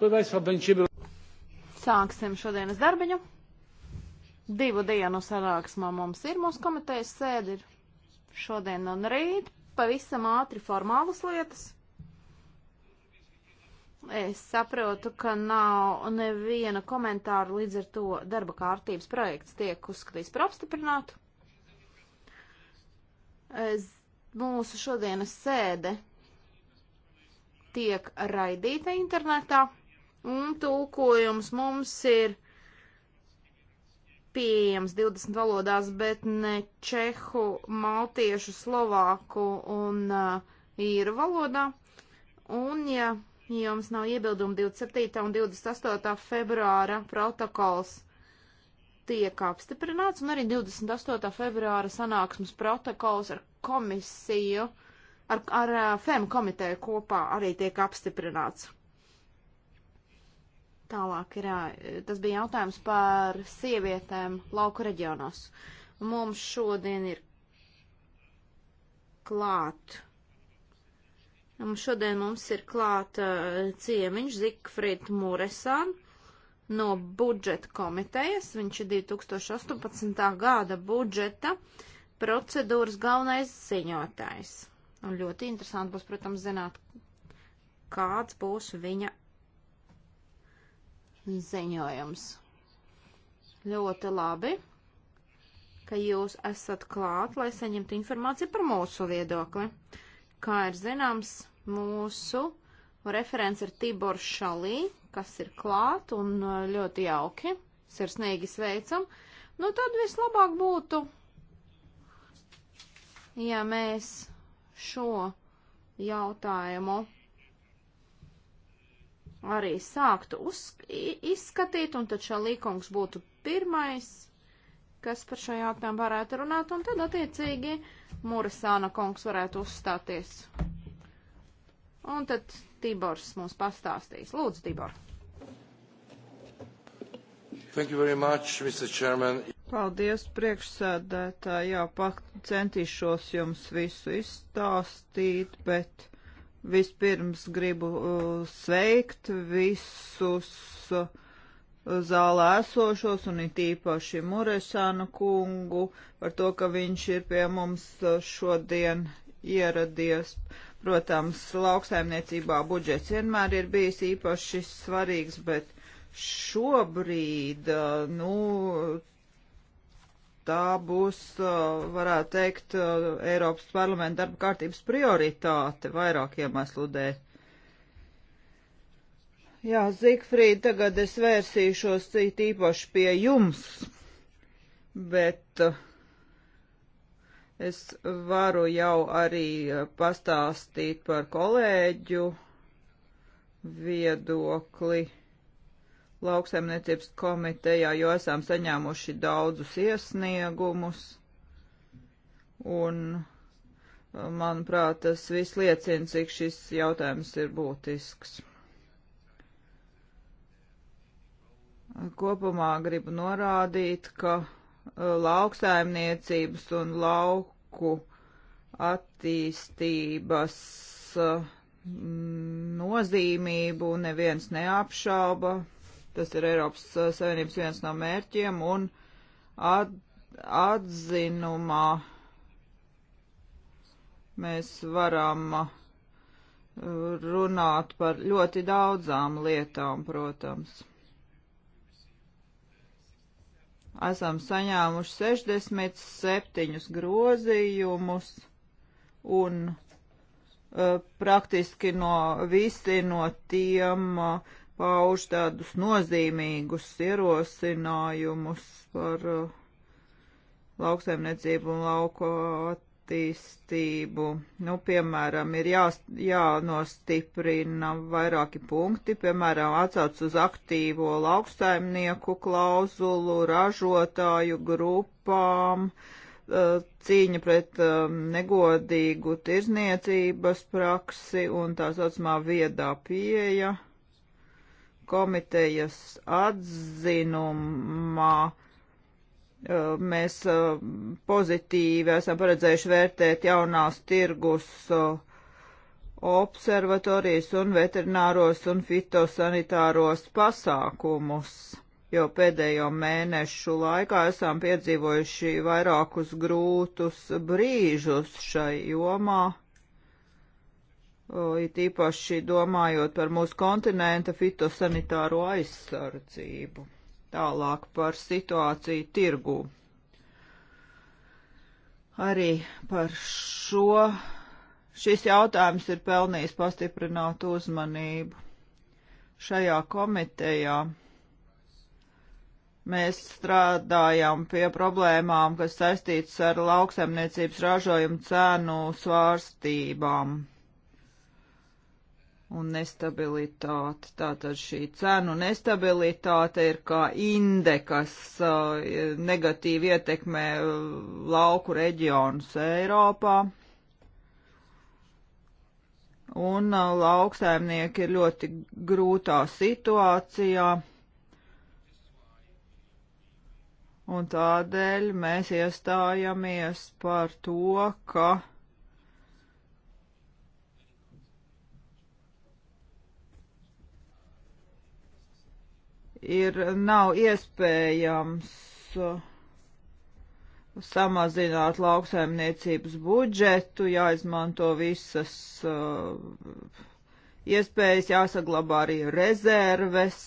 Sāksim šodienas darbiņu. Divu dienu sanāksmā mums ir mūsu komitejas sēdi. Šodien un rīt pavisam ātri formālas lietas. Es saprotu, ka nav neviena komentāra, līdz ar to darba kārtības projekts tiek uzskatīts par apstiprinātu. Es, mūsu šodienas sēde tiek raidīta internetā. Un tulkojums mums ir pieejams 20 valodās, bet ne čehu, maltiešu, slovāku un uh, īru valodā. Un, ja jums nav iebildumi 27. un 28. februāra protokols tiek apstiprināts, un arī 28. februāra sanāksmes protokols ar komisiju, ar, ar FEM komiteju kopā arī tiek apstiprināts. Tālāk ir, tas bija jautājums par sievietēm lauku reģionos. Mums šodien ir klāt. Mums šodien mums ir klāt ciemiņš Zikfrid Muresan no budžeta komitejas. Viņš ir 2018. gada budžeta procedūras galvenais ziņotājs. Un ļoti interesanti būs, protams, zināt, kāds būs viņa ziņojums. Ļoti labi, ka jūs esat klāt, lai saņemtu informāciju par mūsu viedokli. Kā ir zināms, mūsu referents ir Tibor Šalī, kas ir klāt un uh, ļoti jauki. Sirsnīgi sveicam. Nu, tad vislabāk būtu, ja mēs šo jautājumu arī sāktu uz, izskatīt, un tad Šalīkungs būtu pirmais, kas par šo jautājumu varētu runāt, un tad attiecīgi Murisāna kungs varētu uzstāties. Un tad Tibors mums pastāstīs. Lūdzu, Tibor. Thank you very much, Mr. Chairman. Paldies, priekšsēdētāji. Jā, pak centīšos jums visu izstāstīt, bet Vispirms gribu uh, sveikt visus uh, zālē esošos un it īpaši Muresānu kungu par to, ka viņš ir pie mums uh, šodien ieradies. Protams, lauksaimniecībā budžets vienmēr ir bijis īpaši svarīgs, bet šobrīd, uh, nu, tā būs, uh, varētu teikt, uh, Eiropas parlamenta darba kārtības prioritāte vairākiem asludēm. Jā, Zigfrīd, tagad es vērsīšos cīt īpaši pie jums, bet uh, es varu jau arī pastāstīt par kolēģu viedokli lauksaimniecības komitejā, jo esam saņēmuši daudzus iesniegumus. Un, manuprāt, tas viss liecina, cik šis jautājums ir būtisks. Kopumā gribu norādīt, ka e, lauksaimniecības un lauku attīstības e, nozīmību neviens neapšauba. Tas ir Eiropas uh, Savienības viens no mērķiem un at, atzinumā mēs varam uh, runāt par ļoti daudzām lietām, protams. Esam saņēmuši 67 grozījumus un uh, praktiski no visi no tiem uh, pauž tādus nozīmīgus ierosinājumus par uh, lauksaimniecību un lauko attīstību. Nu, piemēram, ir jā, jānostiprina vairāki punkti, piemēram, atsauc uz aktīvo lauksaimnieku klauzulu, ražotāju grupām, uh, cīņa pret um, negodīgu tirzniecības praksi un tā saucamā viedā pieeja komitejas atzinumā uh, mēs uh, pozitīvi esam paredzējuši vērtēt jaunās tirgus uh, observatorijas un veterināros un fitosanitāros pasākumus, jo pēdējo mēnešu laikā esam piedzīvojuši vairākus grūtus brīžus šai jomā it īpaši domājot par mūsu kontinenta fitosanitāro aizsardzību. Tālāk par situāciju tirgū. Arī par šo šis jautājums ir pelnījis pastiprinātu uzmanību. Šajā komitejā mēs strādājam pie problēmām, kas saistītas ar lauksaimniecības ražojumu cēnu svārstībām un nestabilitāte. Tātad šī cenu nestabilitāte ir kā inde, kas uh, negatīvi ietekmē uh, lauku reģionus Eiropā. Un uh, lauksaimnieki ir ļoti grūtā situācijā. Un tādēļ mēs iestājamies par to, ka ir nav iespējams uh, samazināt lauksaimniecības budžetu, jāizmanto visas uh, iespējas, jāsaglabā arī rezerves,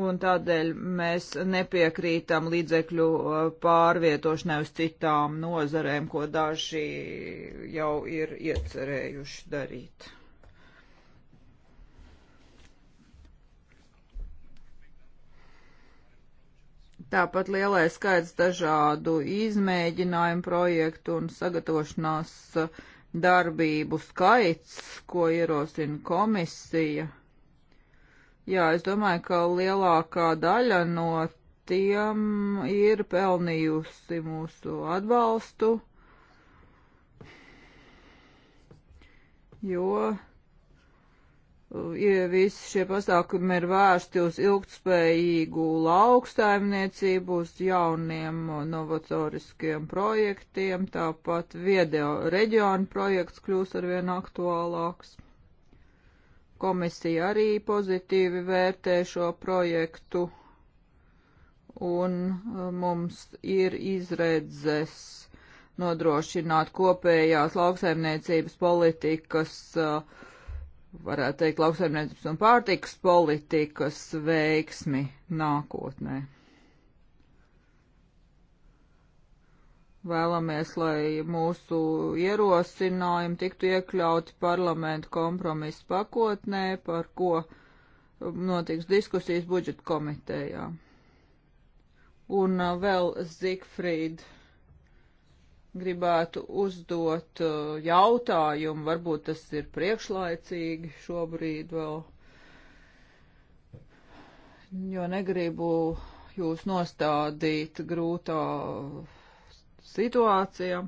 un tādēļ mēs nepiekrītam līdzekļu uh, pārvietošanai uz citām nozarēm, ko daži jau ir iecerējuši darīt. Tāpat lielais skaits dažādu izmēģinājumu projektu un sagatavošanās uh, darbību skaits, ko ierosina komisija. Jā, es domāju, ka lielākā daļa no tiem ir pelnījusi mūsu atbalstu, jo visi šie pasākumi ir vērsti uz ilgtspējīgu lauksaimniecību, uz jauniem novatoriskiem projektiem, tāpat video reģionu projekts kļūs arvien aktuālāks. Komisija arī pozitīvi vērtē šo projektu, un uh, mums ir izredzes nodrošināt kopējās lauksaimniecības politikas uh, varētu teikt, lauksaimniecības un pārtikas politikas veiksmi nākotnē. Vēlamies, lai mūsu ierosinājumi tiktu iekļauti parlamentu kompromisu pakotnē, par ko notiks diskusijas budžeta komitejā. Un uh, vēl Zigfrīda gribētu uzdot uh, jautājumu, varbūt tas ir priekšlaicīgi šobrīd vēl, jo negribu jūs nostādīt grūtā situācijā.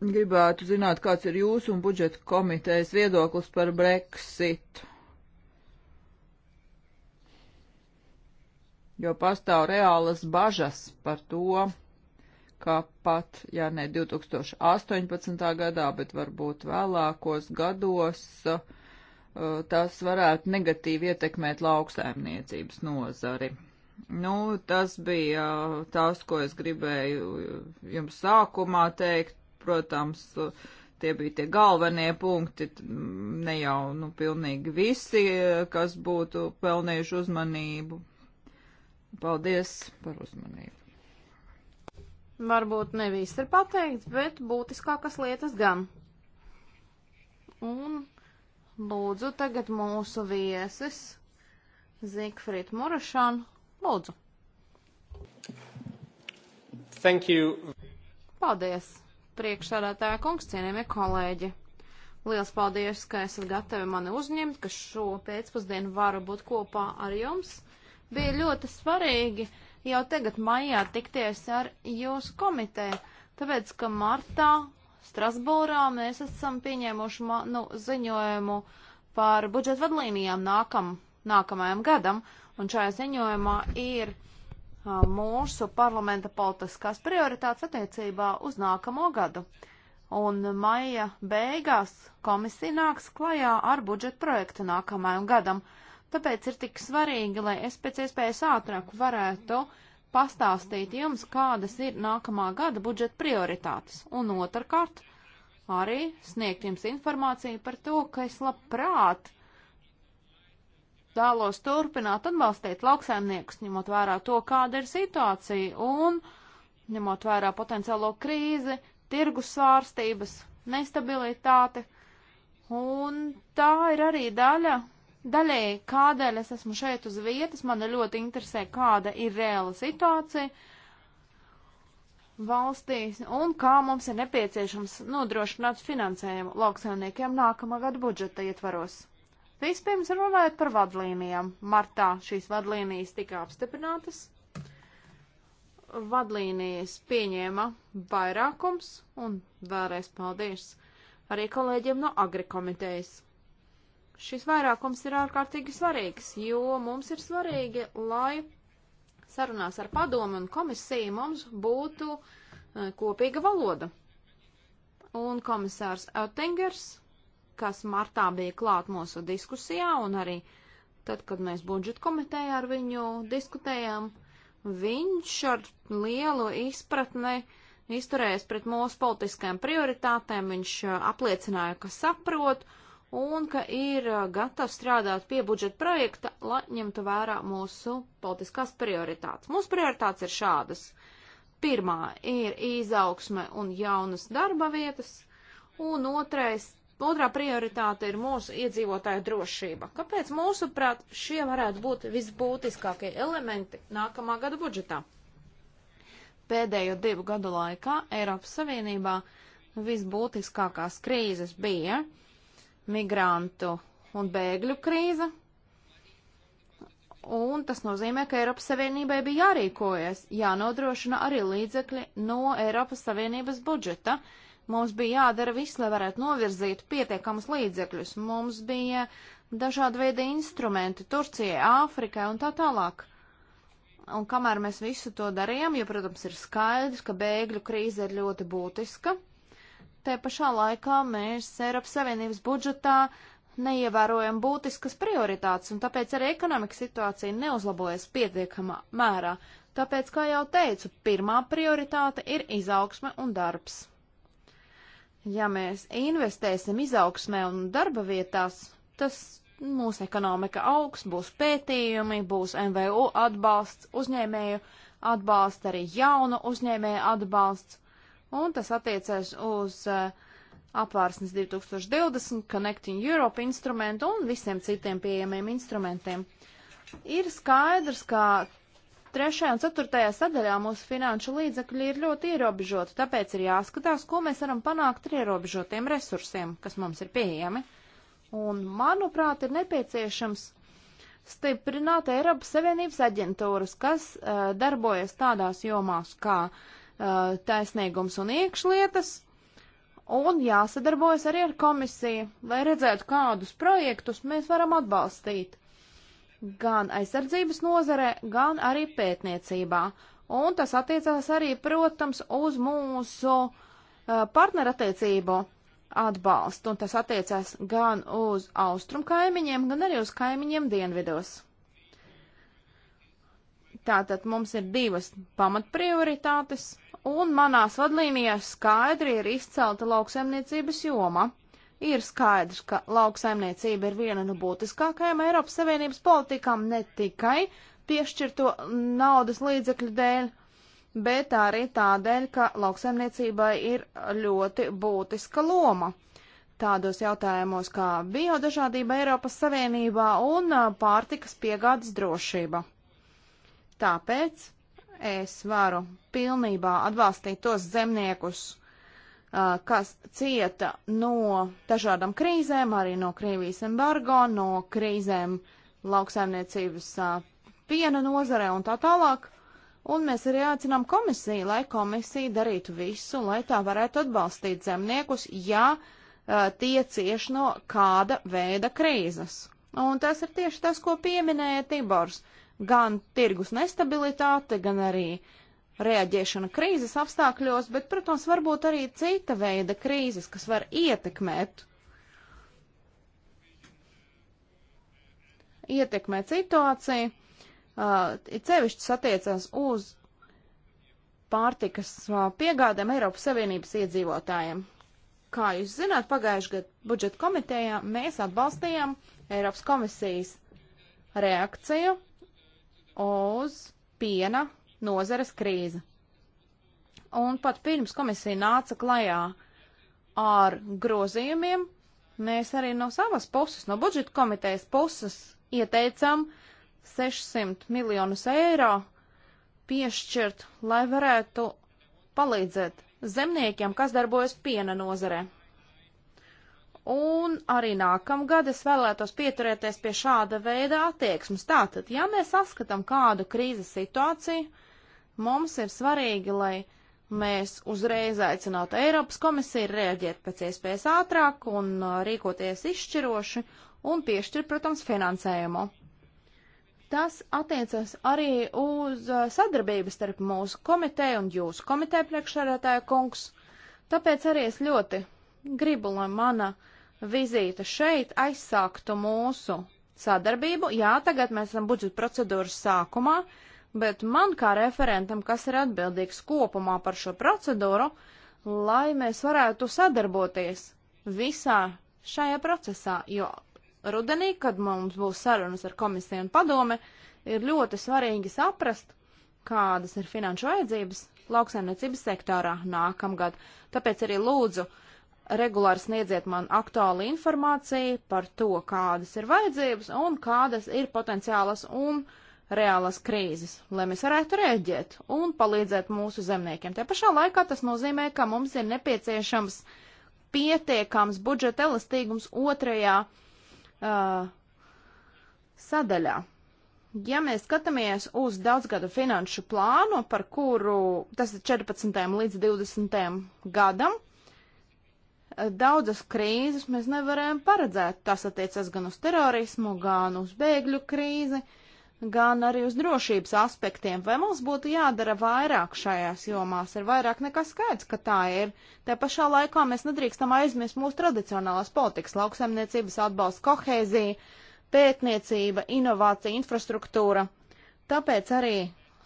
Gribētu zināt, kāds ir jūsu un budžeta komitejas viedoklis par Brexitu. Jo pastāv reālas bažas par to, ka pat, ja ne 2018. gadā, bet varbūt vēlākos gados, uh, tas varētu negatīvi ietekmēt lauksaimniecības nozari. Nu, tas bija uh, tas, ko es gribēju jums sākumā teikt. Protams, uh, tie bija tie galvenie punkti, mm, ne jau, nu, pilnīgi visi, kas būtu pelnījuši uzmanību. Paldies par uzmanību! Varbūt nevis ir pateikts, bet būtiskākas lietas gan. Un lūdzu tagad mūsu viesis Zigfrīd Murašanu. Lūdzu. Thank you. Paldies, priekšsādātāja kungs, cienījamie kolēģi. Liels paldies, ka esat gatavi mani uzņemt, ka šo pēcpusdienu varu būt kopā ar jums. Bija ļoti svarīgi jau tagad maijā tikties ar jūsu komiteju, tāpēc, ka martā Strasbūrā mēs esam pieņēmuši nu, ziņojumu par budžeta vadlīnijām nākam, nākamajam gadam, un šajā ziņojumā ir uh, mūsu parlamenta politiskās prioritātes attiecībā uz nākamo gadu. Un maija beigās komisija nāks klajā ar budžeta projektu nākamajam gadam. Uh, Tāpēc ir tik svarīgi, lai es pēc iespējas ātrāk varētu pastāstīt jums, kādas ir nākamā gada budžeta prioritātes. Un otrkārt, arī sniegt jums informāciju par to, ka es labprāt vēlos turpināt atbalstīt lauksaimniekus, ņemot vērā to, kāda ir situācija un ņemot vērā potenciālo krīzi, tirgus svārstības, nestabilitāti. Un tā ir arī daļa Daļēji, kādēļ es esmu šeit uz vietas, man ļoti interesē, kāda ir reāla situācija valstīs un kā mums ir nepieciešams nodrošināt finansējumu lauksaimniekiem nākamā gada budžeta ietvaros. Vispirms runājot par vadlīnijām. Martā šīs vadlīnijas tika apstiprinātas. Vadlīnijas pieņēma vairākums un vēlreiz paldies arī kolēģiem no agrikomitejas. Šis vairākums ir ārkārtīgi svarīgs, jo mums ir svarīgi, lai sarunās ar padomu un komisiju mums būtu eh, kopīga valoda. Un komisārs Oettingers, kas martā bija klāt mūsu diskusijā un arī tad, kad mēs budžeta komitejā ar viņu diskutējām, viņš ar lielu izpratni izturējās pret mūsu politiskajām prioritātēm, viņš eh, apliecināja, ka saprot, uh, un ka ir uh, gatavs strādāt pie budžeta projekta, lai ņemtu vērā mūsu politiskās prioritātes. Mūsu prioritātes ir šādas. Pirmā ir izaugsme un jaunas darba vietas, un otrais, otrā prioritāte ir mūsu iedzīvotāju drošība. Kāpēc mūsuprāt šie varētu būt visbūtiskākie elementi nākamā gada budžetā? Pēdējo divu gadu laikā Eiropas Savienībā visbūtiskākās krīzes bija uh, migrantu un bēgļu krīze. Un tas nozīmē, ka Eiropas Savienībai bija jārīkojas, jānodrošina arī līdzekļi no Eiropas Savienības budžeta. Mums bija jādara viss, lai varētu novirzīt pietiekamus līdzekļus. Mums bija dažādi veidi instrumenti Turcijai, Āfrikai un tā tālāk. Un kamēr mēs visu to darījām, jo, protams, ir skaidrs, ka bēgļu krīze ir ļoti būtiska, Te pašā laikā mēs Eiropas Savienības budžetā neievērojam būtiskas prioritātes, un tāpēc arī ekonomikas situācija neuzlabojas pietiekamā mērā. Tāpēc, kā jau teicu, pirmā prioritāte ir izaugsme un darbs. Ja mēs investēsim izaugsmē un darba vietās, tas mūsu ekonomika augs, būs pētījumi, būs MVU atbalsts, uzņēmēju atbalsts, arī jaunu uzņēmēju atbalsts un tas attiecēs uz eh, apvārsnes 2020, Connecting Europe instrumentu un visiem citiem pieejamiem instrumentiem. Ir skaidrs, ka trešajā un ceturtajā sadaļā mūsu finanšu līdzekļi ir ļoti ierobežoti, tāpēc ir jāskatās, ko mēs varam panākt ar ierobežotiem resursiem, kas mums ir pieejami. Un, manuprāt, ir nepieciešams stiprināt Eiropas Savienības aģentūras, kas uh, darbojas tādās jomās kā uh, Uh, taisnīgums un iekšlietas, un jāsadarbojas arī ar komisiju, lai redzētu, kādus projektus mēs varam atbalstīt gan aizsardzības nozarē, gan arī pētniecībā. Un tas attiecās arī, protams, uz mūsu uh, partnerattiecību atbalstu, un tas attiecās gan uz austrum kaimiņiem, gan arī uz kaimiņiem dienvidos. Tātad mums ir divas pamatprioritātes, un manās vadlīnijās skaidri ir izcelta lauksaimniecības joma. Ir skaidrs, ka lauksaimniecība ir viena no būtiskākajām Eiropas Savienības politikām ne tikai piešķirto naudas līdzekļu dēļ, bet arī tādēļ, ka lauksaimniecībai ir ļoti būtiska loma tādos jautājumos kā biodažādība Eiropas Savienībā un pārtikas piegādes drošība. Tāpēc es varu pilnībā atbalstīt tos zemniekus, kas cieta no dažādām krīzēm, arī no Krievijas embargo, no krīzēm lauksaimniecības piena nozarē un tā tālāk. Un mēs arī aicinām komisiju, lai komisija darītu visu, lai tā varētu atbalstīt zemniekus, ja uh, tie cieš no kāda veida krīzes. Un tas ir tieši tas, ko pieminēja Tibors. Uh, gan tirgus nestabilitāte, gan arī reaģēšana krīzes apstākļos, bet, protams, varbūt arī cita veida krīzes, kas var ietekmēt, ietekmēt situāciju. Uh, Cevišķi satiecās uz pārtikas uh, piegādēm Eiropas Savienības iedzīvotājiem. Kā jūs zināt, pagājušajā gadā budžeta komitejā mēs atbalstījām Eiropas komisijas reakciju uz piena nozares krīzi. Un pat pirms komisija nāca klajā ar grozījumiem, mēs arī no savas puses, no budžeta komitejas puses ieteicam 600 miljonus eiro piešķirt, lai varētu palīdzēt zemniekiem, kas darbojas piena nozarē. Un arī nākamgad es vēlētos pieturēties pie šāda veida attieksmes. Tātad, ja mēs saskatām kādu krīzes situāciju, mums ir svarīgi, lai mēs uzreiz aicinātu Eiropas komisiju rēģēt pēc iespējas ātrāk un rīkoties izšķiroši un piešķirt, protams, finansējumu. Tas attiecas arī uz sadarbības starp mūsu komiteju un jūsu komiteju priekšsēdētāja kungs, tāpēc arī es ļoti gribu, lai mana uh, vizīte šeit aizsāktu mūsu sadarbību. Jā, tagad mēs esam budžeta procedūras sākumā, bet man kā referentam, kas ir atbildīgs kopumā par šo procedūru, lai mēs varētu sadarboties visā šajā procesā, jo rudenī, kad mums būs sarunas ar komisiju un padome, ir ļoti svarīgi saprast, kādas ir finanšu vajadzības lauksaimniecības sektorā nākamgad. Tāpēc arī lūdzu uh, regulāri sniedziet man aktuālu informāciju par to, kādas ir vajadzības un kādas ir potenciālas un reālas krīzes, lai mēs varētu rēģēt un palīdzēt mūsu zemniekiem. Te pašā laikā tas nozīmē, ka mums ir nepieciešams pietiekams budžeta elastīgums otrajā uh, sadaļā. Ja mēs skatāmies uz daudzgadu finanšu plānu, par kuru tas ir 14. līdz 20. gadam, daudzas krīzes mēs nevarējām paredzēt. Tas attiecas gan uz terorismu, gan uz bēgļu krīzi, gan arī uz drošības aspektiem. Vai mums būtu jādara vairāk šajās jomās? Ir vairāk nekā skaidrs, ka tā ir. Te pašā laikā mēs nedrīkstam aizmirst mūsu tradicionālās politikas, lauksaimniecības atbalsts, kohēzija, pētniecība, inovācija, infrastruktūra. Tāpēc arī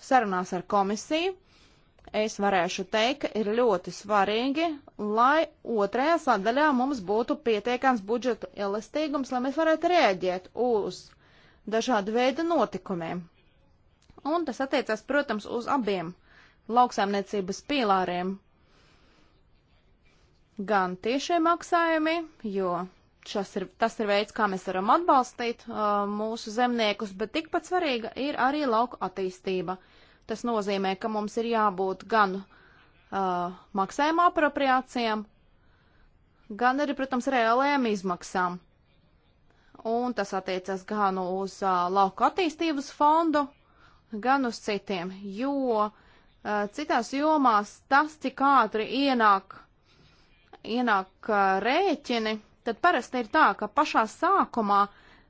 sarunās ar komisiju es varēšu teikt, ka ir ļoti svarīgi, lai otrajā sadaļā mums būtu pietiekams budžeta elastīgums, lai mēs varētu rēģēt uz dažādu veidu notikumiem. Un tas attiecās, protams, uz abiem lauksaimniecības pīlāriem. Gan tiešie maksājumi, jo ir, tas ir veids, kā mēs varam atbalstīt uh, mūsu zemniekus, bet tikpat svarīga ir arī lauku attīstība. Uh, Tas nozīmē, ka mums ir jābūt gan uh, maksājuma apropriācijām, gan arī, protams, reālajām izmaksām. Un tas attiecas gan uz uh, lauka attīstības fondu, gan uz citiem, jo uh, citās jomās tas, cik ātri ienāk, ienāk uh, rēķini, tad parasti ir tā, ka pašā sākumā uh,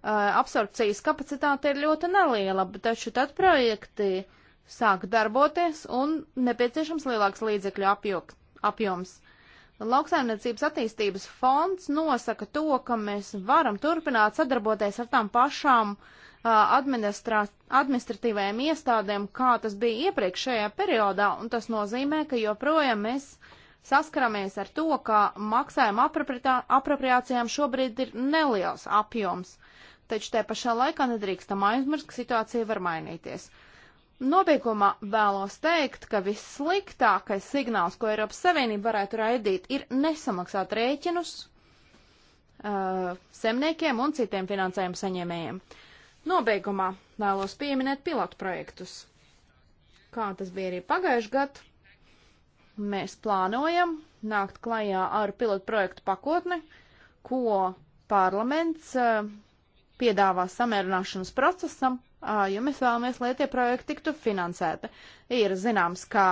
absorpcijas kapacitāte ir ļoti neliela, taču tad projekti uh, sāk darboties un nepieciešams lielāks līdzekļu apjok, apjoms. Lauksaimniecības attīstības fonds nosaka to, ka mēs varam turpināt sadarboties ar tām pašām administratīvajām iestādēm, kā tas bija iepriekšējā periodā, un tas nozīmē, ka joprojām mēs saskaramies ar to, ka maksājuma apropriācijām šobrīd ir neliels apjoms, taču te pašā laikā nedrīkstam aizmirst, ka situācija var mainīties. Uh, Nobeigumā vēlos teikt, ka vissliktākais signāls, ko Eiropas Savienība varētu raidīt, ir nesamaksāt rēķinus uh, zemniekiem un citiem finansējuma saņēmējiem. Nobeigumā vēlos pieminēt pilotu projektus. Kā tas bija arī pagājuši gadu, mēs plānojam nākt klajā ar pilotu projektu pakotni, ko parlaments uh, piedāvā samērināšanas procesam jo mēs vēlamies, lai tie projekti tiktu finansēti. Ir zināms, kā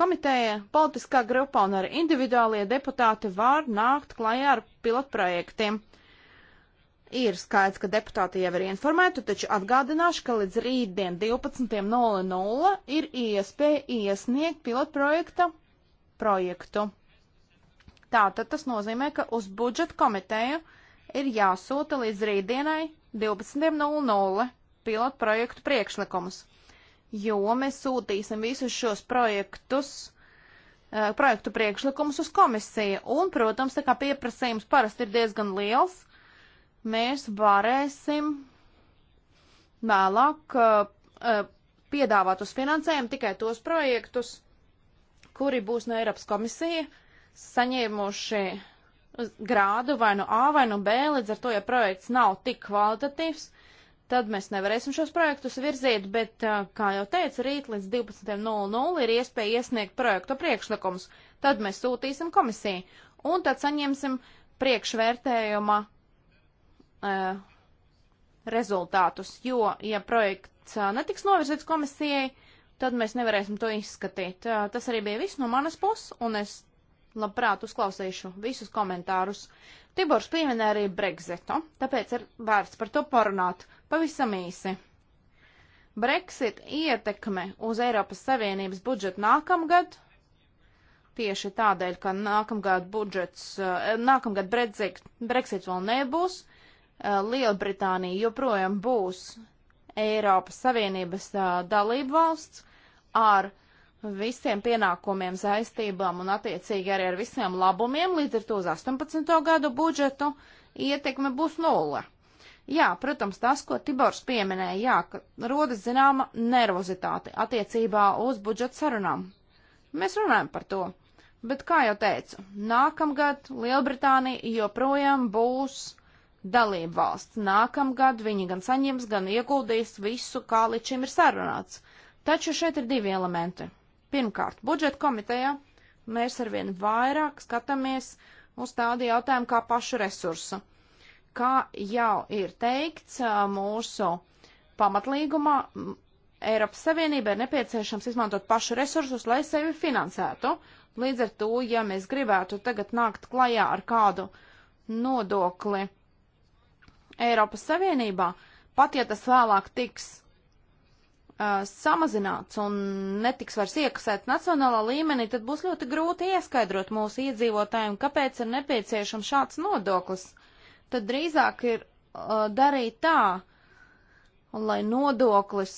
komiteja, politiskā grupa un arī individuālie deputāti var nākt klajā ar pilotprojektiem. Ir skaidrs, ka deputāti jau ir informēti, taču atgādināšu, ka līdz rītdien 12.00 ir iespēja iesniegt pilotprojekta projektu. Tātad tas nozīmē, ka uz budžeta komiteju ir jāsūta līdz rītdienai 12.00 pilotprojektu priekšlikumus, jo mēs sūtīsim visus šos projektus, eh, projektu priekšlikumus uz komisiju. Un, protams, tā kā pieprasījums parasti ir diezgan liels, mēs varēsim vēlāk eh, eh, piedāvāt uz finansējumu tikai tos projektus, kuri būs no Eiropas komisija saņēmuši grādu vai nu no A vai nu no B, līdz ar to, ja projekts nav tik kvalitatīvs, tad mēs nevarēsim šos projektus virzīt, bet, kā jau teicu, rīt līdz 12.00 ir iespēja iesniegt projektu priekšlikumus. Tad mēs sūtīsim komisiju un tad saņemsim priekšvērtējuma uh, rezultātus, jo, ja projekts uh, netiks novirzīts komisijai, tad mēs nevarēsim to izskatīt. Uh, tas arī bija viss no manas puses, un es labprāt uzklausīšu visus komentārus. Tibors pieminēja arī Brexitu, tāpēc ir vērts par to parunāt. Pavisam īsi. Brexit ietekme uz Eiropas Savienības budžetu nākamgad, tieši tādēļ, ka nākamgad budžets, eh, nākamgad Brexit, Brexit vēl nebūs, eh, Lielbritānija joprojām būs Eiropas Savienības eh, dalību valsts ar visiem pienākumiem, saistībām un attiecīgi arī ar visiem labumiem līdz ar to uz 18. gadu budžetu ietekme būs nulle. Jā, protams, tas, ko Tibors pieminēja, jā, ka rodas zināma nervozitāte attiecībā uz budžeta sarunām. Mēs runājam par to, bet, kā jau teicu, nākamgad Lielbritānija joprojām būs dalība valsts. Nākamgad viņi gan saņems, gan ieguldīs visu, kā līdz šim ir sarunāts. Taču šeit ir divi elementi. Pirmkārt, budžeta komitejā mēs arvien vairāk skatāmies uz tādu jautājumu kā pašu resursu kā jau ir teikts mūsu pamatlīgumā, Eiropas Savienībai ir nepieciešams izmantot pašu resursus, lai sevi finansētu. Līdz ar to, ja mēs gribētu tagad nākt klajā ar kādu nodokli Eiropas Savienībā, pat ja tas vēlāk tiks uh, samazināts un netiks vairs iekasēt nacionālā līmenī, tad būs ļoti grūti ieskaidrot mūsu iedzīvotājiem, kāpēc ir nepieciešams šāds nodoklis. Uh, tad drīzāk ir uh, darīt tā, lai nodoklis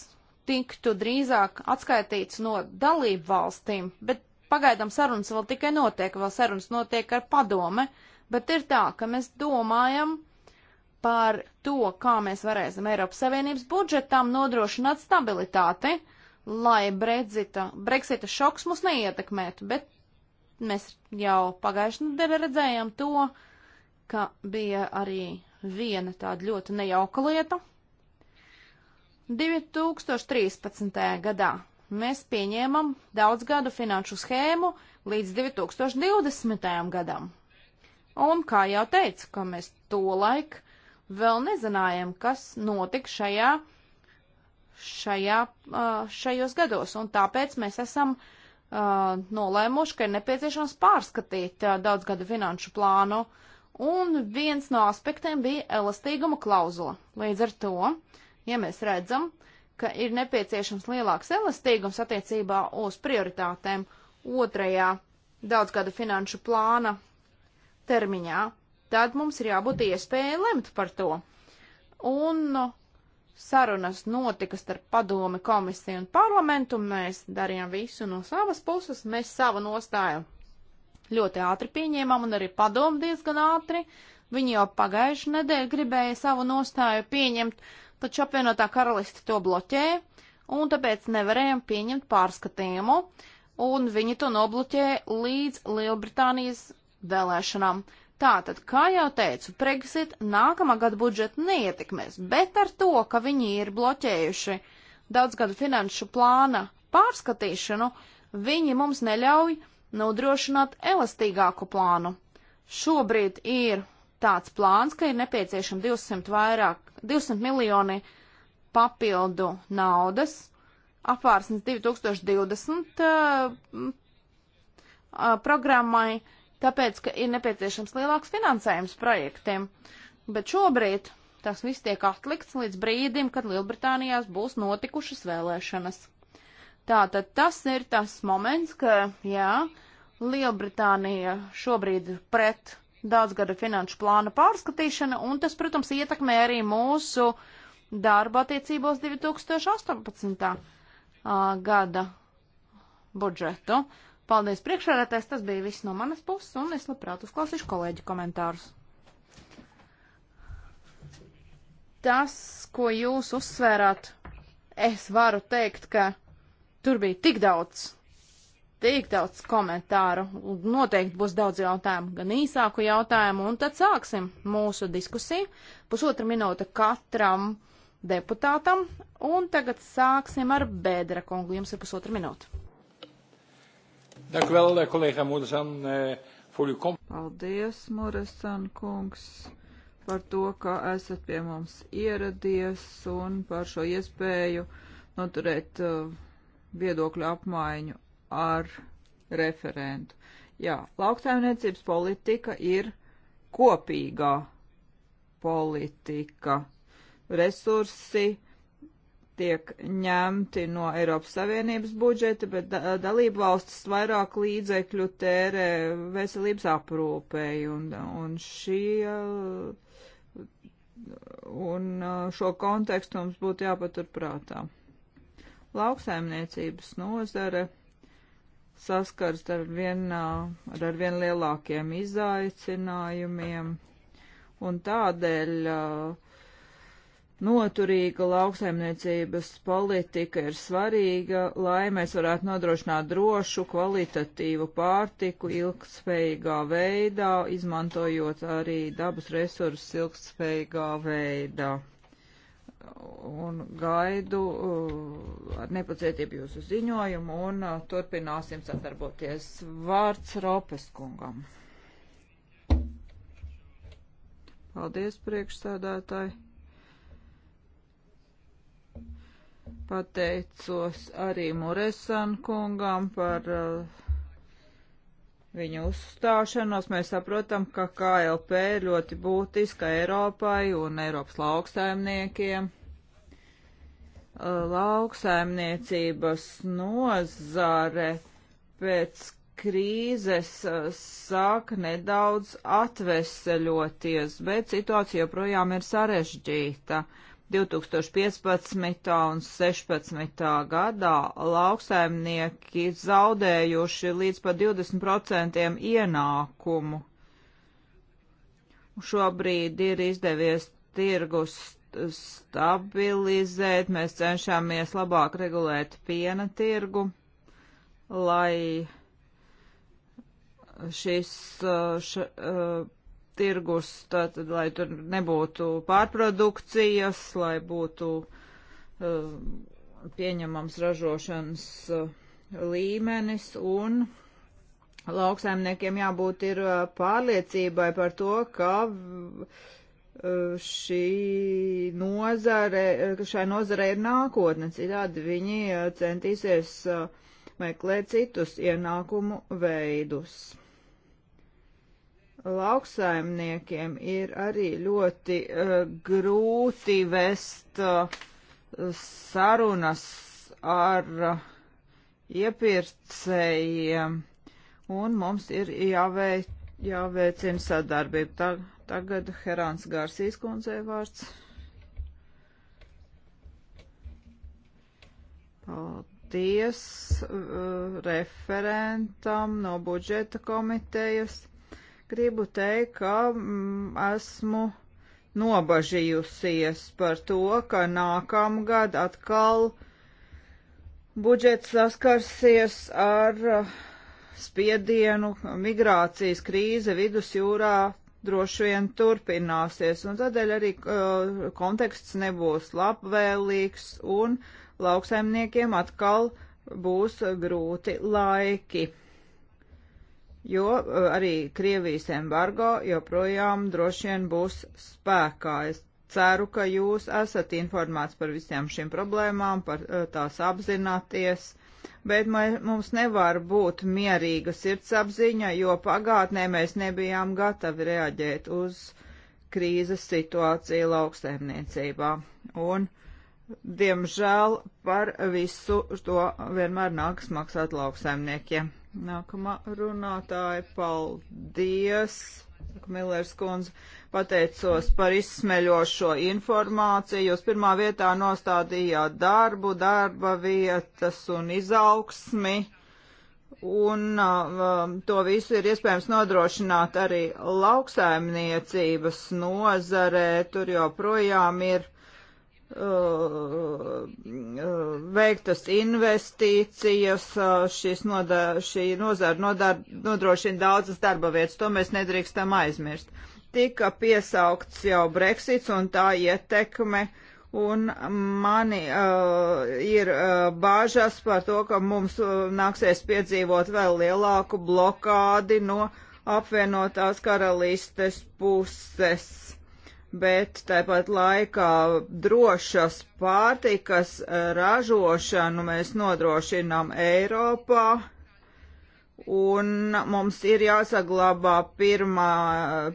tiktu drīzāk atskaitīts no dalību valstīm, bet pagaidām sarunas vēl tikai notiek, vēl sarunas notiek ar padome, bet ir tā, ka mēs domājam par to, kā mēs varēsim Eiropas Savienības budžetam nodrošināt stabilitāti, lai Brexita, Brexita šoks mūs neietekmētu, bet mēs jau pagājušajā nedēļā redzējām to, uh, ka bija arī viena tāda ļoti nejauka lieta. 2013. gadā mēs pieņēmam daudzgadu finanšu schēmu līdz 2020. gadam. Un, kā jau teicu, ka mēs to laiku vēl nezinājām, kas notiks šajā, šajā, šajos gados, un tāpēc mēs esam nolēmuši, ka ir nepieciešams pārskatīt daudzgadu finanšu plānu uh, Un viens no aspektiem bija elastīguma klauzula. Līdz ar to, ja mēs redzam, ka ir nepieciešams lielāks elastīgums attiecībā uz prioritātēm otrajā daudzgada finanšu plāna termiņā, tad mums ir jābūt iespējai lemt par to. Un sarunas notika starp padomi, komisiju un parlamentu, mēs darījām visu no savas puses, mēs savu nostāju ļoti ātri pieņēmām un arī padomu diezgan ātri. Viņi jau pagājuši nedēļu gribēja savu nostāju pieņemt, taču apvienotā karaliste to bloķē, un tāpēc nevarējām pieņemt pārskatījumu, un viņi to nobloķē līdz Lielbritānijas vēlēšanām. Tātad, kā jau teicu, Brexit nākamā gada budžetu neietekmēs, bet ar to, ka viņi ir bloķējuši daudzgadu finanšu plāna pārskatīšanu, viņi mums neļauj uh, nodrošināt elastīgāku plānu. Šobrīd ir tāds plāns, ka ir nepieciešami 200, vairāk, 200 miljoni papildu naudas apvārsnes 2020 uh, uh, programmai, tāpēc, ka ir nepieciešams lielāks finansējums projektiem. Bet šobrīd tas viss tiek atlikts līdz brīdim, kad Lielbritānijās būs notikušas vēlēšanas. Tātad tas ir tas moments, ka, jā, Lielbritānija šobrīd ir pret daudzgada finanšu plāna pārskatīšana, un tas, protams, ietekmē arī mūsu darba attiecībos 2018. gada budžetu. Paldies priekšsēdētājs, tas bija viss no manas puses, un es labprāt uzklausīšu kolēģu komentārus. Tas, ko jūs uzsvērāt, es varu teikt, ka Tur bija tik daudz, tik daudz komentāru, noteikti būs daudz jautājumu, gan īsāku jautājumu, un tad sāksim mūsu diskusiju. Pusotra minūte katram deputātam, un tagad sāksim ar Bēdra kungu. Jums ir pusotra minūte. Eh, eh, Paldies, Muresan kungs, par to, ka esat pie mums ieradies un par šo iespēju noturēt uh, viedokļu apmaiņu ar referentu. Jā, lauksaimniecības politika ir kopīgā politika. Resursi tiek ņemti no Eiropas Savienības budžeta, bet da dalību valstis vairāk līdzekļu tērē veselības aprūpēji, un, un šī un uh, šo kontekstu mums būtu jāpatur prātā. Lauksaimniecības nozare saskars ar vien, ar vien lielākiem izaicinājumiem, un tādēļ noturīga lauksaimniecības politika ir svarīga, lai mēs varētu nodrošināt drošu, kvalitatīvu pārtiku ilgspējīgā veidā, izmantojot arī dabas resursus ilgspējīgā veidā un gaidu uh, ar nepacietību jūsu ziņojumu un uh, turpināsim sadarboties. Vārds Ropes kungam. Paldies, priekšsēdētāji. Pateicos arī Muresan kungam par uh, viņu uzstāšanos, mēs saprotam, ka KLP ir ļoti būtiska Eiropai un Eiropas lauksaimniekiem lauksaimniecības nozare pēc krīzes eh, sāk nedaudz atveseļoties, bet situācija joprojām ir sarežģīta. 2015. un 16. gadā lauksaimnieki zaudējuši līdz pat 20% ienākumu. Šobrīd ir izdevies tirgus stabilizēt, mēs cenšamies labāk regulēt piena tirgu, lai šis uh, š, uh, tirgus, tātad, lai tur nebūtu pārprodukcijas, lai būtu uh, pieņemams ražošanas līmenis un lauksaimniekiem jābūt ir pārliecībai par to, ka šī nozare, ka šai nozarei ir nākotne, citādi viņi eh, centīsies eh, meklēt citus ienākumu veidus. Lauksaimniekiem ir arī ļoti uh, grūti vest uh, sarunas ar uh, iepirkējiem, un mums ir jāveic, jāveicina sadarbība. Tagad Tagad Herāns Gārsīs kundzei vārds. Paldies uh, referentam no budžeta komitejas. Gribu teikt, ka mm, esmu nobažījusies par to, ka nākamgad atkal budžets saskarsies ar uh, spiedienu migrācijas krīze vidusjūrā droši vien turpināsies, un tādēļ arī uh, konteksts nebūs labvēlīgs, un lauksaimniekiem atkal būs grūti laiki, jo uh, arī Krievijas embargo joprojām droši vien būs spēkā. Es ceru, ka jūs esat informēts par visiem šīm problēmām, par uh, tās apzināties bet mums nevar būt mierīga sirdsapziņa, jo pagātnē mēs nebijām gatavi reaģēt uz krīzes situāciju lauksaimniecībā. Un, diemžēl, par visu to vienmēr nāks maksāt lauksaimniekiem. Nākamā runātāja, paldies! Lokmilers kundze, pateicos par izsmeļošo informāciju. Jūs pirmā vietā nostādījāt darbu, darba vietas un izaugsmi, un uh, um, to visu ir iespējams nodrošināt arī lauksaimniecības nozarē. Tur joprojām ir Uh, veiktas investīcijas, uh, šis nodar, šī nozara nodar, nodrošina daudzas darba vietas, to mēs nedrīkstam aizmirst. Tika piesaukts jau Brexits un tā ietekme, un mani uh, ir uh, bāžas par to, ka mums uh, nāksies piedzīvot vēl lielāku blokādi no apvienotās karalistes puses bet tāpat laikā drošas pārtikas ražošanu mēs nodrošinām Eiropā. Un mums ir jāsaglabā pirmā,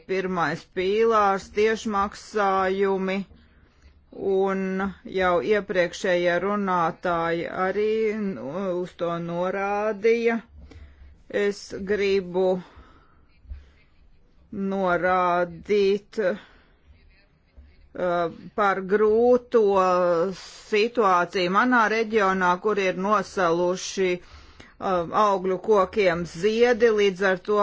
pirmais pīlārs tiešmaksājumi, un jau iepriekšējie runātāji arī uz to norādīja. Es gribu norādīt, uh, Eh, par grūto situāciju manā reģionā, kur ir nosaluši eh, augļu kokiem ziedi, līdz ar to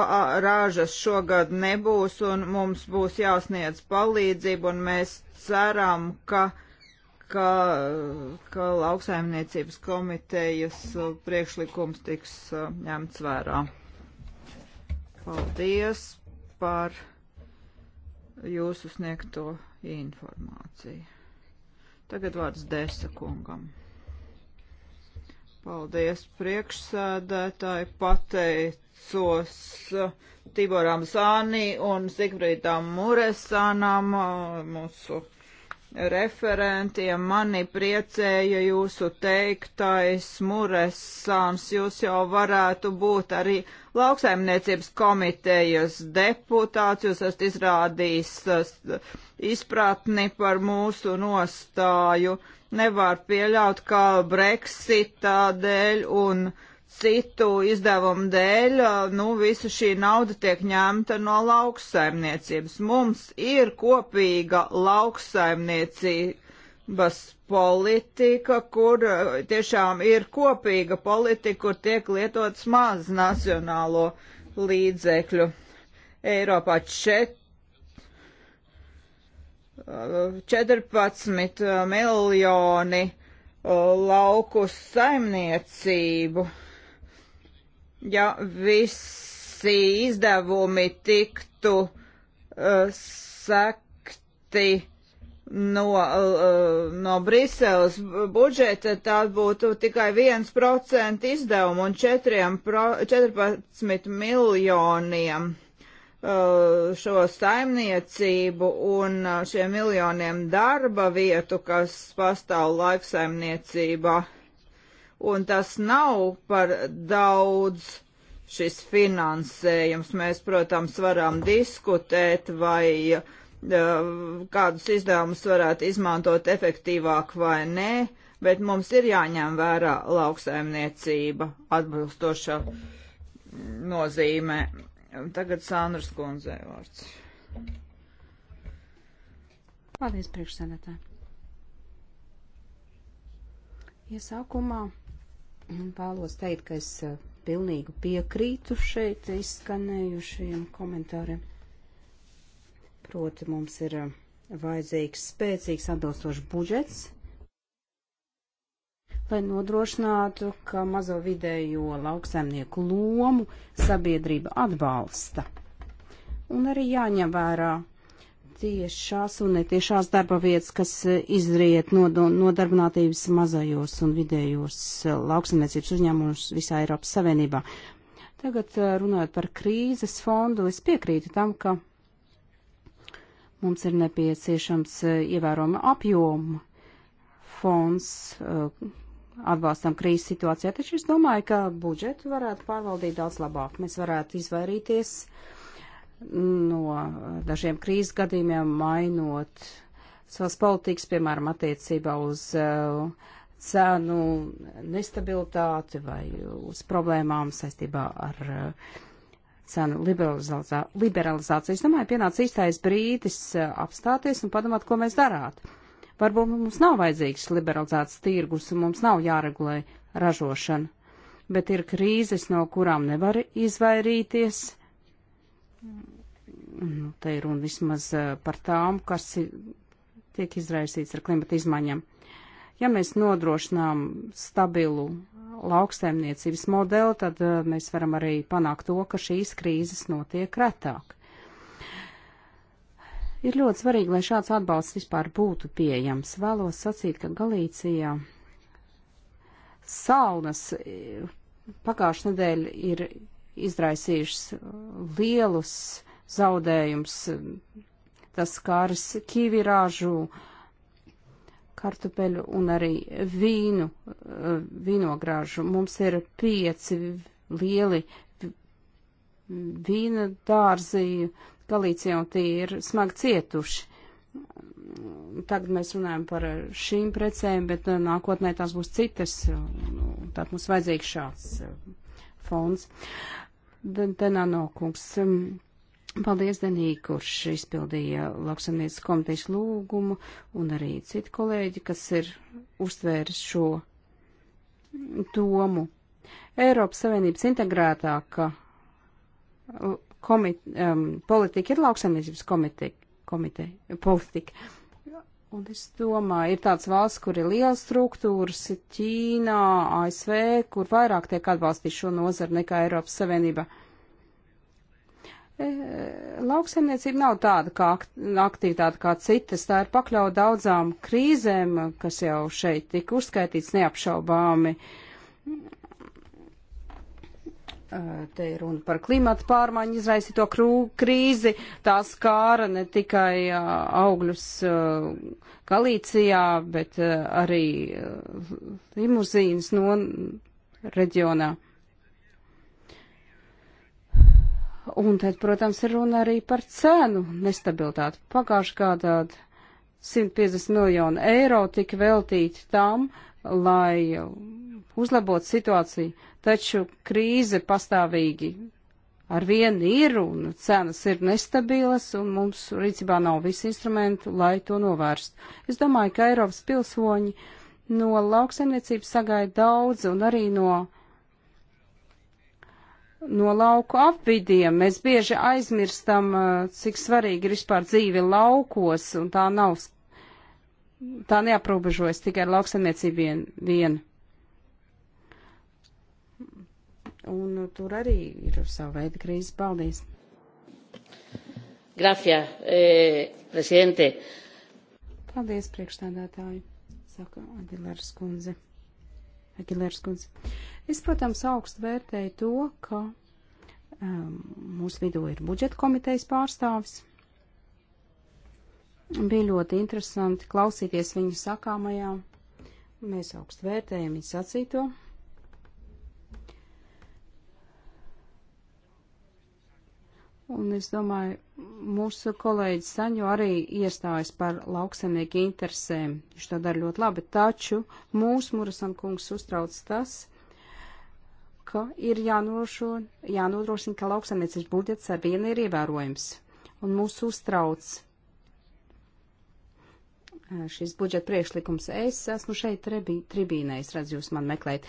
rāžas šogad nebūs un mums būs jāsniedz palīdzību un mēs ceram, ka, ka, ka lauksaimniecības komitejas eh, priekšlikums tiks ņemts vērā. Paldies par jūsu sniegto informāciju. Tagad vārds Desa kungam. Paldies priekšsēdētāji, pateicos uh, Tiboram Zānī un Zigfrīdam Muresanam, uh, mūsu referentiem. Mani priecēja jūsu teiktais Muresāms. Jūs jau varētu būt arī lauksaimniecības komitejas deputāts. Jūs esat izrādījis izpratni par mūsu nostāju. Nevar pieļaut, ka Brexita dēļ un uh, citu izdevumu dēļ, nu, visa šī nauda tiek ņemta no lauksaimniecības. Mums ir kopīga lauksaimniecības politika, kur tiešām ir kopīga politika, kur tiek lietots maz nacionālo līdzekļu. Eiropā čet, 14 miljoni lauku saimniecību ja visi izdevumi tiktu uh, sekti no, uh, no Briseles budžeta, tad būtu tikai 1% izdevumu un 4, pro, 14 miljoniem uh, šo saimniecību un šiem miljoniem darba vietu, kas pastāv laiksaimniecībā. Uh, un tas nav par daudz šis finansējums. Mēs, protams, varam diskutēt, vai uh, kādus izdevumus varētu izmantot efektīvāk vai nē, bet mums ir jāņem vērā lauksaimniecība atbilstošā nozīmē. Tagad Sandras kundzei vārds. Paldies, priekšsēdētāji. Iesākumā Nu, vēlos teikt, ka es eh, pilnīgi piekrītu šeit izskanējušajiem komentāriem. Proti mums ir eh, vajadzīgs spēcīgs atbilstošs budžets, lai nodrošinātu, ka mazo vidējo lauksaimnieku lomu sabiedrība atbalsta. Un arī jāņem vērā tiešās un netiešās darba vietas, kas e, izriet no nodarbinātības mazajos un vidējos e, lauksamniecības uzņēmumus visā Eiropas Savienībā. Tagad e, runājot par krīzes fondu, es piekrītu tam, ka mums ir nepieciešams ievērojama apjoma fonds atbalstam krīzes situācijā, taču es domāju, ka budžetu varētu pārvaldīt daudz labāk. Mēs varētu izvairīties uh, no eh, dažiem krīzes gadījumiem, mainot savas politikas, piemēram, attiecībā uz eh, cenu nestabilitāti vai uz problēmām saistībā ar eh, cenu liberalizā liberalizāciju. Es domāju, pienāca īstais brīdis apstāties un padomāt, ko mēs darātu. Varbūt mums nav vajadzīgs liberalizēts tirgus un mums nav jāregulē ražošana, bet ir krīzes, no kurām nevar izvairīties Nu, te ir runa vismaz eh, par tām, kas tiek izraisīts ar klimata izmaiņām. Ja mēs nodrošinām stabilu lauksaimniecības modeli, tad eh, mēs varam arī panākt to, ka šīs krīzes notiek retāk. Ir ļoti svarīgi, lai šāds atbalsts vispār būtu pieejams. Vēlos sacīt, ka Galīcijā salnas eh, pagājušā nedēļa ir izraisījušas lielus zaudējumus. Tas skāris kīvirāžu, kartupeļu un arī vīnu, vīnogrāžu. Mums ir pieci lieli vīna dārzi Galīcijā, un tie ir smagi cietuši. Tagad mēs runājam par šīm precēm, bet nākotnē tās būs citas, un tātad mums vajadzīgs šāds eh, fonds. Denano kungs. Um, paldies, Denī, kurš izpildīja lauksamnieces komitejas lūgumu, un arī citi kolēģi, kas ir uztvēris šo domu. Eiropas Savienības integrētāka komit, um, politika ir lauksamniecības komiteja. Komite, politika. Un es domāju, ir tāds valsts, kur ir liels struktūras, Ķīnā, ASV, kur vairāk tiek atbalstīt šo nozaru nekā Eiropas Savienība. E, lauksaimniecība nav tāda kā aktivitāte kā citas, tā ir pakļauta daudzām krīzēm, kas jau šeit tika uzskaitīts neapšaubāmi. Te ir runa par klimatu pārmaiņu izraisīto krīzi. Tā skāra ne tikai augļus Galīcijā, bet arī limuzīnas no reģionā. Un tad, protams, ir runa arī par cenu nestabilitāti. Pagājušajā gadā 150 miljonu eiro tika veltīti tam, lai uzlabotu situāciju taču krīze pastāvīgi ar vienu ir un cenas ir nestabilas un mums rīcībā nav visi instrumenti, lai to novērst. Es domāju, ka Eiropas pilsoņi no lauksaimniecības sagaida daudz un arī no no lauku apvidiem. Mēs bieži aizmirstam, eh, cik svarīgi ir vispār dzīve laukos, un tā nav, tā neaprobežojas tikai ar lauksaimniecību vien. vien. un tur arī ir sava veida krīzes. Paldies! Gracias, eh, presidente. Paldies, priekšstādātāji, saka Agilērs kundze. Agilērs kundze. Es, protams, augstu vērtēju to, ka um, mūsu vidū ir budžeta komitejas pārstāvis. Bija ļoti interesanti klausīties viņu sakāmajā. Mēs augstu vērtējam viņu sacīto. Un es domāju, mūsu kolēģis Saņo arī iestājas par lauksemnieku interesēm. Viņš to dara ļoti labi, taču mūsu Murasan kungs uztrauc tas, ka ir jānošo, jānodrošina, ka lauksemniecības budžets ar vienu ir ievērojams. Un mūsu uztrauc šis budžeta priekšlikums. Es esmu šeit trebī, tribīnē, es redzu, jūs man meklējat.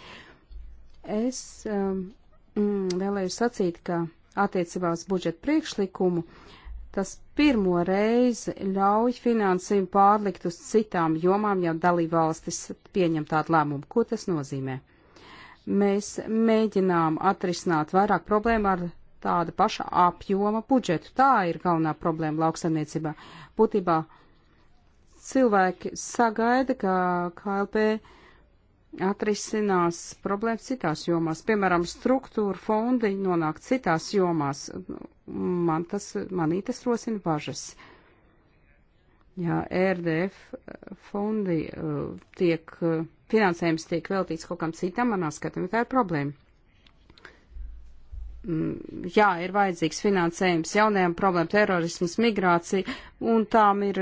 Es um, mm, vēlēju sacīt, ka attiecībā uz budžeta priekšlikumu, tas pirmo reizi ļauj finansējumu pārlikt uz citām jomām, ja dalībvalstis pieņem tādu lēmumu. Ko tas nozīmē? Mēs mēģinām atrisināt vairāk problēmu ar tāda paša apjoma budžetu. Tā ir galvenā problēma lauksaimniecībā. Būtībā cilvēki sagaida, ka KLP atrisinās problēmas citās jomās. Piemēram, struktūra fondi nonāk citās jomās. Man tas, manī tas rosina bažas. Jā, e RDF fondi uh, tiek, uh, finansējums tiek veltīts kaut kam citam, manā skatījumā tā ir problēma. Mm, jā, ir vajadzīgs finansējums jaunajām problēmām, terorismas, migrācija, un tām ir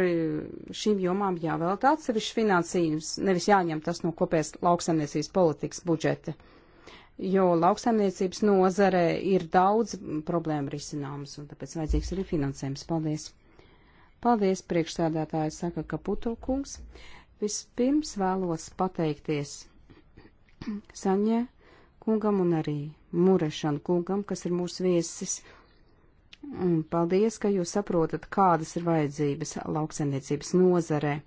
šīm jomām jāvēlta atsevišķi finansējums, nevis jāņem tas no kopējas lauksaimniecības politikas budžeta, jo lauksaimniecības nozare ir daudz problēmu risināmas, un tāpēc vajadzīgs arī finansējums. Paldies! Paldies, priekšstādātāji, saka Kaputo kungs. Vispirms vēlos pateikties Saņē kungam un arī Murešanu kungam, kas ir mūsu viesis. Un paldies, ka jūs saprotat, kādas ir vajadzības lauksaimniecības nozarē.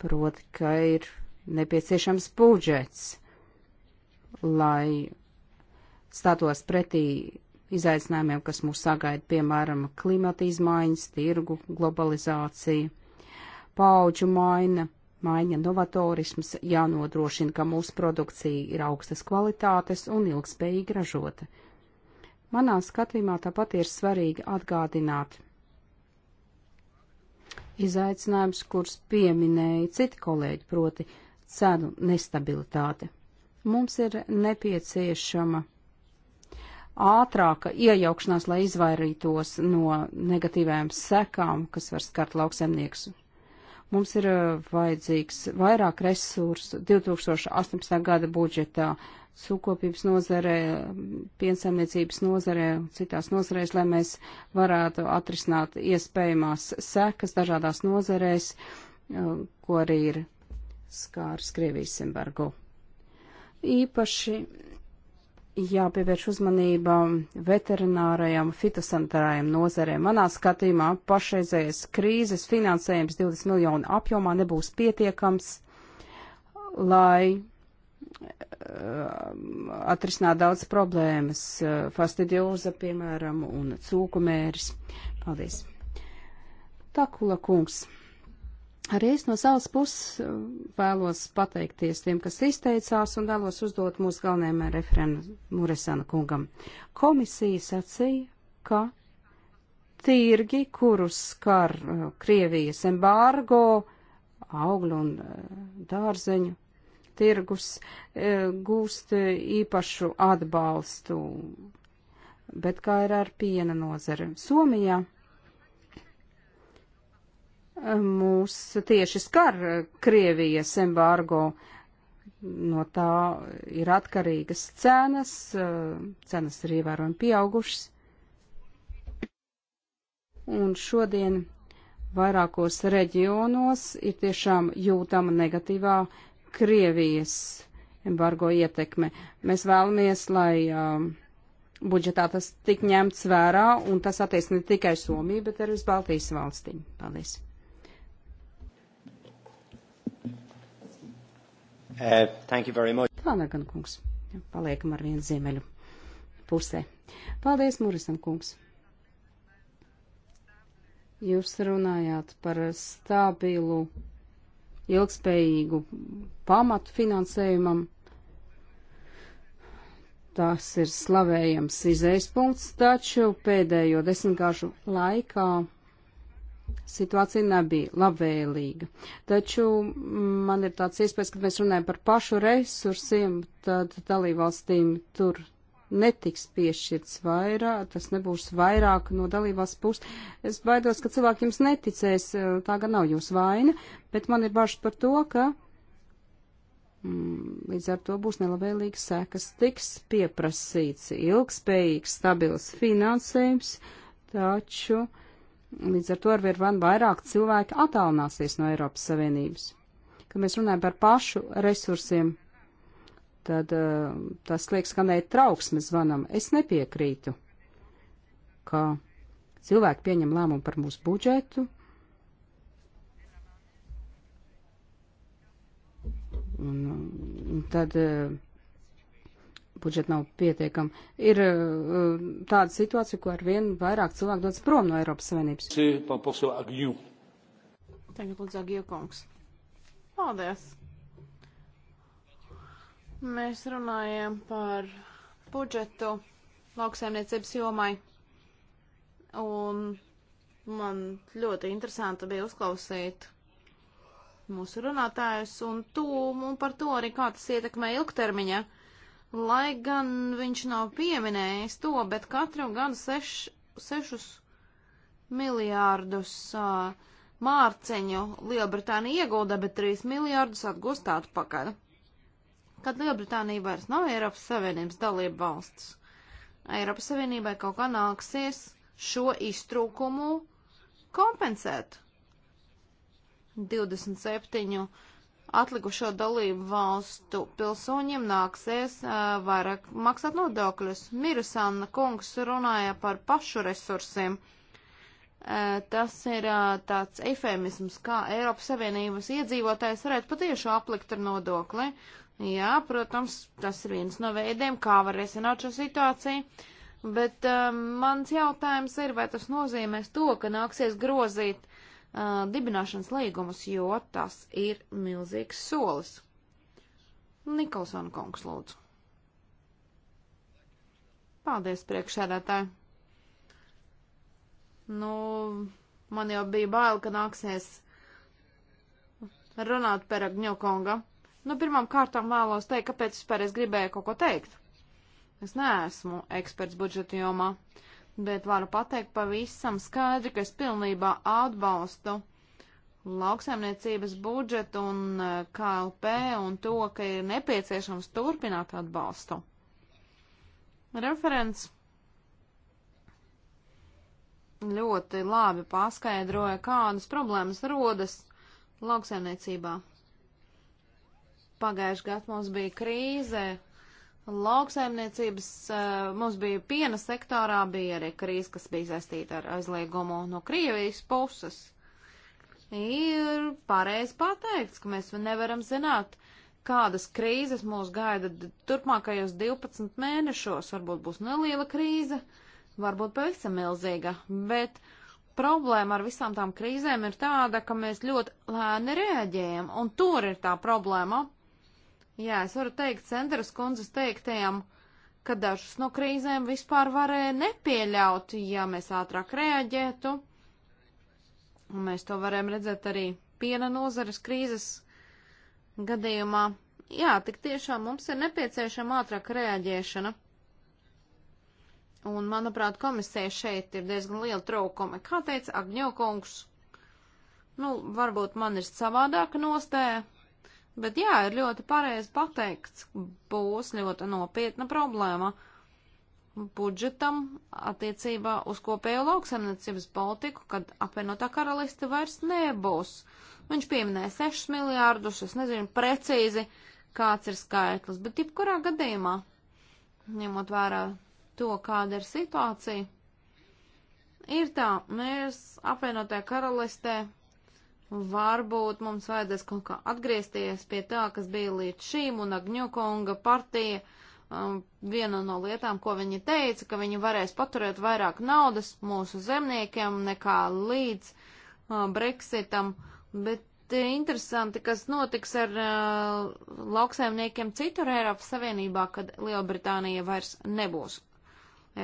Proti, ka ir nepieciešams budžets, lai stātos pretī izaicinājumiem, kas mūs sagaida, piemēram, klimata izmaiņas, tirgu, globalizācija, pauģu maina maiņa, novatorisms jānodrošina, ka mūsu produkcija ir augstas kvalitātes un ilgspējīgi ražota. Manā skatījumā tāpat ir svarīgi atgādināt izaicinājums, kurus pieminēja citi kolēģi, proti cenu nestabilitāte. Mums ir nepieciešama ātrāka iejaukšanās, lai izvairītos no negatīvajām sekām, kas var skart lauksemniekus Mums ir uh, vajadzīgs vairāk resursu 2018. gada budžetā, sūkopības nozarē, piensaimniecības nozarē un citās nozarēs, lai mēs varētu atrisināt iespējamās sekas dažādās nozarēs, uh, ko arī ir skārs Krievijas embargo. Īpaši jāpievērš uzmanība veterinārajam fitosanitārajam nozarēm. Manā skatījumā pašreizējais krīzes finansējums 20 miljonu apjomā nebūs pietiekams, lai eh, atrisināt daudz problēmas, eh, fastidioza, piemēram, un cūku mēris. Paldies. Takula kungs. Arī es no savas puses uh, vēlos pateikties tiem, kas izteicās, un vēlos uzdot mūsu galvenajam referenam Muresana kungam. Komisija sacīja, ka tirgi, kurus skar uh, Krievijas embargo, augļu un uh, dārzeņu tirgus, gūst īpašu atbalstu, bet kā ir ar piena nozare? Somijā mūs tieši skar Krievijas embargo. No tā ir atkarīgas cenas, cenas ir ievērojami pieaugušas. Un šodien vairākos reģionos ir tiešām jūtama negatīvā Krievijas embargo ietekme. Mēs vēlamies, lai um, budžetā tas tik ņemts vērā, un tas attiec ne tikai Somiju, bet arī uz Baltijas valstīm. Paldies! Uh, Flanagan kungs. Paliekam ar vienu ziemeļu pusē. Paldies, Murisam kungs. Jūs runājāt par stabilu, ilgspējīgu pamatu finansējumam. Tas ir slavējams izējas punkts, taču pēdējo desmitgāžu laikā situācija nebija labvēlīga. Taču mm, man ir tāds iespējas, kad mēs runājam par pašu resursiem, tad dalībvalstīm tur netiks piešķirts vairāk, tas nebūs vairāk no dalībvalsts puses. Es baidos, ka cilvēki jums neticēs, tā gan nav jūs vaina, bet man ir bažas par to, ka mm, līdz ar to būs nelabvēlīgas sekas. Tiks pieprasīts ilgspējīgs, stabils finansējums, taču. Uh, Līdz ar to arvien vairāk cilvēki attālināsies no Eiropas Savienības. Kad mēs runājam par pašu resursiem, tad uh, tas liek skanēt trauksmes zvanam. Es nepiekrītu, ka cilvēki pieņem lēmumu par mūsu budžetu. Un, un tad uh, budžeti nav pietiekami. Ir uh, tāda situācija, ko ar vien vairāk cilvēku dodas prom no Eiropas Savienības. Tagad lūdzu Agiju kungs. Paldies! Mēs runājam par budžetu lauksaimniecības jomai. Un man ļoti interesanti bija uzklausīt mūsu runātājus un, tūm, un par to arī, kā tas ietekmē ilgtermiņa lai gan viņš nav pieminējis to, bet katru gadu seš, sešus miljārdus uh, mārciņu Lielbritānija iegulda, bet 3 miljārdus atgūst atpakaļ. Kad Lielbritānija vairs nav Eiropas Savienības dalība valsts, Eiropas Savienībai kaut kā nāksies šo iztrūkumu kompensēt. 27 atlikušo dalību valstu pilsoņiem nāksies uh, vairāk maksāt nodokļus. Mirasāna kungs runāja par pašu resursiem. Uh, tas ir uh, tāds eifemisms, kā Eiropas Savienības iedzīvotājs varētu patiešām aplikt ar nodokli. Jā, protams, tas ir viens no veidiem, kā var risināt šo situāciju. Bet uh, mans jautājums ir, vai tas nozīmēs to, ka nāksies grozīt uh, uh, dibināšanas līgumus, jo tas ir milzīgs solis. Nikolsona kungs lūdzu. Paldies, priekšsēdētāji. Nu, man jau bija bail, ka nāksies runāt par Agņokonga. Nu, pirmām kārtām vēlos teikt, kāpēc vispār es gribēju kaut ko teikt. Es neesmu eksperts budžeta jomā. Uh, bet varu pateikt pavisam skaidri, ka es pilnībā atbalstu lauksaimniecības budžetu un eh, KLP un to, ka ir nepieciešams turpināt atbalstu. Referents ļoti labi paskaidroja, kādas problēmas rodas lauksaimniecībā. Pagājuši gadu mums bija krīze, lauksaimniecības, eh, mums bija piena sektorā, bija arī krīze, kas bija saistīta ar aizliegumu no Krievijas puses. Ir pareizi pateikts, ka mēs nevaram zināt, kādas krīzes mūs gaida turpmākajos 12 mēnešos. Varbūt būs neliela krīze, varbūt pavisam milzīga, bet problēma ar visām tām krīzēm ir tāda, ka mēs ļoti lēni reaģējam, un tur ir tā problēma Jā, es varu teikt Sandras kundzes teiktajam, ka dažus no krīzēm vispār varēja nepieļaut, ja mēs ātrāk reaģētu. Un mēs to varējām redzēt arī piena nozares krīzes gadījumā. Jā, tik tiešām mums ir nepieciešama ātrāk reaģēšana. Un, manuprāt, komisija šeit ir diezgan liela trūkuma. Kā teica Agņokungs, nu, varbūt man ir savādāka nostāja, Bet jā, ir ļoti pareizi pateikts, būs ļoti nopietna problēma budžetam attiecībā uz kopējo lauksaimniecības politiku, kad apvienotā karaliste vairs nebūs. Viņš pieminēja 6 miljārdus, es nezinu precīzi, kāds ir skaitlis, bet jebkurā gadījumā, ņemot vērā to, kāda ir situācija, ir tā, mēs apvienotajā karalistē Varbūt mums vajadzēs kaut kā atgriezties pie tā, kas bija līdz šīm, un Agņukonga partija um, viena no lietām, ko viņi teica, ka viņi varēs paturēt vairāk naudas mūsu zemniekiem nekā līdz uh, Brexitam, bet ir eh, interesanti, kas notiks ar uh, lauksaimniekiem citur Eiropas Savienībā, kad Lielbritānija vairs nebūs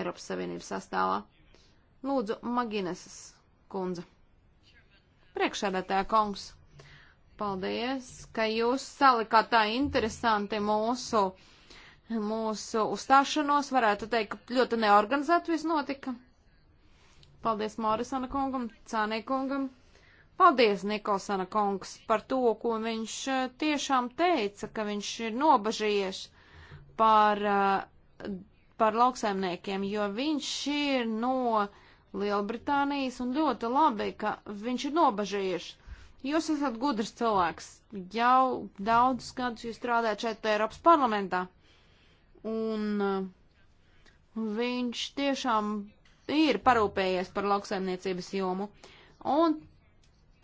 Eiropas Savienības sastāvā. Lūdzu, Maginesas kundze. Priekšsēdētāja kungs, paldies, ka jūs salikāt tā interesanti mūsu, mūsu uzstāšanos. Varētu teikt, ka ļoti neorganizēt viss notika. Paldies Mārisana kungam, Cānī kungam. Paldies Nikolsana kungs par to, ko viņš eh, tiešām teica, ka viņš ir nobažījies par, eh, par lauksaimniekiem, jo viņš ir no. Uh, Lielbritānijas, un ļoti labi, ka viņš ir nobažījies. Jūs esat gudrs cilvēks, jau daudzus gadus jūs strādājat šeit Eiropas parlamentā, un uh, viņš tiešām ir parūpējies par lauksaimniecības jomu, un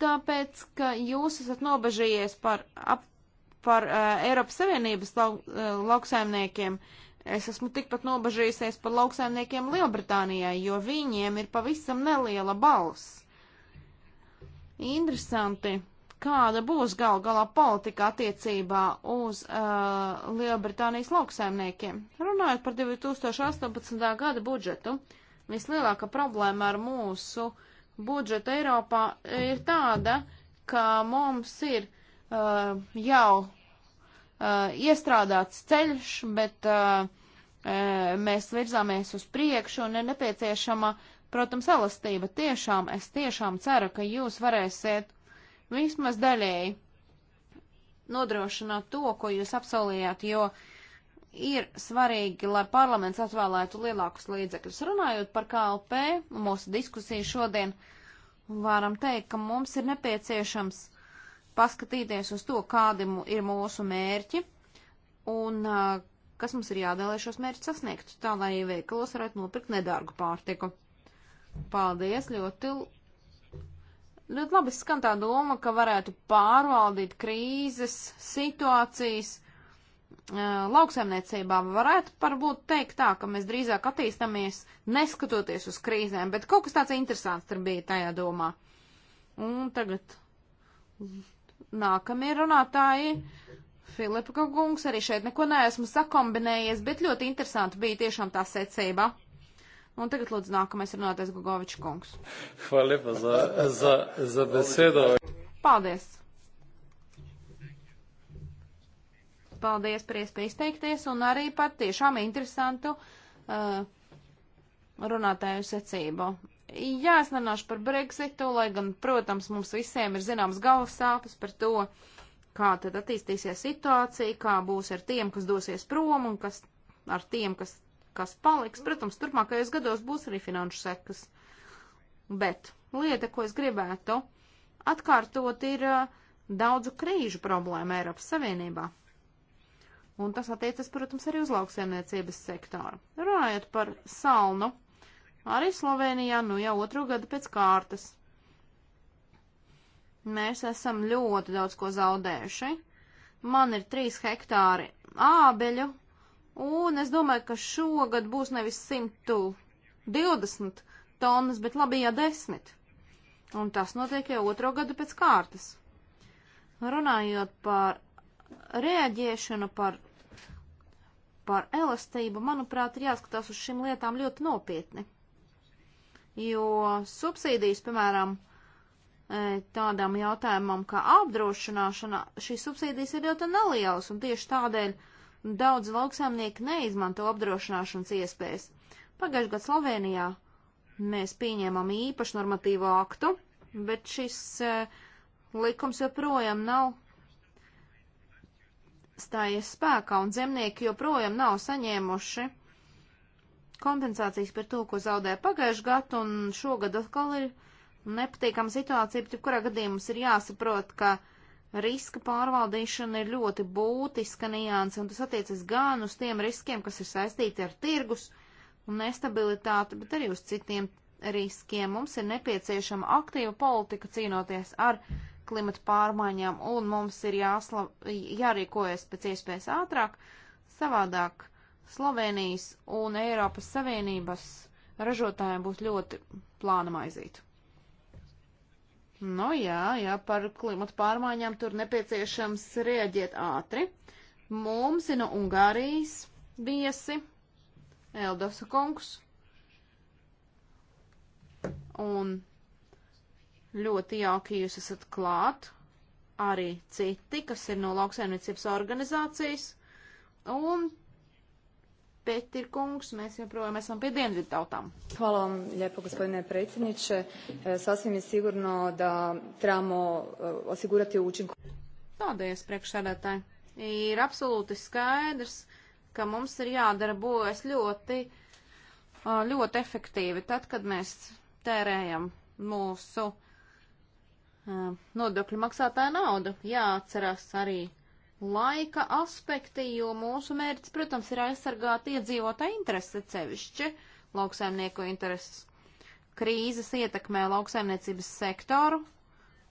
tāpēc, ka jūs esat nobažījies par, ap, par uh, Eiropas Savienības lau, uh, lauksaimniekiem, uh, Es esmu tikpat nobažījusies par lauksaimniekiem Lielbritānijai, jo viņiem ir pavisam neliela balss. Interesanti, kāda būs gal galā politika attiecībā uz uh, Lielbritānijas lauksaimniekiem. Runājot par 2018. gada budžetu, vislielākā problēma ar mūsu budžetu Eiropā ir tāda, ka mums ir uh, jau uh, iestrādāts ceļš, bet uh, mēs virzāmies uz priekšu un ir nepieciešama, protams, elastība. Tiešām, es tiešām ceru, ka jūs varēsiet vismaz daļēji nodrošināt to, ko jūs apsolījāt, jo ir svarīgi, lai parlaments atvēlētu lielākus līdzekļus. Runājot par KLP, mūsu diskusiju šodien varam teikt, ka mums ir nepieciešams paskatīties uz to, kādi ir mūsu mērķi un kas mums ir jādara, lai šos mērķus sasniegtu, tā lai veikalos varētu nopirkt nedārgu pārtiku. Paldies, ļoti, ļoti labi skan tā doma, ka varētu pārvaldīt krīzes situācijas lauksaimniecībā varētu varbūt teikt tā, ka mēs drīzāk attīstamies neskatoties uz krīzēm, bet kaut kas tāds interesants tur bija tajā domā. Un tagad Nākamie runātāji. Filipa kungs arī šeit neko neesmu sakombinējies, bet ļoti interesanti bija tiešām tā secība. Un tagad lūdzu nākamais runātais Gugovičs kungs. Hvala lepa za, za, za besedo. Paldies. Paldies par iespēju izteikties un arī par tiešām interesantu uh, runātāju secību. Jā, es nerunāšu par Brexitu, lai gan, protams, mums visiem ir zināms galvas sāpes par to, kā tad attīstīsies situācija, kā būs ar tiem, kas dosies prom un kas ar tiem, kas, kas paliks. Protams, turpmākajos gados būs arī finanšu sekas. Bet lieta, ko es gribētu atkārtot, ir daudzu krīžu problēma Eiropas Savienībā. Un tas attiecas, protams, arī uz lauksaimniecības sektoru. Runājot par salnu, Arī Slovenijā, nu jau otro gadu pēc kārtas. Mēs esam ļoti daudz ko zaudējuši. Man ir trīs hektāri ābeļu, un es domāju, ka šogad būs nevis 120 tonnas, bet labi, ja desmit. Un tas notiek jau otro gadu pēc kārtas. Runājot par reaģēšanu, par par elastību, manuprāt, ir jāskatās uz šīm lietām ļoti nopietni jo subsīdijas, piemēram, e, tādam jautājumam kā apdrošināšana, šīs subsīdijas ir ļoti nelielas, un tieši tādēļ daudz lauksaimnieki neizmanto apdrošināšanas iespējas. Pagājušajā gadā Slovenijā mēs pieņēmām īpašu normatīvo aktu, bet šis eh, likums joprojām nav stājies spēkā, un zemnieki joprojām nav saņēmuši kompensācijas par to, ko zaudēja pagājuši gadu, un šogad atkal ir nepatīkama situācija, bet jebkurā gadījumā mums ir jāsaprot, ka riska pārvaldīšana ir ļoti būtiska nianse, un tas attiecas gan uz tiem riskiem, kas ir saistīti ar tirgus un nestabilitāti, bet arī uz citiem riskiem. Mums ir nepieciešama aktīva politika cīnoties ar klimata pārmaiņām, un mums ir jāsla, jārīkojas pēc iespējas ātrāk, savādāk Slovenijas un Eiropas Savienības ražotājiem būs ļoti plāna maizīt. Nu jā, jā, par klimatu pārmaiņām tur nepieciešams rieģiet ātri. Mums ir no Ungārijas viesi Eldosa kungs. Un ļoti jauki jūs esat klāt. Arī citi, kas ir no lauksaimniecības organizācijas. Un Petir kungs, mēs joprojām esam pie dienvidu tautām. Hvala vam lijepo, gospodine predsjedniče. E, sasvim je sigurno da trebamo e, osigurati učinku. Paldies, priekšsēdētāji. Ir absolūti skaidrs, ka mums ir jādarbojas ļoti, e, ļoti efektīvi tad, kad mēs tērējam mūsu nodokļu maksātāju naudu. Jāatcerās arī laika aspekti, jo mūsu mērķis, protams, ir aizsargāt iedzīvotāju interesi cevišķi, lauksaimnieku intereses. Krīzes ietekmē lauksaimniecības sektoru,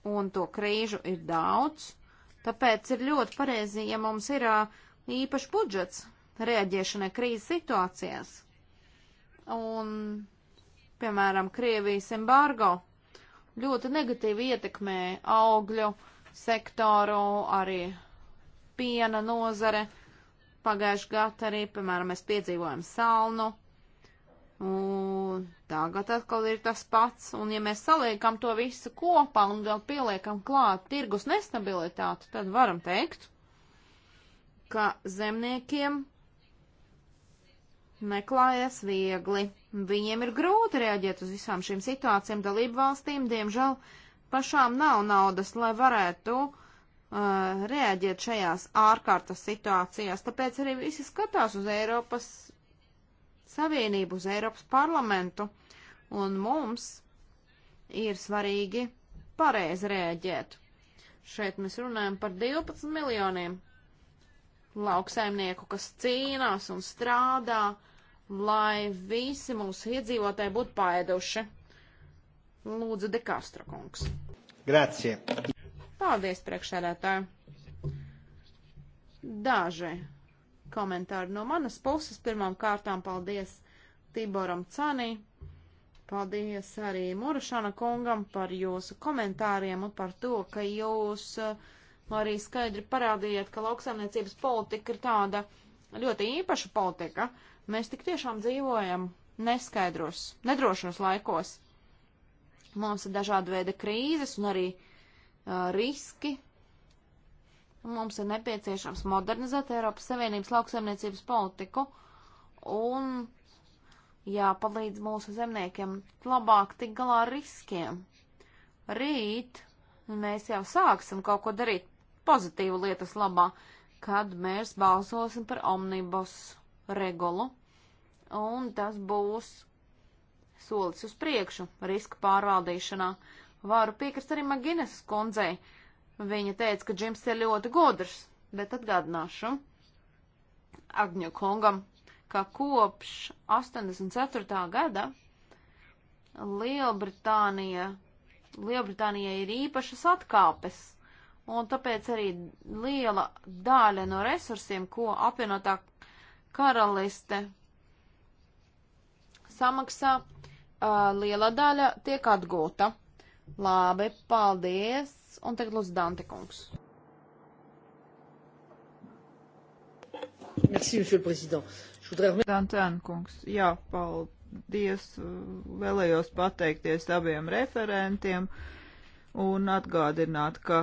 un to krīžu ir daudz, tāpēc ir ļoti pareizi, ja mums ir īpašs budžets reaģēšanai krīzes situācijās. Un, piemēram, Krievijas embargo ļoti negatīvi ietekmē augļu sektoru, arī piena nozare. Pagājuši gadu arī, piemēram, mēs piedzīvojam salnu. Un tagad atkal ir tas pats, un ja mēs saliekam to visu kopā un vēl pieliekam klāt tirgus nestabilitāti, tad varam teikt, ka zemniekiem neklājas viegli. Viņiem ir grūti reaģēt uz visām šīm situācijām dalību valstīm, diemžēl pašām nav naudas, lai varētu uh, uh, reaģēt šajās ārkārtas situācijās. Tāpēc arī visi skatās uz Eiropas Savienību, uz Eiropas parlamentu, un mums ir svarīgi pareizi reaģēt. Šeit mēs runājam par 12 miljoniem lauksaimnieku, kas cīnās un strādā, lai visi mūsu iedzīvotāji būtu paēduši. Lūdzu, Dekastra kungs. Grazie. Paldies, priekšsēdētāji! Daži komentāri no manas puses. Pirmām kārtām paldies Tiboram Canī. Paldies arī Murašana kungam par jūsu komentāriem un par to, ka jūs uh, arī skaidri parādījāt, ka lauksaimniecības politika ir tāda ļoti īpaša politika. Mēs tik tiešām dzīvojam neskaidros, nedrošos laikos. Mums ir dažādi veidi krīzes un arī uh, riski. Mums ir nepieciešams modernizēt Eiropas Savienības lauksaimniecības politiku un jāpalīdz mūsu zemniekiem labāk tik galā ar riskiem. Rīt mēs jau sāksim kaut ko darīt pozitīvu lietas labā, kad mēs balsosim par omnibus regulu. Un tas būs solis uz priekšu riska pārvaldīšanā. Uh, Varu piekrist arī Maginas kundzei. Viņa teica, ka Džims ir ļoti gudrs, bet atgādināšu Agņu kungam, ka kopš 84. gada Lielbritānija, Lielbritānija ir īpašas atkāpes, un tāpēc arī liela daļa no resursiem, ko apvienotā karaliste samaksā, uh, liela daļa tiek atgūta. Labi, paldies. Un tagad lūdzu Dante kungs. Merci, monsieur le président. Je voudrais... Dantēn kungs, jā, paldies. Vēlējos pateikties abiem referentiem un atgādināt, ka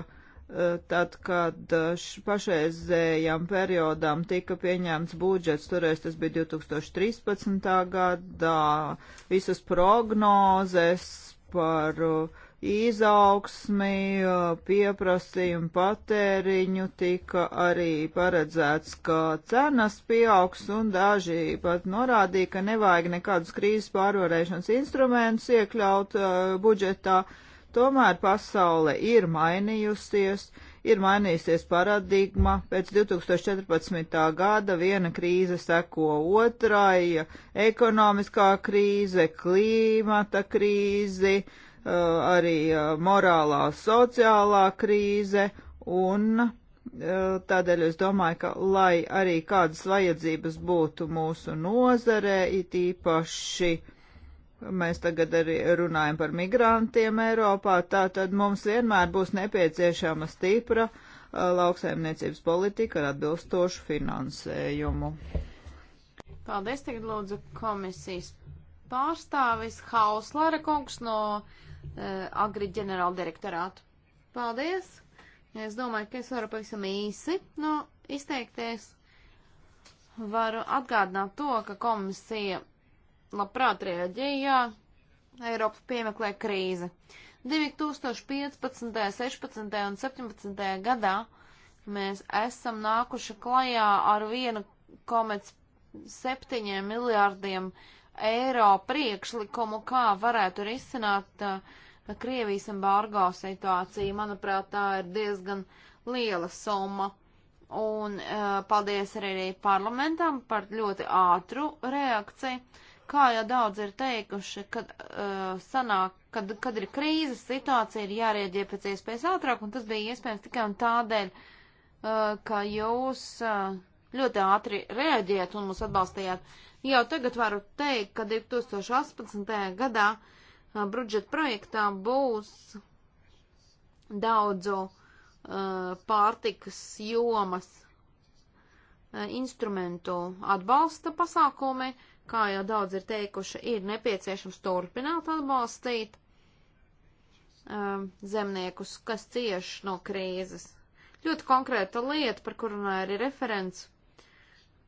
e, tad, kad e, pašreizējām periodām tika pieņemts budžets, toreiz tas bija 2013. gadā, visas prognozes par uh, izaugsmi, pieprasījumu patēriņu tika arī paredzēts, ka cenas pieaugs un daži pat norādīja, ka nevajag nekādus krīzes pārvarēšanas instrumentus iekļaut uh, budžetā. Tomēr pasaule ir mainījusies, ir mainījusies paradigma. Pēc 2014. gada viena krīze seko otrai - ekonomiskā krīze, klīmata krīzi, uh, Eh, arī eh, morālā, sociālā krīze un eh, Tādēļ es domāju, ka lai arī kādas vajadzības būtu mūsu nozarē, it īpaši mēs tagad arī runājam par migrantiem Eiropā, tā tad mums vienmēr būs nepieciešama stipra lauksaimniecības politika ar atbilstošu finansējumu. Paldies, tagad lūdzu komisijas pārstāvis Hauslara kungs no Eh, Agri ģenerāla direktorātu. Paldies! Es domāju, ka es varu pavisam īsi nu, izteikties. Varu atgādināt to, ka komisija labprāt reaģēja, Eiropas piemeklē krīze. 2015., 16. un 17. gadā mēs esam nākuši klajā ar 1,7 miljārdiem eiro eiro priekšlikumu, kā varētu risināt uh, Krievijas embargo situāciju. Manuprāt, tā ir diezgan liela summa. Un uh, paldies arī parlamentam par ļoti ātru reakciju. Kā jau daudz ir teikuši, kad, uh, sanāk, kad, kad ir krīzes situācija, ir jārieģie pēc iespējas ātrāk, un tas bija iespējams tikai un tādēļ, uh, ka jūs uh, ļoti ātri reaģējat un mūs atbalstījāt. Uh, Jau tagad varu teikt, ka 2018. gadā budžeta projektā būs daudzu uh, pārtikas jomas uh, instrumentu atbalsta pasākumi, kā jau daudz ir teikuši, ir nepieciešams turpināt atbalstīt um, zemniekus, kas cieš no krīzes. Ļoti konkrēta lieta, par kuru runāja arī referents,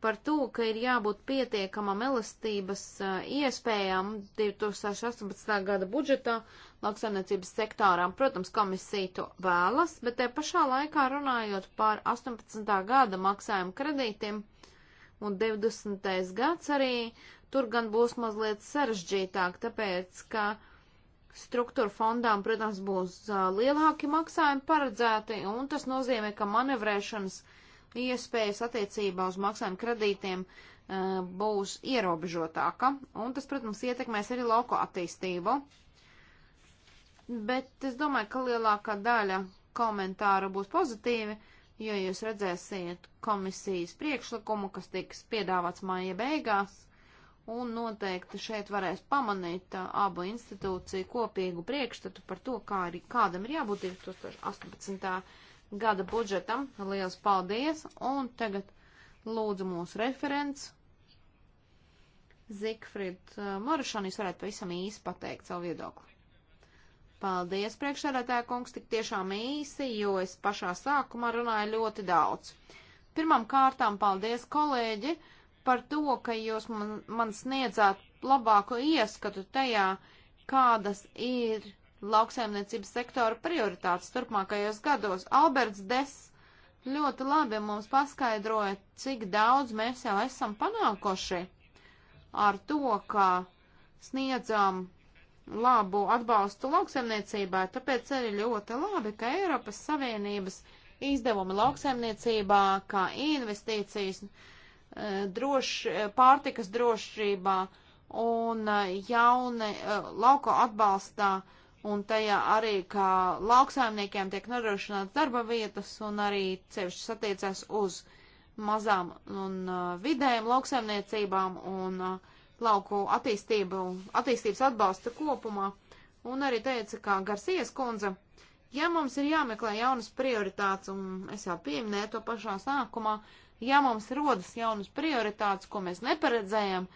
par to, ka ir jābūt pietiekamam elastības eh, iespējām 2018. gada budžetā lauksaimniecības sektorām. Protams, komisija to vēlas, bet te pašā laikā runājot par 18. gada maksājumu kredītiem un 20. gads arī tur gan būs mazliet sarežģītāk, tāpēc, ka struktūra fondām, protams, būs eh, lielāki maksājumi paredzēti, un tas nozīmē, ka manevrēšanas uh, iespējas attiecībā uz maksājumu kredītiem uh, būs ierobežotāka, un tas, protams, ietekmēs arī lauko attīstību. Bet es domāju, ka lielākā daļa komentāru būs pozitīvi, jo jūs redzēsiet komisijas priekšlikumu, kas tiks piedāvāts māja beigās, un noteikti šeit varēs pamanīt uh, abu institūciju kopīgu priekšstatu par to, kā arī kādam ir jābūt 2018 gada budžetam. Liels paldies! Un tagad lūdzu mūsu referents Zikfrid uh, Marašanis varētu pavisam īsi pateikt savu viedokli. Paldies, priekšsēdētāja kungs, tik tiešām īsi, jo es pašā sākumā runāju ļoti daudz. Pirmām kārtām paldies, kolēģi, par to, ka jūs man, man sniedzāt labāko ieskatu tajā, kādas ir lauksaimniecības sektora prioritātes turpmākajos gados. Alberts Des ļoti labi mums paskaidroja, cik daudz mēs jau esam panākoši ar to, ka sniedzam labu atbalstu lauksaimniecībai, tāpēc arī ļoti labi, ka Eiropas Savienības izdevumi lauksaimniecībā, kā investīcijas eh, droš, pārtikas drošībā un eh, jauni eh, lauko atbalstā uh, un tajā arī, ka lauksaimniekiem tiek nodrošināts darba vietas un arī cevišķi satiecās uz mazām un uh, vidējām lauksaimniecībām un uh, lauku attīstību, attīstības atbalsta kopumā. Un arī teica, kā Garcijas kundze, ja mums ir jāmeklē jaunas prioritātes, un es jau pieminēju to pašā sākumā, ja mums rodas jaunas prioritātes, ko mēs neparedzējam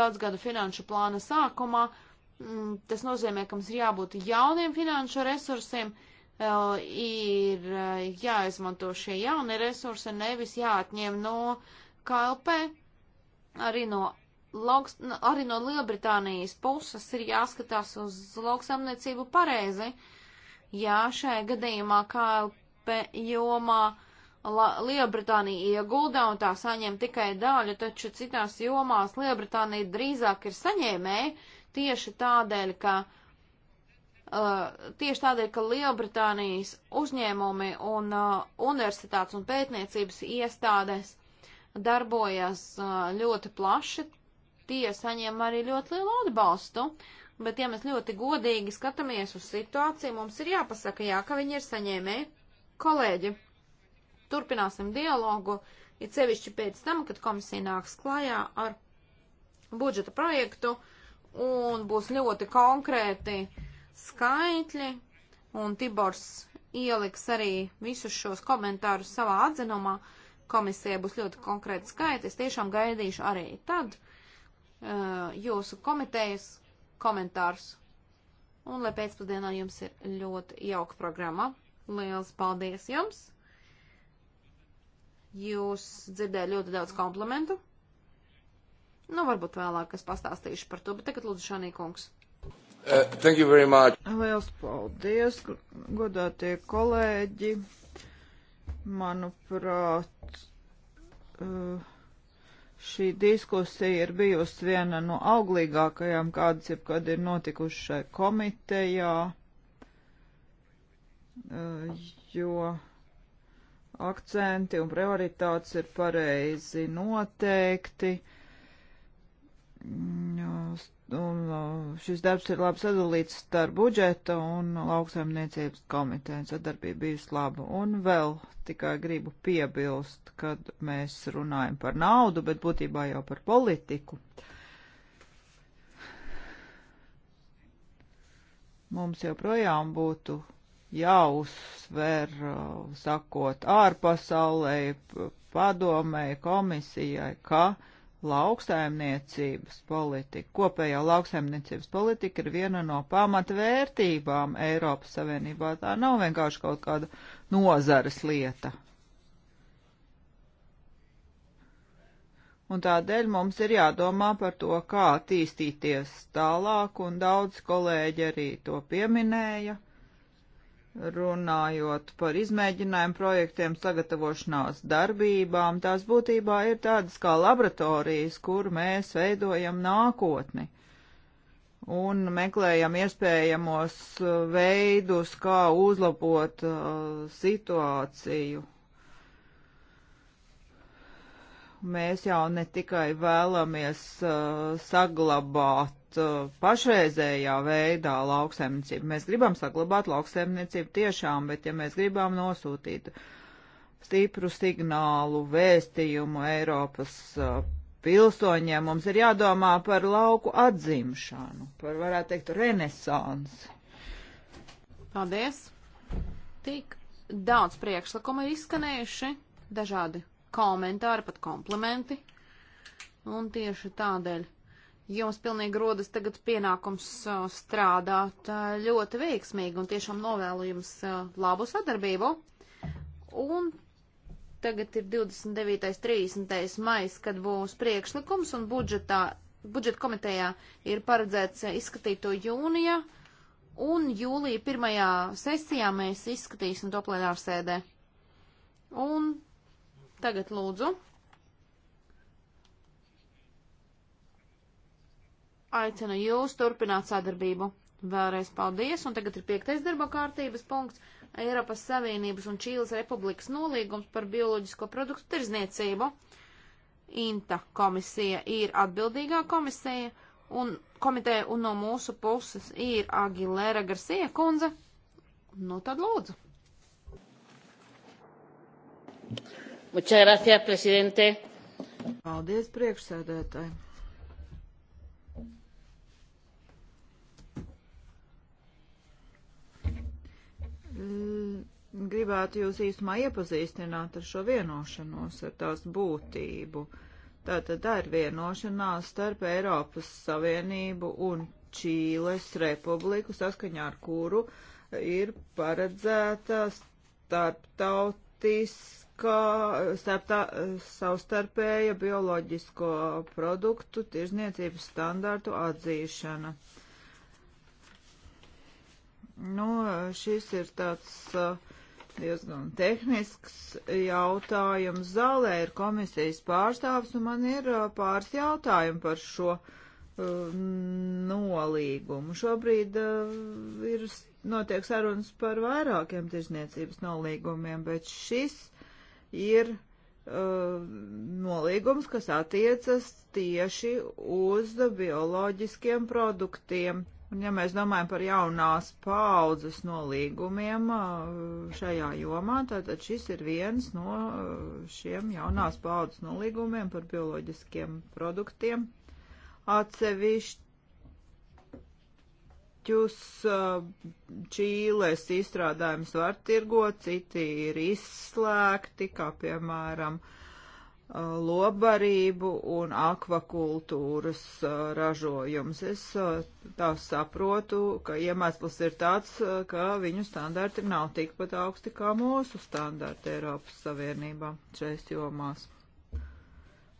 daudz gadu finanšu plāna sākumā, uh, Mm, tas nozīmē, ka mums ir jābūt jauniem finanšu resursiem, eh, ir eh, jāizmanto šie jaunie resursi, nevis jāatņem no KLP. Arī no, lauks, nu, arī no Lielbritānijas puses ir jāskatās uz lauksamniecību pareizi. Jā, šajā gadījumā KLP jomā La, Lielbritānija iegulda un tā saņem tikai daļu, taču citās jomās Lielbritānija drīzāk ir saņēmēji, tieši tādēļ, ka Uh, tieši tādēļ, ka Lielbritānijas uzņēmumi un uh, universitātes un pētniecības iestādēs darbojas uh, ļoti plaši, tie saņem arī ļoti lielu atbalstu. Bet, ja mēs ļoti godīgi skatāmies uz situāciju, mums ir jāpasaka, jā, ka viņi ir saņēmēji. Kolēģi, turpināsim dialogu, ir ja sevišķi pēc tam, kad komisija nāks klajā ar budžeta projektu. Uh, un būs ļoti konkrēti skaitļi, un Tibors ieliks arī visus šos komentārus savā atzinumā. Komisija būs ļoti konkrēti skaitļi, es tiešām gaidīšu arī tad uh, jūsu komitejas komentārus. Un lai pēcpusdienā jums ir ļoti jauka programma. Liels paldies jums! Jūs dzirdējāt ļoti daudz komplimentu. Nu, varbūt vēlāk es pastāstīšu par to, bet tagad lūdzu Šanī kungs. Uh, thank you very much. Liels paldies, godātie kolēģi. Manuprāt, uh, šī diskusija ir bijusi viena no auglīgākajām, kādas jebkad ir notikušas šai komitejā, uh, jo akcenti un prioritātes ir pareizi noteikti un šis darbs ir labi sadalīts starp budžeta un lauksaimniecības komiteju. Sadarbība bijusi laba. Un vēl tikai gribu piebilst, kad mēs runājam par naudu, bet būtībā jau par politiku. Mums joprojām būtu jāuzsver, sakot, ārpasaulē, padomē, komisijai, ka uh, lauksaimniecības politika. Kopējā lauksaimniecības politika ir viena no pamatvērtībām Eiropas Savienībā. Tā nav vienkārši kaut kāda nozares lieta. Un tādēļ mums ir jādomā par to, kā attīstīties tālāk, un daudz kolēģi arī to pieminēja runājot par izmēģinājumu projektiem, sagatavošanās darbībām, tās būtībā ir tādas kā laboratorijas, kur mēs veidojam nākotni un meklējam iespējamos uh, veidus, kā uzlabot uh, situāciju mēs jau ne tikai vēlamies uh, saglabāt uh, pašreizējā veidā lauksaimniecību, mēs gribam saglabāt lauksaimniecību tiešām, bet ja mēs gribam nosūtīt stipru signālu, vēstījumu Eiropas uh, pilsoņiem, mums ir jādomā par lauku atzimšanu, par varētu teikt renesansi. Paldies! Tik daudz priekšlikumu ir izskanējuši dažādi komentāri, pat komplimenti. Un tieši tādēļ jums pilnīgi rodas tagad pienākums strādāt ļoti veiksmīgi un tiešām novēlu jums labu sadarbību. Un tagad ir 29. 30. mais, kad būs priekšlikums un budžetā, budžeta komitejā ir paredzēts izskatīt to jūnijā. Un jūlija pirmajā sesijā mēs izskatīsim to plenārsēdē. Un Tagad lūdzu. Aicinu jūs turpināt sadarbību. Vēlreiz paldies, un tagad ir piektais darba kārtības punkts - Eiropas Savienības un Čīles Republikas nolīgums par bioloģisko produktu tirzniecību. INTA komisija ir atbildīgā komisija, un komiteja un no mūsu puses ir Agilēra Garsie kundze. Nu tad lūdzu. Gracias, presidente. Paldies, priekšsēdētāji. Mm, gribētu jūs īsumā iepazīstināt ar šo vienošanos, ar tās būtību. Tātad tā ir vienošanās starp Eiropas Savienību un Čīles republiku, saskaņā ar kuru ir paredzēta starptautis ka starptā, savstarpēja bioloģisko produktu tirzniecības standārtu atzīšana. Nu, šis ir tāds uh, diezgan tehnisks jautājums. Zālē ir komisijas pārstāvs, un man ir uh, pāris jautājumi par šo uh, nolīgumu. Šobrīd uh, ir notiek sarunas par vairākiem tirzniecības nolīgumiem, bet šis ir uh, nolīgums, kas attiecas tieši uz bioloģiskiem produktiem. Un ja mēs domājam par jaunās paaudzes nolīgumiem uh, šajā jomā, tad šis ir viens no uh, šiem jaunās paaudzes nolīgumiem par bioloģiskiem produktiem. Atsevišķi Kaķus Čīles izstrādājums var tirgot, citi ir izslēgti, kā piemēram lobarību un akvakultūras ražojums. Es tā saprotu, ka iemesls ir tāds, ka viņu standarti nav tikpat augsti kā mūsu standarti Eiropas Savienībā šais jomās.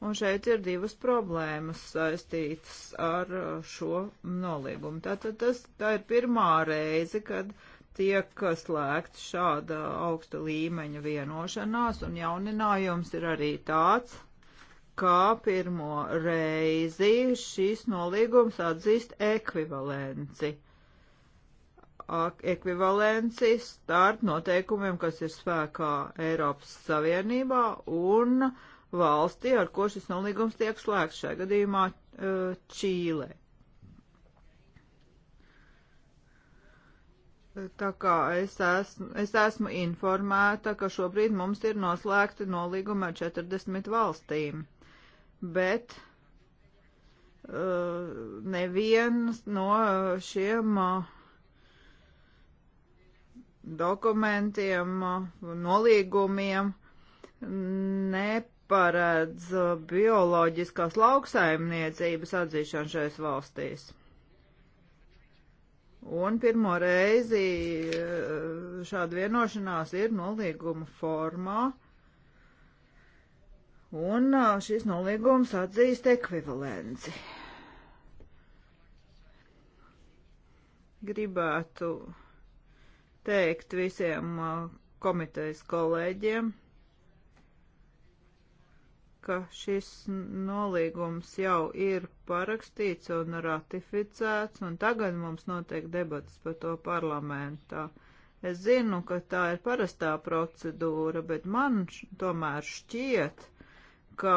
Un šeit ir divas problēmas saistītas ar uh, šo nolīgumu. Tātad tas, tā ir pirmā reize, kad tiek slēgts šāda augsta līmeņa vienošanās, un jauninājums ir arī tāds, kā pirmo reizi šīs nolīgums atzīst ekvivalenci. Ekvivalenci starp noteikumiem, kas ir spēkā Eiropas Savienībā un uh, valsti, ar ko šis nolīgums tiek slēgts šajā gadījumā uh, Čīlē. Tā kā es esmu, es esmu informēta, ka šobrīd mums ir noslēgti nolīgumi ar 40 valstīm, bet uh, neviens no šiem uh, dokumentiem, uh, nolīgumiem ne neparedz uh, bioloģiskās lauksaimniecības atzīšanu šais valstīs. Un pirmo reizi uh, šāda vienošanās ir nolīguma formā, un uh, šis nolīgums atzīst ekvivalenci. Gribētu teikt visiem komitejas kolēģiem, ka šis nolīgums jau ir parakstīts un ratificēts, un tagad mums notiek debatas par to parlamentā. Es zinu, ka tā ir parastā procedūra, bet man tomēr šķiet, ka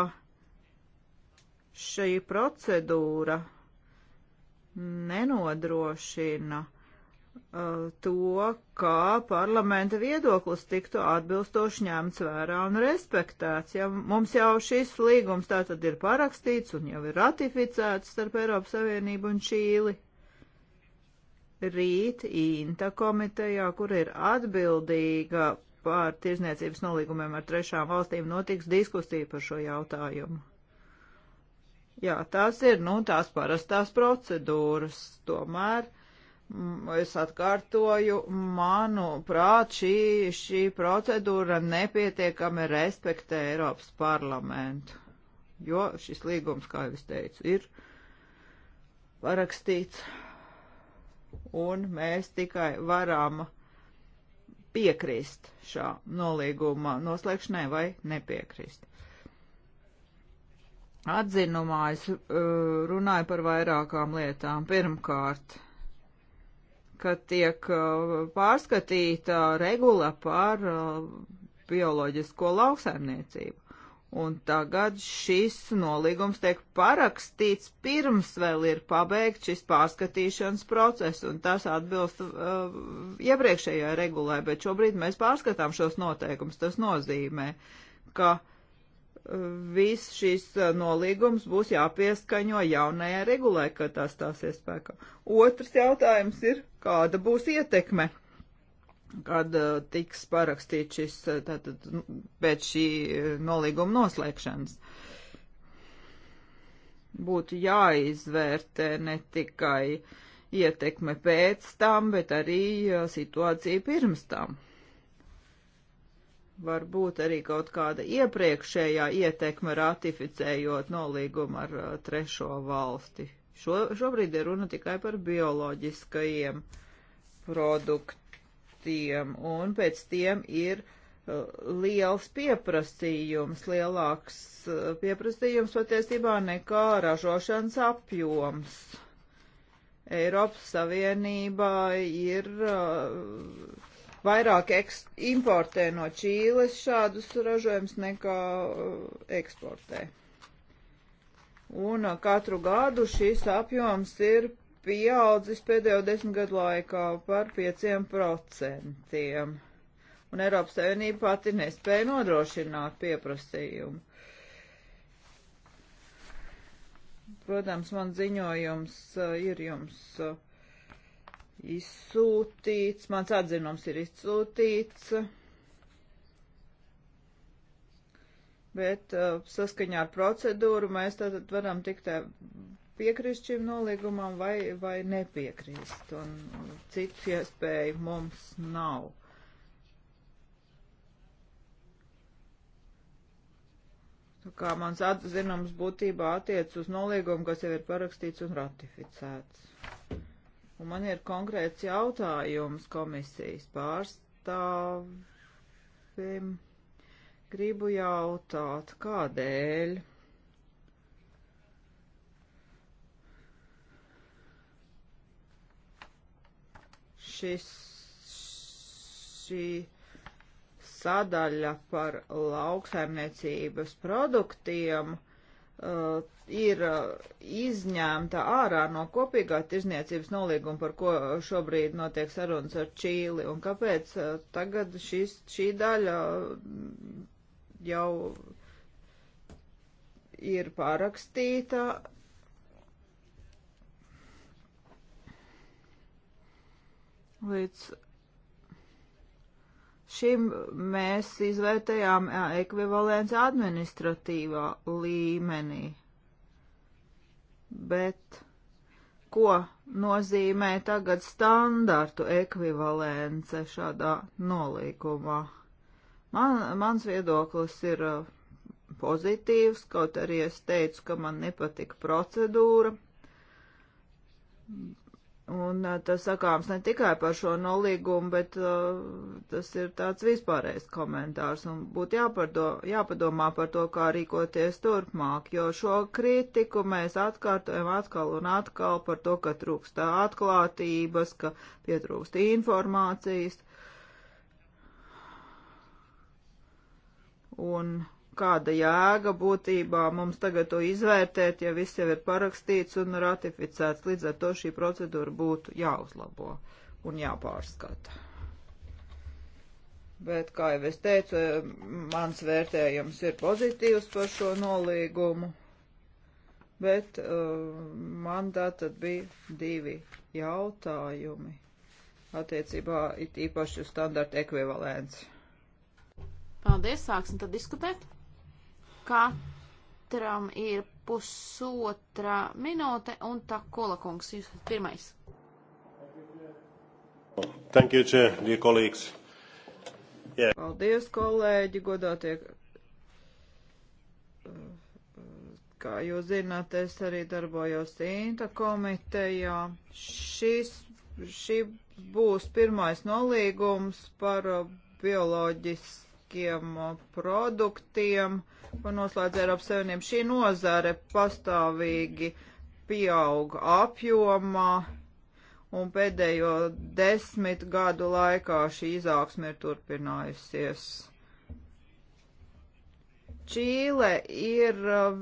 šī procedūra nenodrošina to, kā parlamenta viedoklis tiktu atbilstoši ņemts vērā un respektēts. Ja mums jau šis līgums tā tad ir parakstīts un jau ir ratificēts starp Eiropas Savienību un Čīli. Rīt Inta komitejā, kur ir atbildīga pār tirzniecības nolīgumiem ar trešām valstīm, notiks diskusija par šo jautājumu. Jā, tās ir, nu, tās parastās procedūras. Tomēr Mm, es atkārtoju, manuprāt, šī, šī procedūra nepietiekami respektē Eiropas parlamentu, jo šis līgums, kā jau es teicu, ir parakstīts, un mēs tikai varam piekrist šā nolīguma noslēgšanai vai nepiekrist. Atzinumā es eh, runāju par vairākām lietām. Pirmkārt, ka tiek uh, pārskatīta regula par uh, bioloģisko lauksaimniecību. Un tagad šis nolīgums tiek parakstīts pirms vēl ir pabeigts šis pārskatīšanas process, un tas atbilst uh, iepriekšējai regulai, bet šobrīd mēs pārskatām šos noteikumus. Tas nozīmē, ka uh, viss šis uh, nolīgums būs jāpieskaņo jaunajai regulai, kad tas stāsies spēkā. Otrs jautājums ir kāda būs ietekme, kad uh, tiks parakstīts šis uh, tātad nu, pēc šī uh, nolīguma noslēgšanas. Būtu jāizvērtē ne tikai ietekme pēc tam, bet arī situācija pirms tam varbūt arī kaut kāda iepriekšējā ietekme ratificējot nolīgumu ar trešo valsti. Šo, šobrīd ir runa tikai par bioloģiskajiem produktiem, un pēc tiem ir uh, liels pieprasījums, lielāks uh, pieprasījums patiesībā nekā ražošanas apjoms. Eiropas Savienībā ir uh, vairāk importē no Čīles šādus ražojumus nekā uh, eksportē un uh, katru gadu šis apjoms ir pieaudzis pēdējo desmit gadu laikā par pieciem procentiem. Un Eiropas Savienība pati nespēja nodrošināt pieprasījumu. Protams, man ziņojums uh, ir jums uh, izsūtīts, mans atzinums ir izsūtīts. bet uh, saskaņā ar procedūru mēs tātad varam tikt uh, piekrist šim nolīgumam vai, vai nepiekrist, un citu iespēju mums nav. Tā nu, kā mans atzinums būtībā attiec uz nolīgumu, kas jau ir parakstīts un ratificēts. Un man ir konkrēts jautājums komisijas pārstāvim. Gribu jautāt, kādēļ? Šis, šī sadaļa par lauksaimniecības produktiem uh, ir uh, izņemta ārā no kopīgā tirzniecības nolīguma, par ko šobrīd notiek sarunas ar Čīli, un kāpēc uh, tagad šis, šī daļa jau ir pārakstīta. Līdz šim mēs izvērtējām ekvivalents administratīvā līmenī. Bet ko nozīmē tagad standartu ekvivalence šādā nolīkumā? Man, mans viedoklis ir uh, pozitīvs, kaut arī es teicu, ka man nepatika procedūra. Un uh, tas sakāms ne tikai par šo nolīgumu, bet uh, tas ir tāds vispārējs komentārs un būtu jāpardo, jāpadomā par to, kā rīkoties turpmāk, jo šo kritiku mēs atkārtojam atkal un atkal par to, ka trūkst atklātības, ka pietrūkst informācijas. Un kāda jēga būtībā mums tagad to izvērtēt, ja viss jau ir parakstīts un ratificēts. Līdz ar to šī procedūra būtu jāuzlabo un jāpārskata. Bet, kā jau es teicu, mans vērtējums ir pozitīvs par šo nolīgumu, bet uh, man tā tad bija divi jautājumi attiecībā it īpaši uz standarta ekvivalents. Paldies, sāksim tad diskutēt. Katram ir pusotra minūte un tā kolakungs, jūs esat pirmais. Thank you, chair, dear colleagues. Yeah. Paldies, kolēģi, godātie kā jūs zināt, es arī darbojos Inta komitejā. Šis, šī būs pirmais nolīgums par bioloģis ķīmiskiem uh, produktiem, ko noslēdz Eiropas Savienība. Šī nozare pastāvīgi pieauga apjomā, un pēdējo desmit gadu laikā šī izaugsme ir turpinājusies. Čīle ir uh,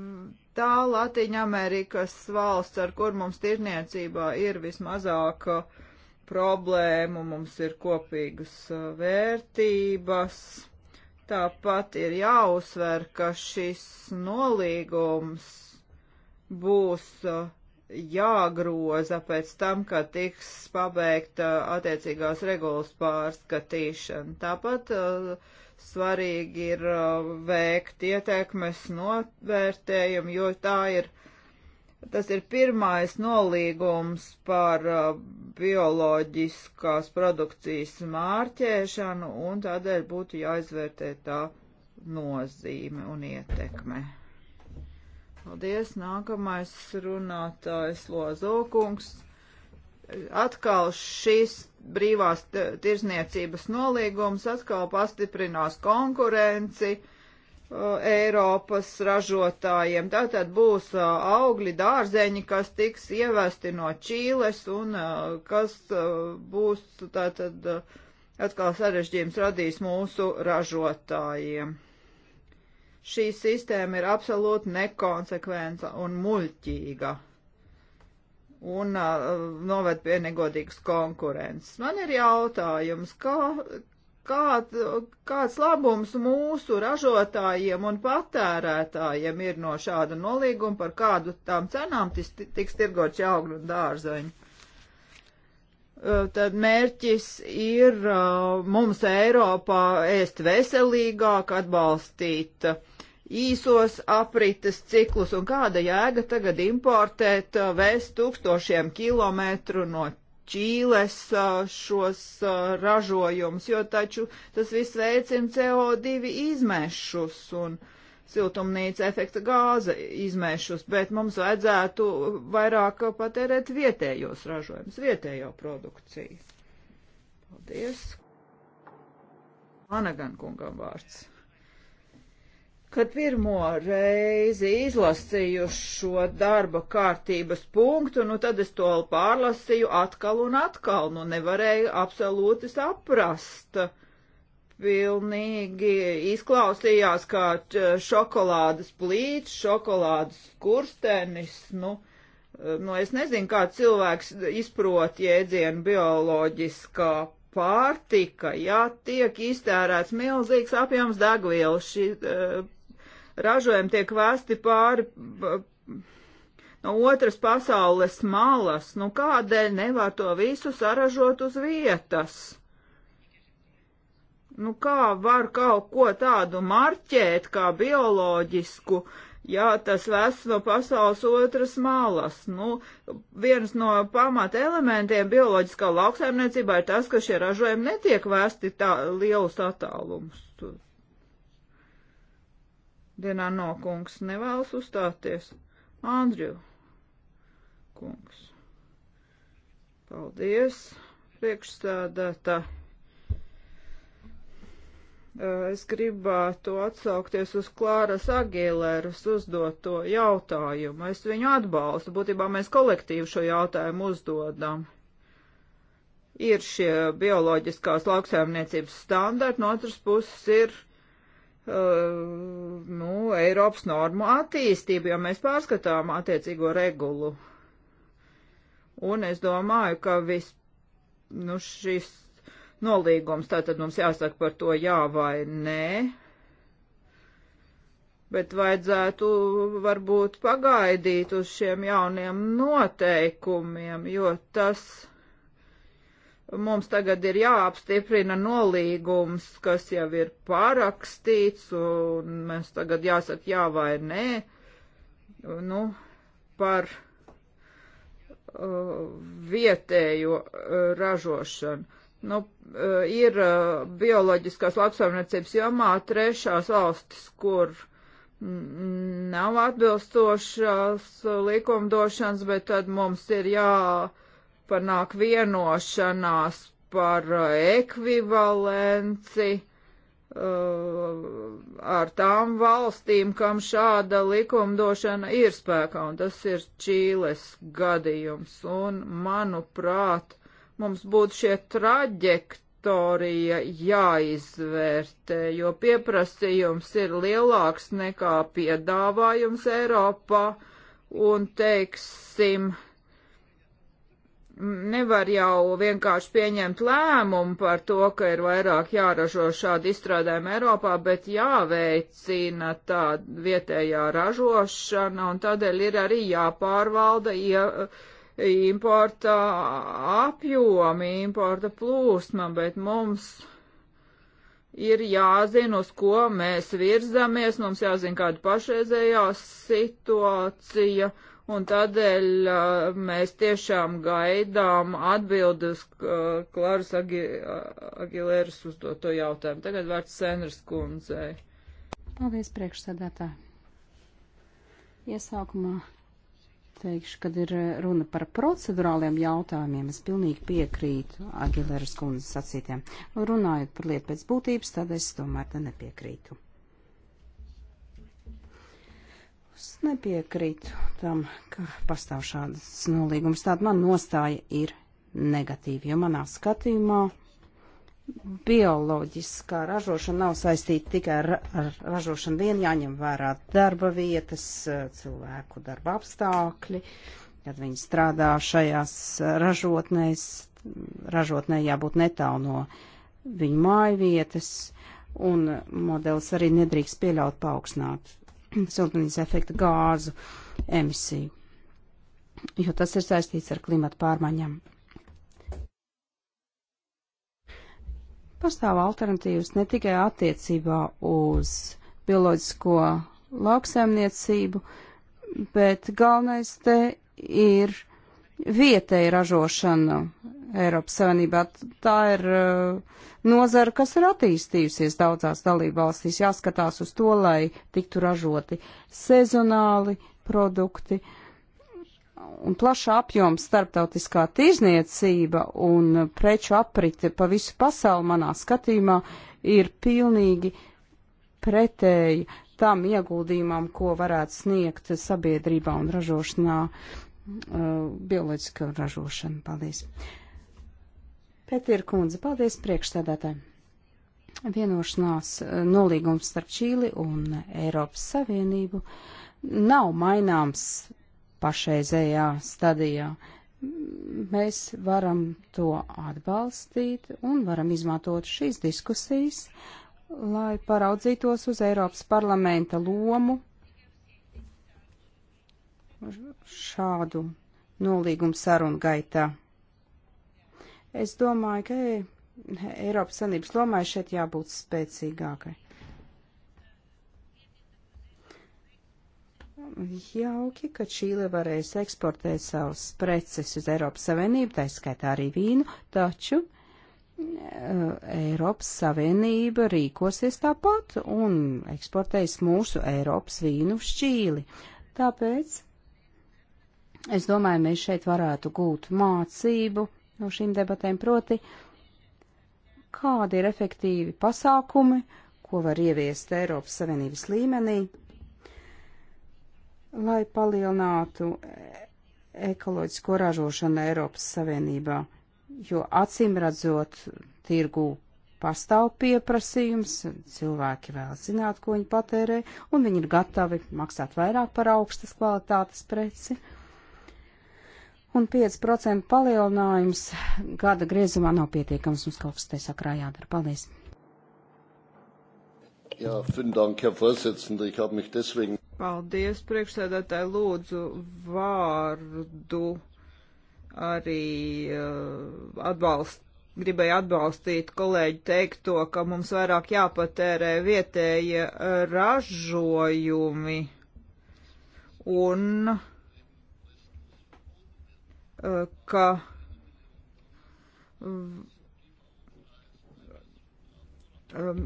tā Latīņa Amerikas valsts, ar kur mums tirniecībā ir vismazāk uh, problēmu, mums ir kopīgas vērtības. Tāpat ir jāuzsver, ka šis nolīgums būs uh, jāgroza pēc tam, kad tiks pabeigta attiecīgās regulas pārskatīšana. Tāpat uh, svarīgi ir uh, veikt ietekmes novērtējumu, jo tā ir Tas ir pirmais nolīgums par uh, bioloģiskās produkcijas mārķēšanu, un tādēļ būtu jāizvērtē tā nozīme un ietekme. Paldies, nākamais runātājs Lozokungs. Atkal šīs brīvās tirzniecības nolīgums atkal pastiprinās konkurenci Uh, Eiropas ražotājiem. Tātad būs uh, augļi, dārzeņi, kas tiks ievesti no Čīles un uh, kas būs tātad atkal sarežģījums radīs mūsu ražotājiem. Šī sistēma ir absolūti nekonsekventa un muļķīga un noved pie negodīgas konkurences. Man ir jautājums, kā, kād, kāds labums mūsu ražotājiem un patērētājiem ir no šāda nolīguma, par kādu tām cenām tis, tiks tirgots augļu un dārzeņu. Uh, tad mērķis ir uh, mums Eiropā ēst veselīgāk, atbalstīt uh, īsos aprites ciklus, un kāda jēga tagad importēt, vēst tūkstošiem kilometru no Čīles šos ražojumus, jo taču tas viss veicina CO2 izmešus un siltumnīca efekta gāza izmešus, bet mums vajadzētu vairāk patērēt vietējos ražojumus, vietējo produkciju. Paldies! Anagan kungam vārds. Kad pirmo reizi izlasījuši šo darba kārtības punktu, nu tad es to pārlasīju atkal un atkal, nu nevarēju absolūti saprast. Pilnīgi izklausījās kā šokolādes plīts, šokolādes kurstenis, nu nu, es nezinu, kā cilvēks izprot jēdzienu bioloģiskā pārtika, ja tiek iztērēts milzīgs apjoms degvielas, šī uh, ražojumi tiek vēsti pāri no otras pasaules malas, nu kādēļ nevar to visu saražot uz vietas? Nu kā var kaut ko tādu marķēt kā bioloģisku, ja tas vēsts no pasaules otras malas? Nu, viens no pamata elementiem bioloģiskā lauksaimniecībā ir tas, ka šie ražojumi netiek vēsti tā lielus attālumus. Dienā no kungs nevēlas uzstāties. Andriju kungs. Paldies, priekšstādātā. Eh, es gribētu atsaukties uz Klāras Agilēras uzdoto jautājumu. Es viņu atbalstu. Būtībā mēs kolektīvu šo jautājumu uzdodam ir šie bioloģiskās lauksaimniecības standarti, no otras puses ir Uh, nu, Eiropas normu attīstību, jo mēs pārskatām attiecīgo regulu. Un es domāju, ka vis, nu, šis nolīgums, tātad mums jāsaka par to jā vai nē, bet vajadzētu varbūt pagaidīt uz šiem jauniem noteikumiem, jo tas mums tagad ir jāapstiprina nolīgums, kas jau ir pārakstīts, un mēs tagad jāsaka jā vai nē, nu, par uh, vietējo uh, ražošanu. Nu, uh, ir uh, bioloģiskās lauksaimniecības jomā trešās valstis, kur nav atbilstošās likumdošanas, bet tad mums ir jā jāpanāk vienošanās par ekvivalenci uh, ar tām valstīm, kam šāda likumdošana ir spēkā, un tas ir Čīles gadījums. Un, manuprāt, mums būtu šie traģektorija jāizvērtē, jo pieprasījums ir lielāks nekā piedāvājums Eiropā, un, teiksim, uh, nevar jau vienkārši pieņemt lēmumu par to, ka ir vairāk jāražo šādi izstrādājumi Eiropā, bet jāveicina tā vietējā ražošana, un tādēļ ir arī jāpārvalda ja, importa apjomi, importa plūsma, bet mums ir jāzina, uz ko mēs virzamies, mums jāzina, kāda pašreizējā situācija un tādēļ uh, mēs tiešām gaidām atbildes uh, Klāras Agi, Agilēras uzdoto jautājumu. Tagad vārds Sēnras kundzei. Paldies, priekšsēdētā. Iesākumā teikšu, kad ir runa par procedurāliem jautājumiem, es pilnīgi piekrītu Agilēras kundzes sacītiem. Runājot par lietu pēc būtības, tad es tomēr te nepiekrītu. Es nepiekrītu tam, ka pastāv šādas nolīgumas. Tāda man nostāja ir negatīva, jo manā skatījumā bioloģiskā ražošana nav saistīta tikai ar, ar ražošanu vien, jāņem vērā darba vietas, cilvēku darba apstākļi, kad viņi strādā šajās ražotnēs, ražotnē jābūt netālu no viņu māju vietas, un modelis arī nedrīkst pieļaut paaugstināt siltumnīca efekta gāzu emisiju, jo tas ir saistīts ar klimatu pārmaiņām. Pastāv alternatīvas ne tikai attiecībā uz bioloģisko lauksēmniecību, bet galvenais te ir vietēja ražošana Eiropas Savienībā. Tā ir uh, nozara, kas ir attīstījusies daudzās dalībvalstīs. Jāskatās uz to, lai tiktu ražoti sezonāli produkti. Un plaša apjoma starptautiskā tirzniecība un preču aprite pa visu pasauli manā skatījumā ir pilnīgi pretēji tam ieguldījumam, ko varētu sniegt sabiedrībā un ražošanā. Uh, Uh, bioloģisko ražošanu. Paldies. Pētīra kundze, paldies priekšstādātājiem. Vienošanās uh, nolīgums starp Čīli un Eiropas Savienību nav maināms pašreizējā stadijā. Mēs varam to atbalstīt un varam izmantot šīs diskusijas, lai paraudzītos uz Eiropas parlamenta lomu šādu nolīgumu sarunu gaitā. Es domāju, ka e, Eiropas Sanības lomai šeit jābūt spēcīgākai. Jauki, ka Čīle varēs eksportēt savus preces uz Eiropas Savienību, tā skaitā arī vīnu, taču e, Eiropas Savienība rīkosies tāpat un eksportēs mūsu Eiropas vīnu šķīli. Tāpēc Es domāju, mēs šeit varētu gūt mācību no šīm debatēm, proti, kādi ir efektīvi pasākumi, ko var ieviest Eiropas Savienības līmenī, lai palielinātu ekoloģisko ražošanu Eiropas Savienībā, jo acīm redzot tirgu pastāv pieprasījums, cilvēki vēl zināt, ko viņi patērē, un viņi ir gatavi maksāt vairāk par augstas kvalitātes preci un 5% palielinājums gada griezumā nav pietiekams. Mums kaut kas te sakrā jādara. Paldies! Jā, dank, Herr Vorsitzende. Ich habe mich deswegen. Paldies, priekšsēdētāji, lūdzu vārdu arī uh, atbalst, gribēju atbalstīt kolēģi teikto, ka mums vairāk jāpatērē vietējie ražojumi un uh, ka um, um,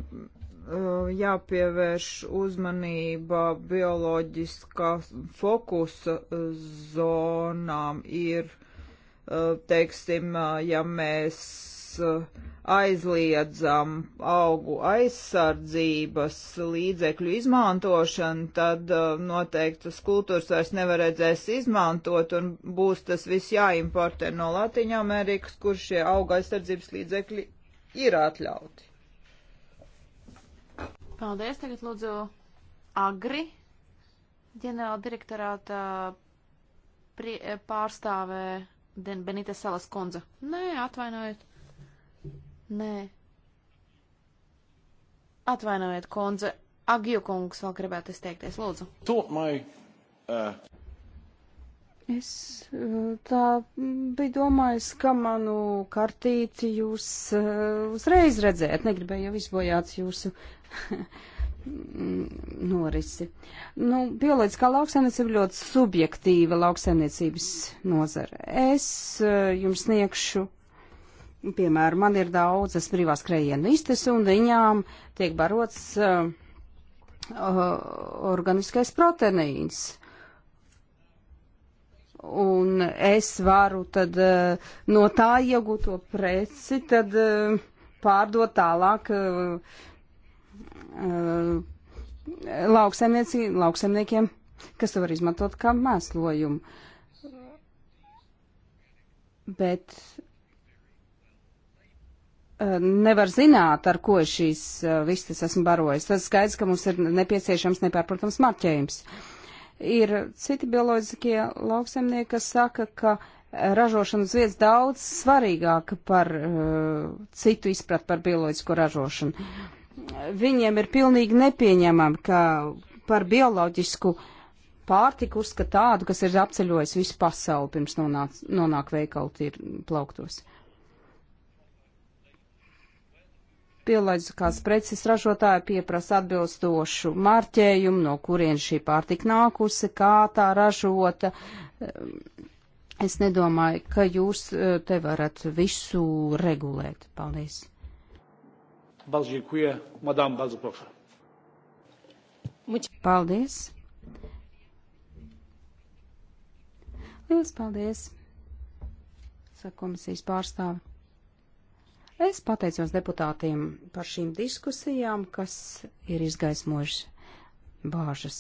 jāpievērš uzmanība bioloģiskā fokusa zonām ir, uh, teiksim, uh, ja mēs Uh, aizliedzam augu aizsardzības līdzekļu izmantošanu, tad uh, noteiktas kultūras vairs nevarēdzēs izmantot un būs tas viss jāimportē no Latviju Amerikas, kur šie auga aizsardzības līdzekļi ir atļauti. Paldies, tagad lūdzu Agri, ģenerāla direktorāta pārstāvē Benita Salas kundze. Nē, atvainojiet. Nē. Atvainojiet, kundze. Agju kungs vēl gribētu izteikties, lūdzu. My, uh... Es tā biju domājis, ka manu kartīti jūs uh, uzreiz redzēt, negribēju jau izbojāt jūsu norisi. Nu, bioloģiskā lauksainiecība ļoti subjektīva lauksainiecības nozara. Es uh, jums sniegšu Piemēram, man ir daudzas privās krējienistes, un viņām tiek barots uh, uh, organiskais proteīns. Un es varu tad uh, no tā iegūto preci tad uh, pārdot tālāk uh, uh, lauksemniekiem, kas to var izmantot kā mēslojumu. Bet Eh, nevar zināt, ar ko šīs eh, viss tas esmu barojis. Tas skaidrs, ka mums ir nepieciešams nepārprotams marķējums. Ir citi bioloģiskie lauksemnieki, kas saka, ka ražošanas vietas daudz svarīgāka par uh, citu izprat par bioloģisko ražošanu. Viņiem ir pilnīgi nepieņemami, ka par bioloģisku pārtiku uzskata tādu, kas ir apceļojis visu pasauli pirms nonāk, nonāk veikalu plauktos. Uh, Bioloģiskās preces ražotāji pieprasa atbilstošu marķējumu, no kurien šī pārtika nākusi, kā tā ražota. Es nedomāju, ka jūs e, te varat visu regulēt. Paldies. Paldies. Lielas paldies, saka komisijas pārstāve. Es pateicos deputātiem par šīm diskusijām, kas ir izgaismojušas bāžas.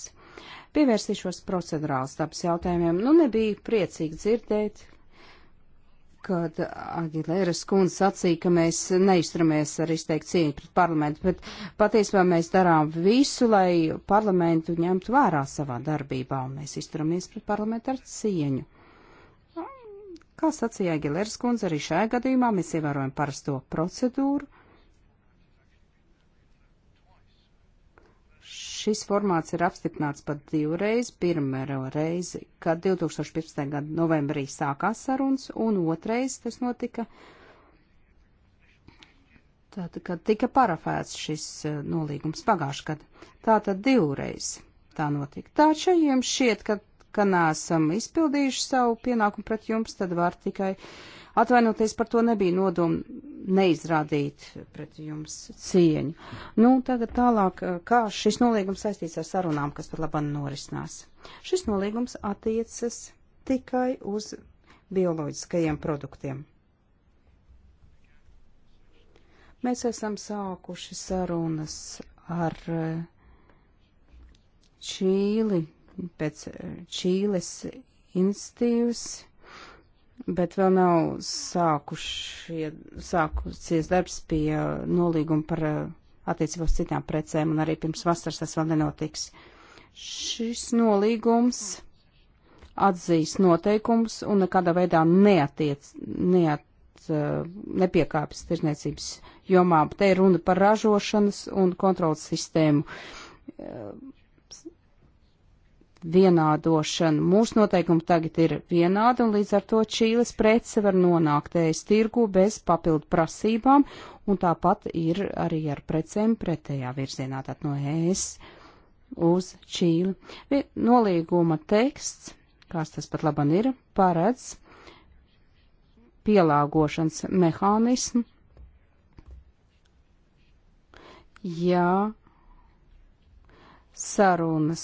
Pievērsīšos procedurāls taps jautājumiem. Nu, nebija priecīgi dzirdēt, kad Agilēras kundze sacīja, ka mēs neizturamies ar izteikt cīņu pret parlamentu, bet patiesībā mēs darām visu, lai parlamentu ņemtu vērā savā darbībā, un mēs izturamies pret parlamentu ar cieņu. Kā sacīja Gilers kundze, arī šajā gadījumā mēs ievērojam parasto procedūru. Šis formāts ir apstiprināts pat divreiz. Pirmēro reizi, kad 2015. gada novembrī sākās sarunas, un otrais tas notika, tad, kad tika parafēts šis eh, nolīgums pagājušajā gadā. Tātad divreiz tā notika. Taču jums šķiet, ka ka neesam izpildījuši savu pienākumu pret jums, tad var tikai atvainoties par to nebija nodoma neizrādīt pret jums cieņu. Nu, tagad tālāk, eh, kā šis nolīgums saistīts ar sarunām, kas pat labam norisinās. Šis nolīgums attiecas tikai uz bioloģiskajiem produktiem. Mēs esam sākuši sarunas ar eh, Čīli pēc Čīles institīvas, bet vēl nav sākušie, sākusies darbs pie nolīguma par eh, attiecībā uz citām precēm, un arī pirms vasaras tas vēl nenotiks. Šis nolīgums atzīs noteikums un nekādā veidā neatiec, neat, eh, nepiekāpjas tirzniecības jomā, bet te ir runa par ražošanas un kontrolas sistēmu eh, vienādošanu. Mūsu noteikumi tagad ir vienādi, un līdz ar to Čīles prece var nonākt ēst tirgu bez papildu prasībām, un tāpat ir arī ar precēm pretējā virzienā, tātad no ēs uz Čīli. Nolīguma teksts, kāds tas pat laban ir, paredz pielāgošanas mehānismu. Jā, sarunas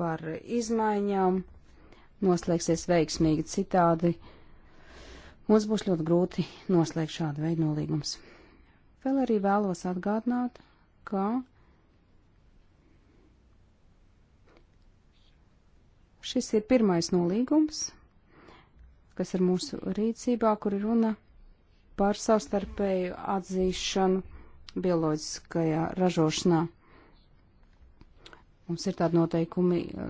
par izmaiņām noslēgsies veiksmīgi citādi. Mums būs ļoti grūti noslēgt šādu veidu nolīgums. Vēl arī vēlos atgādināt, ka šis ir pirmais nolīgums, kas ir mūsu rīcībā, kur ir runa par savstarpēju atzīšanu bioloģiskajā ražošanā. Mums ir tādi noteikumi uh,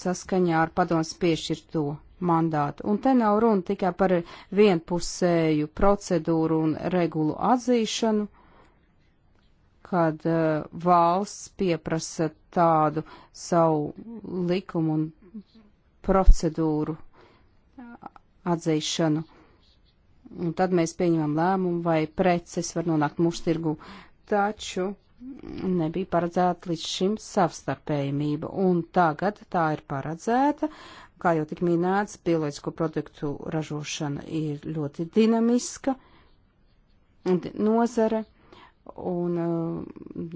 saskaņā ar padomus piešķirto mandātu. Un te nav runa tikai par vienpusēju procedūru un regulu atzīšanu, kad uh, valsts pieprasa tādu savu likumu un procedūru uh, atzīšanu. Un tad mēs pieņemam lēmumu, vai preces var nonākt mūsu tirgu. Taču nebija paredzēta līdz šim savstarpējumība, un tagad tā ir paredzēta. Kā jau tik minēts, bioloģisko produktu ražošana ir ļoti dinamiska nozare, un uh,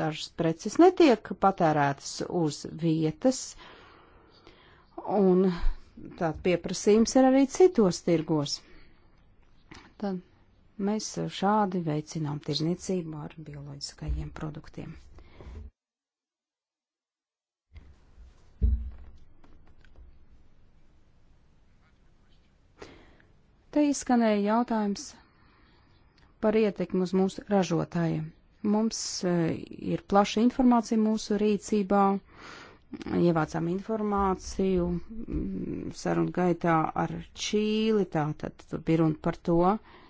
dažas preces netiek patērētas uz vietas, un tāda pieprasījums ir arī citos tirgos. Tad Mēs šādi veicinām tirzniecību ar bioloģiskajiem produktiem. Te izskanēja jautājums par ietekmi uz mūsu ražotājiem. Mums e, ir plaša informācija mūsu rīcībā, ievācām informāciju mm, sarunu gaitā ar Čīli, tātad tur bija runa par to, uh,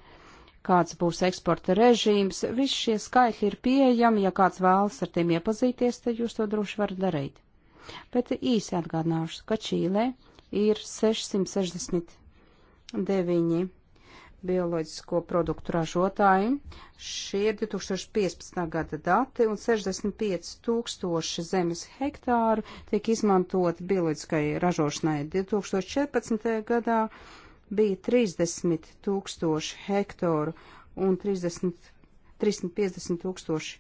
kāds būs eksporta režīms. Visi šie skaitļi ir pieejami, ja kāds vēlas ar tiem iepazīties, tad jūs to droši varat darīt. Bet īsi atgādināšu, ka Čīlē ir 669 bioloģisko produktu ražotāji. Šie ir 2015. gada dati un 65 tūkstoši zemes hektāru tiek izmantoti bioloģiskai ražošanai. 2014. gadā bija 30 tūkstoši hektāru un 30, 350 tūkstoši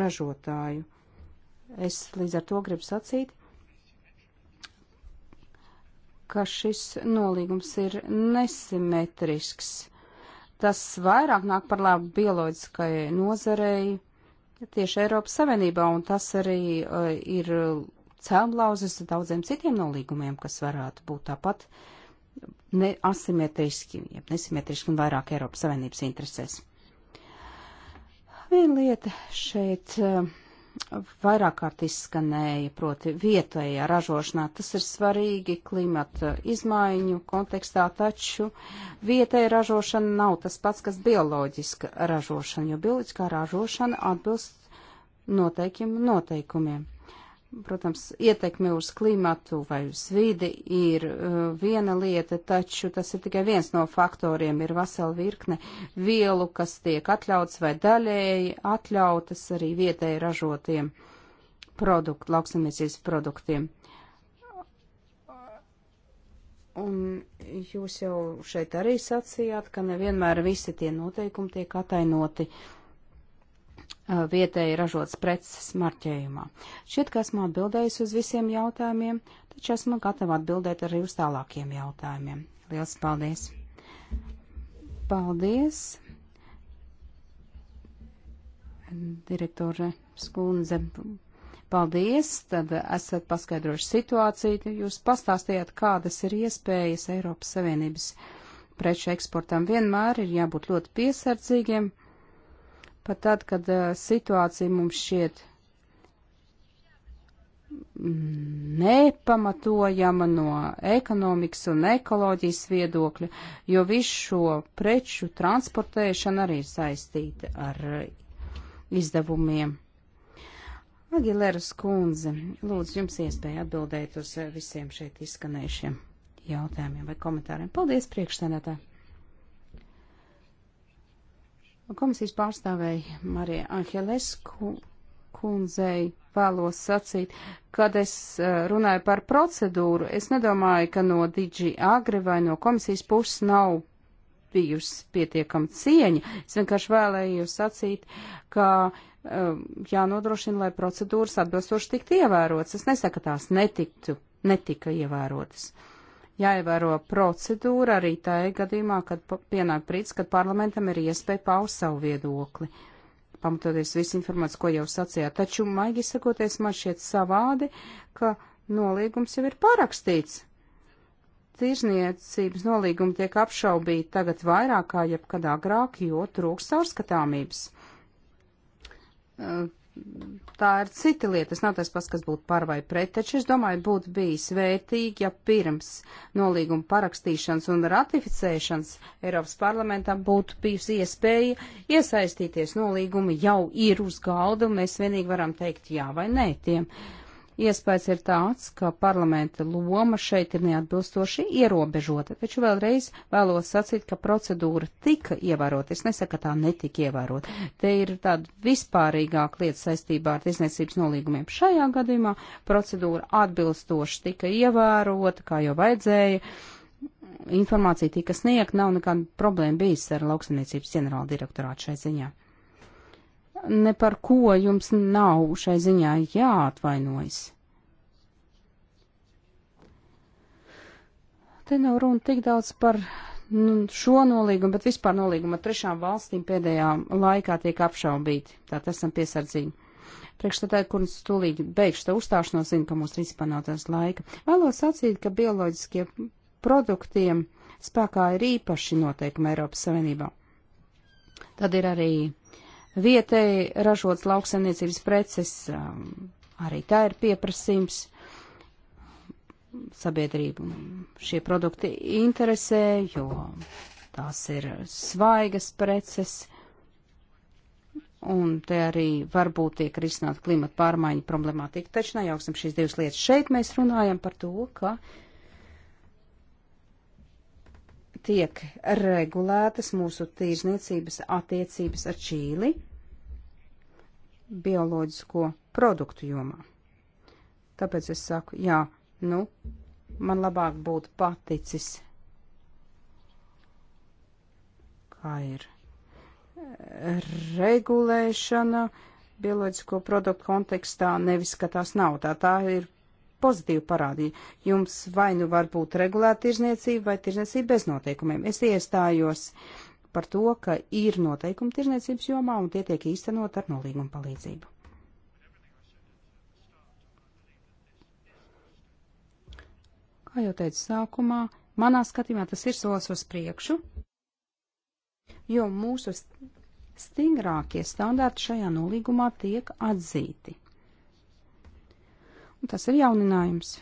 ražotāju. Es līdz ar to gribu sacīt, ka šis nolīgums ir nesimetrisks. Tas vairāk nāk par labu bioloģiskai nozarei tieši Eiropas Savienībā, un tas arī uh, ir cēmlauzes daudziem citiem nolīgumiem, kas varētu būt tāpat uh, ne asimetriski, ja nesimetriski un vairāk Eiropas Savienības interesēs. Viena lieta šeit eh, vairāk kārt izskanēja, proti vietējā ražošanā. Tas ir svarīgi klimata izmaiņu kontekstā, taču vietēja ražošana nav tas pats, kas bioloģiska ražošana, jo bioloģiskā ražošana atbilst noteikiem noteikumiem protams, ietekme uz klimatu vai uz vidi ir uh, viena lieta, taču tas ir tikai viens no faktoriem. Ir vesela virkne vielu, kas tiek atļauts vai daļēji atļautas arī vietēji ražotiem produktu, lauksamniecības produktiem. Un jūs jau šeit arī sacījāt, ka nevienmēr visi tie noteikumi tiek atainoti uh, Uh, vietēji ražotas preces marķējumā. Šķiet, ka esmu atbildējusi uz visiem jautājumiem, taču esmu gatava atbildēt arī uz tālākiem jautājumiem. Lielas paldies! Paldies! Direktore Skundze, paldies! Tad esat paskaidrojuši situāciju. Jūs pastāstījāt, kādas ir iespējas Eiropas Savienības preču eksportam. Vienmēr ir jābūt ļoti piesardzīgiem. Pat tad, kad situācija mums šķiet nepamatojama no ekonomikas un ekoloģijas viedokļa, jo visu šo preču transportēšana arī ir saistīta ar izdevumiem. Agilēras kundze, lūdzu, jums iespēja atbildēt uz visiem šeit izskanējušiem jautājumiem vai komentāriem. Paldies, priekšsēdētāji! Komisijas pārstāvēja Marija Anhelesku kundzei vēlos sacīt, kad es eh, runāju par procedūru, es nedomāju, ka no Digi Agri vai no komisijas puses nav bijusi pietiekama cieņa. Es vienkārši vēlējos sacīt, ka um, jānodrošina, lai procedūras atbilstoši tiktu ievērotas. Es nesaku, ka tās netiktu, netika ievērotas. Uh, jāievēro procedūra arī tajā gadījumā, kad pienāk brīdis, kad parlamentam ir iespēja paust savu viedokli. Pamatoties visu informāciju, ko jau sacījāt, taču maigi sakoties man šķiet savādi, ka nolīgums jau ir parakstīts. Tirzniecības nolīgumi tiek apšaubīti tagad vairāk kā jebkad agrāk, jo trūks caurskatāmības tā ir cita lieta. Tas nav tas pats, kas būtu par vai pret, taču es domāju, būtu bijis vērtīgi, ja pirms nolīguma parakstīšanas un ratificēšanas Eiropas parlamentam būtu bijusi iespēja iesaistīties nolīgumi jau ir uz galda, un mēs vienīgi varam teikt jā vai nē tiem. Uh, iespējas ir tāds, ka parlamenta loma šeit ir neatbilstoši ierobežota, taču vēlreiz vēlos sacīt, ka procedūra tika ievērota. Es nesaku, ka tā netika ievērota. Te ir tāda vispārīgāka lieta saistībā ar tiesniecības nolīgumiem. Šajā gadījumā procedūra atbilstoši tika ievērota, kā jau vajadzēja. Informācija tika sniegta, nav nekāda problēma bijis ar lauksaimniecības ģenerāla direktorātu šai ziņā ne par ko jums nav šai ziņā jāatvainojas. Te nav runa tik daudz par šo nolīgumu, bet vispār nolīgumu ar trešām valstīm pēdējā laikā tiek apšaubīti. Tātad esam piesardzīgi. Priekšstādāji, kur es tūlīt beigšu tā uzstāšanos, zinu, ka mums principā nav tās laika. Vēlos sacīt, ka bioloģiskie produktiem spēkā ir īpaši noteikumi Eiropas Savienībā. Tad ir arī vietēji ražots lauksaimniecības preces, um, arī tā ir pieprasījums sabiedrību. Šie produkti interesē, jo tās ir svaigas preces, un te arī varbūt tiek risināt klimata pārmaiņu problemātika. Taču nejauksim šīs divas lietas. Šeit mēs runājam par to, ka tiek regulētas mūsu tīrzniecības attiecības ar Čīli bioloģisko produktu jomā. Tāpēc es saku, jā, nu, man labāk būtu paticis, kā ir e, regulēšana bioloģisko produktu kontekstā, nevis, ka tās nav. Tā, tā ir pozitīvi parādīja. Jums vai nu var būt regulēta tirzniecība vai tirzniecība bez noteikumiem. Es iestājos uh, par to, ka ir noteikumi tirniecības jomā un tie tiek īstenot ar nolīgumu palīdzību. Kā jau teicu sākumā, manā skatījumā tas ir solis uz priekšu, jo mūsu stingrākie standarti šajā nolīgumā tiek atzīti. Un tas ir jauninājums.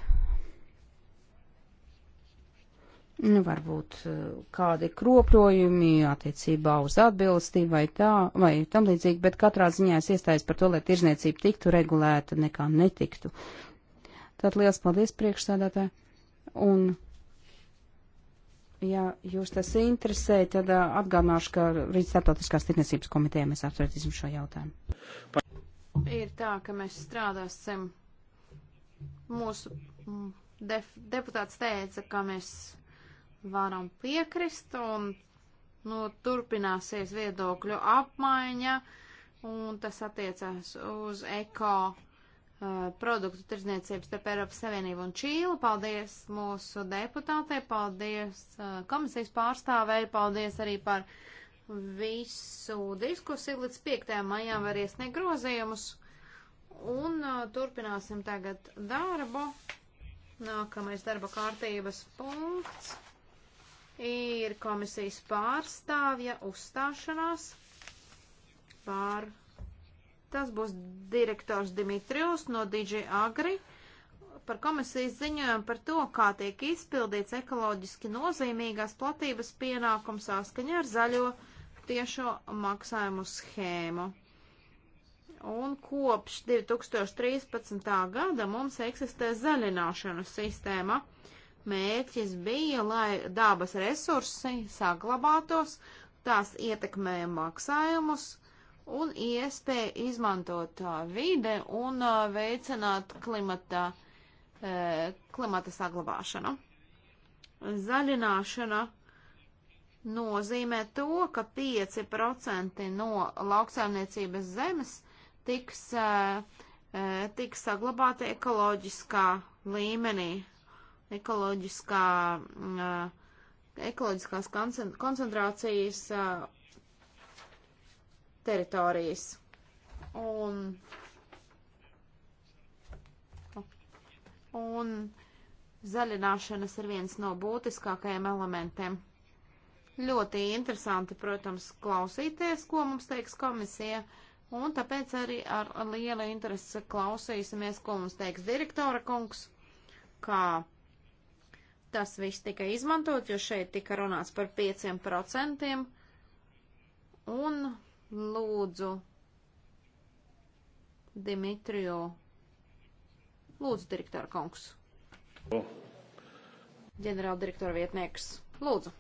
Nu, varbūt eh, kādi kropļojumi attiecībā uz atbilstību vai tā, vai tam līdzīgi, bet katrā ziņā es iestājos par to, lai tirzniecība tiktu regulēta nekā netiktu. Tad liels paldies priekšsēdētāji. Un Ja jūs tas interesē, tad eh, atgādināšu, ka Rīt starptautiskās tirnesības komitejā mēs apsvērtīsim šo jautājumu. Ir tā, ka mēs strādāsim. Mūsu mm, def, deputāts teica, ka mēs varam piekrist un nu, turpināsies viedokļu apmaiņa un tas attiecās uz eko uh, produktu tirdzniecības starp Eiropas Savienību un Čīlu. Paldies mūsu deputātei, paldies uh, komisijas pārstāvēji, paldies arī par visu diskusiju līdz 5. maijām var iesniegt grozījumus. Un uh, turpināsim tagad darbu. Nākamais darba kārtības punkts ir komisijas pārstāvja uzstāšanās pār. Tas būs direktors Dimitrijus no DJ Agri par komisijas ziņojumu par to, kā tiek izpildīts ekoloģiski nozīmīgās platības pienākums saskaņā ar zaļo tiešo maksājumu schēmu. Un kopš 2013. gada mums eksistē zaļināšanas sistēma. Uh, mērķis bija, lai dabas resursi saglabātos, tās ietekmēja maksājumus un iespēja izmantot uh, vide un uh, veicināt klimata, uh, klimata saglabāšanu. Zaļināšana nozīmē to, ka 5% no lauksaimniecības zemes tiks, tiks saglabāti ekoloģiskā līmenī ekoloģiskā, ekoloģiskās koncentrācijas teritorijas. Un, un zaļināšanas ir viens no būtiskākajiem elementiem. Ļoti interesanti, protams, klausīties, ko mums teiks komisija, un tāpēc arī ar lielu interesi klausīsimies, ko mums teiks direktora kungs, kā tas viss tika izmantot, jo šeit tika runāts par 5%. Un lūdzu, Dimitriju, lūdzu, direktora kungs. Oh. Ģenerāldirektora vietnieks, lūdzu.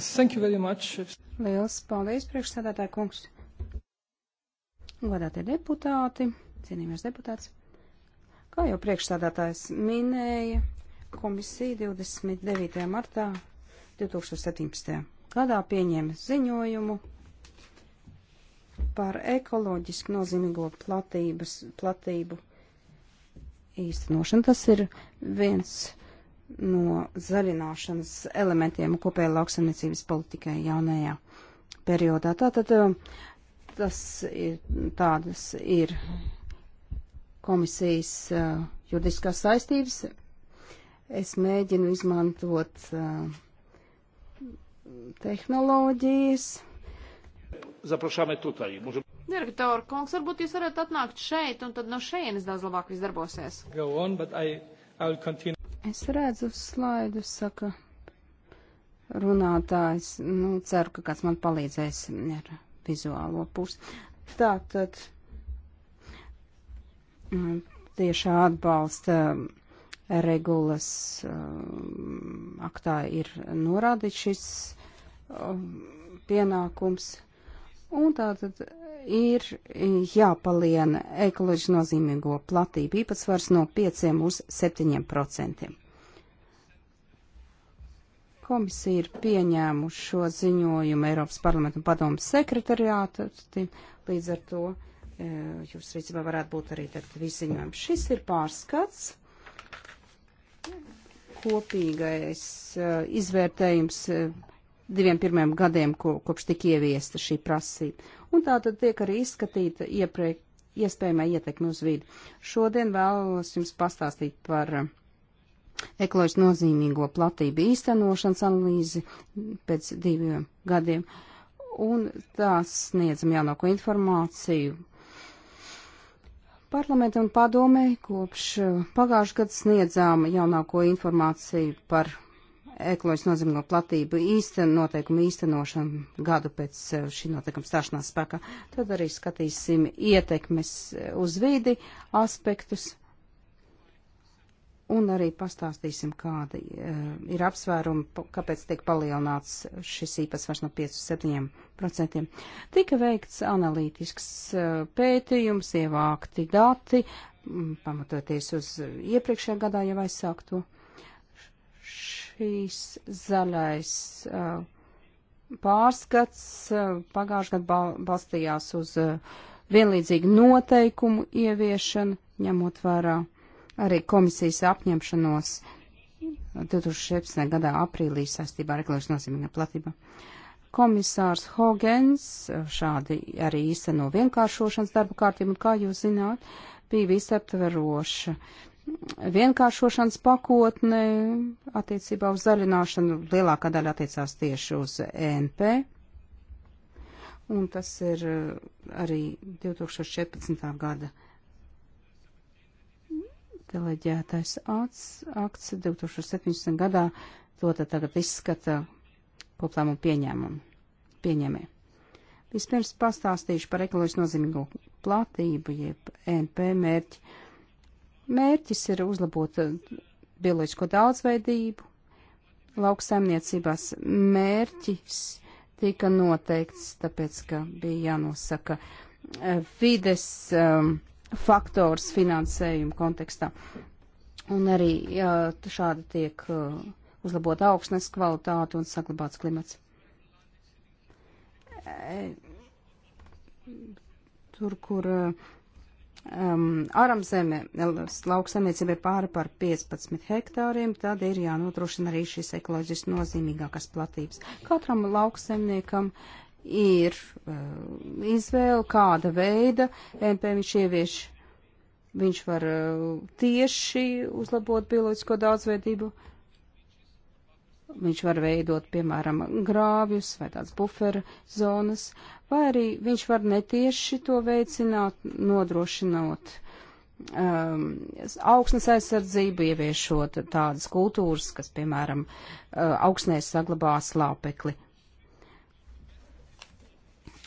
Thank you very much. Liels paldies, priekšsēdētāja kungs. Godātie deputāti, cienījamies deputāts. Kā jau priekšsēdētājs minēja, Komisija 29. martā 2017. gadā pieņēma ziņojumu par ekoloģiski nozīmīgo platības, platību īstenošanu. Tas ir viens no zaļināšanas elementiem kopējā lauksaimniecības politikai jaunajā periodā. Tātad um, tas ir, tādas ir komisijas uh, juridiskās saistības Es mēģinu izmantot uh, tehnoloģijas. Zaprašām tutai. Mūžu... Direktor, kungs, varbūt jūs varat atnākt šeit, un tad no šejienes daudz labāk viss darbosies. On, I, I es redzu slaidu, saka runātājs. Nu, ceru, ka kāds man palīdzēs ar vizuālo pusi. Tātad mm, tiešā atbalsta regulas um, aktā ir norādīts šis um, pienākums. Un tātad ir jāpaliena ekoloģiski nozīmīgo platību īpatsvars no 5 uz 7 procentiem. Komisija ir pieņēmuši šo ziņojumu Eiropas parlamentu padomu sekretariātu, līdz ar to eh, jūs rīcībā varētu būt arī tad visi ziņojumi. Šis ir pārskats kopīgais eh, izvērtējums eh, diviem pirmiem gadiem, ko, kopš tika ieviesta šī prasība. Un tā tad tiek arī izskatīta iepriek, iespējamā ietekme uz vidi. Šodien vēlos jums pastāstīt par eh, ekoloģiski nozīmīgo platību īstenošanas analīzi pēc diviem gadiem. Un tās sniedzam jaunāko informāciju Parlamentam un padomē kopš eh, pagājušā gada sniedzām jaunāko informāciju par ekoloģiski nozīmīgo platību īsten, noteikumu īstenošanu gadu pēc eh, šī noteikuma stāšanās spēkā. Tad arī skatīsim ietekmes eh, uz vidi aspektus un arī pastāstīsim, kāda eh, ir apsvērumi, kāpēc tiek palielināts šis īpatsvars no 5-7%. Tika veikts analītisks eh, pētījums, ievākti dati, pamatoties uz iepriekšējā gadā jau aizsākto. Šīs zaļais eh, pārskats pagājušajā gadā balstījās uz vienlīdzīgu noteikumu ieviešanu, ņemot vērā. Vairā arī komisijas apņemšanos 2017. gadā aprīlī saistībā ar ekoloģiski nozīmīgām platībām. Komisārs Hogens šādi arī īsteno vienkāršošanas darba kārtību, un kā jūs zināt, bija visaptveroša vienkāršošanas pakotne attiecībā uz zaļināšanu, lielākā daļa attiecās tieši uz ENP, un tas ir arī 2014. gada deleģētais ats, akts 2017. gadā to tad tagad izskata koplēmumu pieņēmumu. Pieņēmē. Vispirms pastāstīšu par ekoloģiski nozīmīgo platību, jeb NP mērķi. Mērķis ir uzlabot bioloģisko daudzveidību. Lauksaimniecībās mērķis tika noteikts, tāpēc, ka bija jānosaka eh, vides um, faktors finansējuma kontekstā. Un arī jā, šādi tiek uh, uzlabot augstnes kvalitāte un saglabāts klimats. E, tur, kur uh, um, aramzeme, lauksaimniecība ir pāri par 15 hektāriem, tad ir jānodrošina arī šīs ekoloģiski nozīmīgākās platības. Katram lauksaimniekam ir uh, izvēle, kāda veida MP viņš ievieš. Viņš var uh, tieši uzlabot bioloģisko daudzveidību. Viņš var veidot, piemēram, grāvjus vai tādas buferu zonas, vai arī viņš var netieši to veicināt, nodrošinot um, augsnes aizsardzību, ieviešot tādas kultūras, kas, piemēram, uh, eh, augsnēs saglabā slāpekli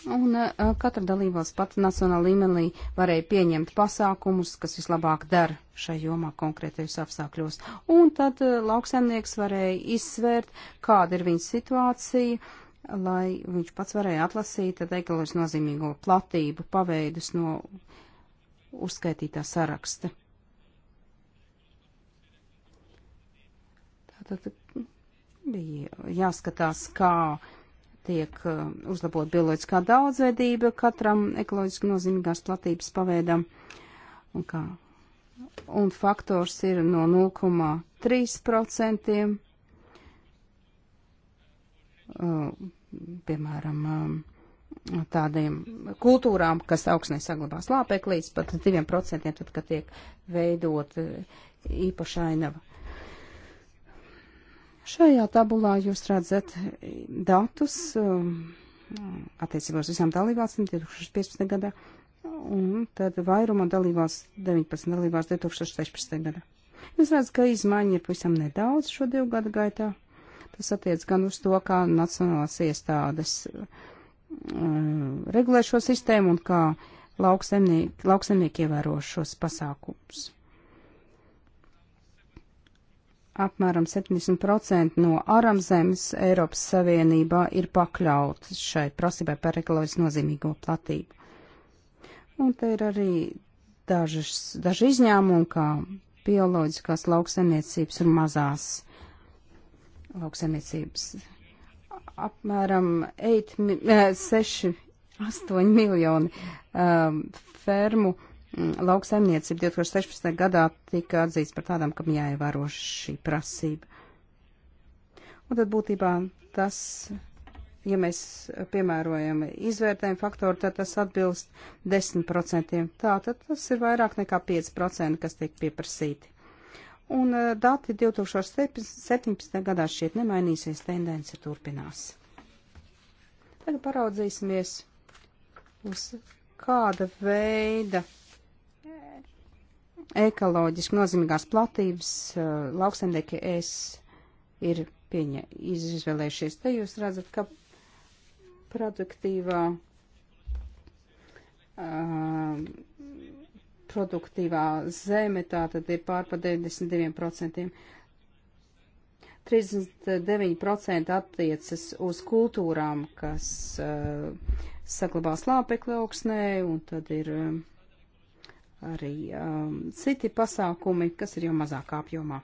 Un eh, katra dalībvalsts pat nacionāla līmenī varēja pieņemt pasākumus, kas vislabāk dara šai jomā konkrētajos apstākļos. Un tad eh, lauksaimnieks varēja izsvērt, kāda ir viņa situācija, lai viņš pats varēja atlasīt ekoloģiski nozīmīgo platību paveidus no uzskaitītā saraksta. Tātad mm, bija jāskatās, kā. Kā tiek uh, uzlabot bioloģiskā daudzveidība katram ekoloģiski nozīmīgās platības paveidam. Un, kā, un faktors ir no 0,3%. Uh, piemēram, um, tādiem kultūrām, kas augsnē saglabās lāpekli līdz pat 2%, tad, kad tiek veidot uh, īpaša ainava. Šajā tabulā jūs redzat datus um, attiecībā uz visām dalībvalstīm 2015. gadā, un tad vairumu dalībvalsts 19 dalībvalsts 2016. gadā. Jūs redzat, ka izmaiņa ir pavisam nedaudz šo divu gadu gaitā. Tas attiec gan uz to, kā nacionālās iestādes uh, regulē šo sistēmu un kā lauksemnieki, lauksemnieki ievēro šos pasākumus apmēram 70% no aramzemes Eiropas Savienībā ir pakļauts šai prasībai par ekoloģiski nozīmīgo platību. Un te ir arī dažas, daži izņēmumi, kā bioloģiskās lauksaimniecības un mazās lauksaimniecības. Apmēram 8, 6, 8 miljoni um, fermu Mm, lauksaimniecība 2016. gadā tika atzīts par tādām, kam jāievēro šī prasība. Un tad būtībā tas, ja mēs eh, piemērojam izvērtējumu faktoru, tad tas atbilst 10%. Tā tad tas ir vairāk nekā 5%, kas tiek pieprasīti. Un eh, dati 2017. gadā šķiet nemainīsies, tendence turpinās. Tagad paraudzīsimies uz kāda veida ekoloģiski nozīmīgās platības eh, lauksaimnieki es ir pieņa, izvēlējušies. Te jūs redzat, ka produktīvā, uh, produktīvā zeme tā tad ir pār pa 92%. 39% attiecas uz kultūrām, kas uh, eh, saglabās lāpekli augsnē, un tad ir um, arī um, citi pasākumi, kas ir jau mazāk apjomā.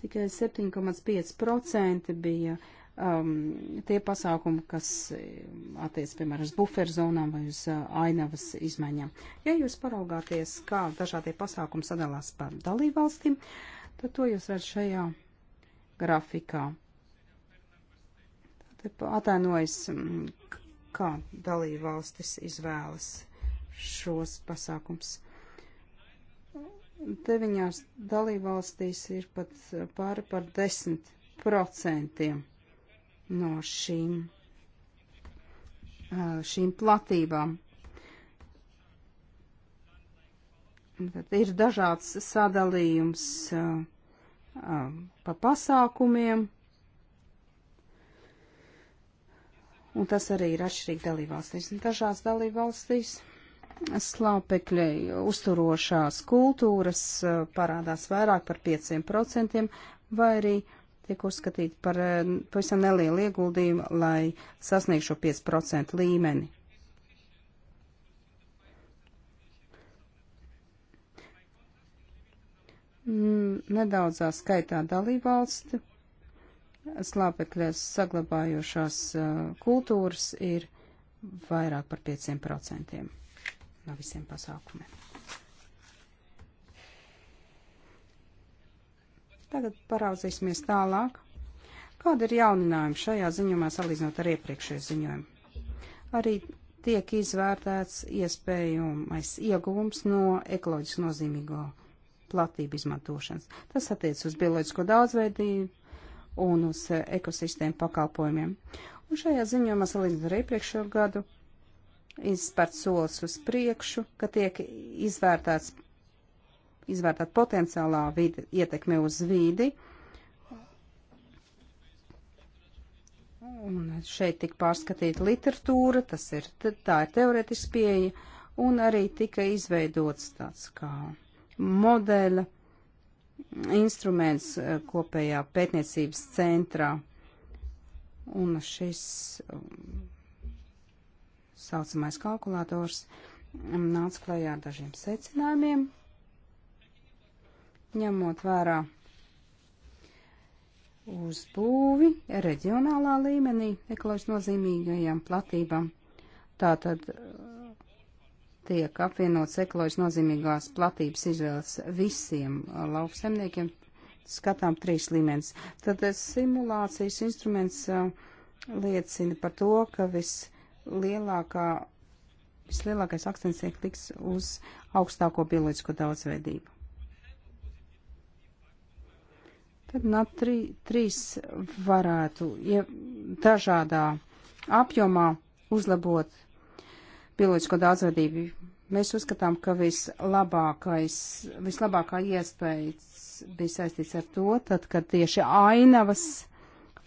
Tikai 7,5% bija um, tie pasākumi, kas um, attiec, piemēram, uz buferzonām vai uz uh, ainavas izmaiņām. Ja jūs paraugāties, kā dažādie pasākumi sadalās par dalībvalstīm, tad to jūs redzat šajā grafikā. Te atainojas, mm, kā dalībvalstis izvēlas šos pasākums. Deviņās dalībvalstīs ir pat pāri par desmit procentiem no šīm, šīm platībām. Tad ir dažāds sadalījums pa pasākumiem un tas arī ir atšķirīgi dalībvalstīs. Dažās dalībvalstīs slāpekļi uzturošās kultūras eh, parādās vairāk par 5%, vai arī tiek uzskatīti par eh, pavisam nelielu ieguldījumu, lai sasniegtu šo 5% līmeni. Mm, nedaudzā skaitā dalībvalstu slāpekļos saglabājošās uh, kultūras ir vairāk par 5% no visiem pasākumiem. Tagad paraudzīsimies tālāk. Kāda ir jauninājuma šajā ziņojumā salīdzinot ar iepriekšējo ziņojumu? Arī tiek izvērtēts iespējamais ieguvums no ekoloģiski nozīmīgo platību izmantošanas. Tas attiec uz bioloģisko daudzveidību, un uz eh, ekosistēmu pakalpojumiem. Un šajā ziņojumā salīdzinot ar iepriekšējo gadu izspērts solis uz priekšu, ka tiek izvērtāts, izvērtāt potenciālā vidi, ietekme uz vīdi. Un šeit tika pārskatīta literatūra, tas ir, tā ir teoretiski pieeja, un arī tika izveidots tāds kā modeļa instruments eh, kopējā pētniecības centrā. Un šis eh, saucamais kalkulators mm, nāca klajā ar dažiem secinājumiem, ņemot vērā uzbūvi reģionālā līmenī ekoloģiski nozīmīgajām platībām. Tātad tiek apvienots ekoloģiski nozīmīgās platības izvēles visiem lauksemniekiem, skatām trīs līmenis. Tad eh, simulācijas instruments eh, liecina par to, ka vislielākā, vislielākais akcents tiek liks uz augstāko bioloģisko daudzveidību. Tad NAT 3 varētu ja dažādā apjomā uzlabot bioloģisko daudzveidību. Mēs uzskatām, ka vislabākais, vislabākā iespējas bija saistīts ar to, tad, kad tieši ainavas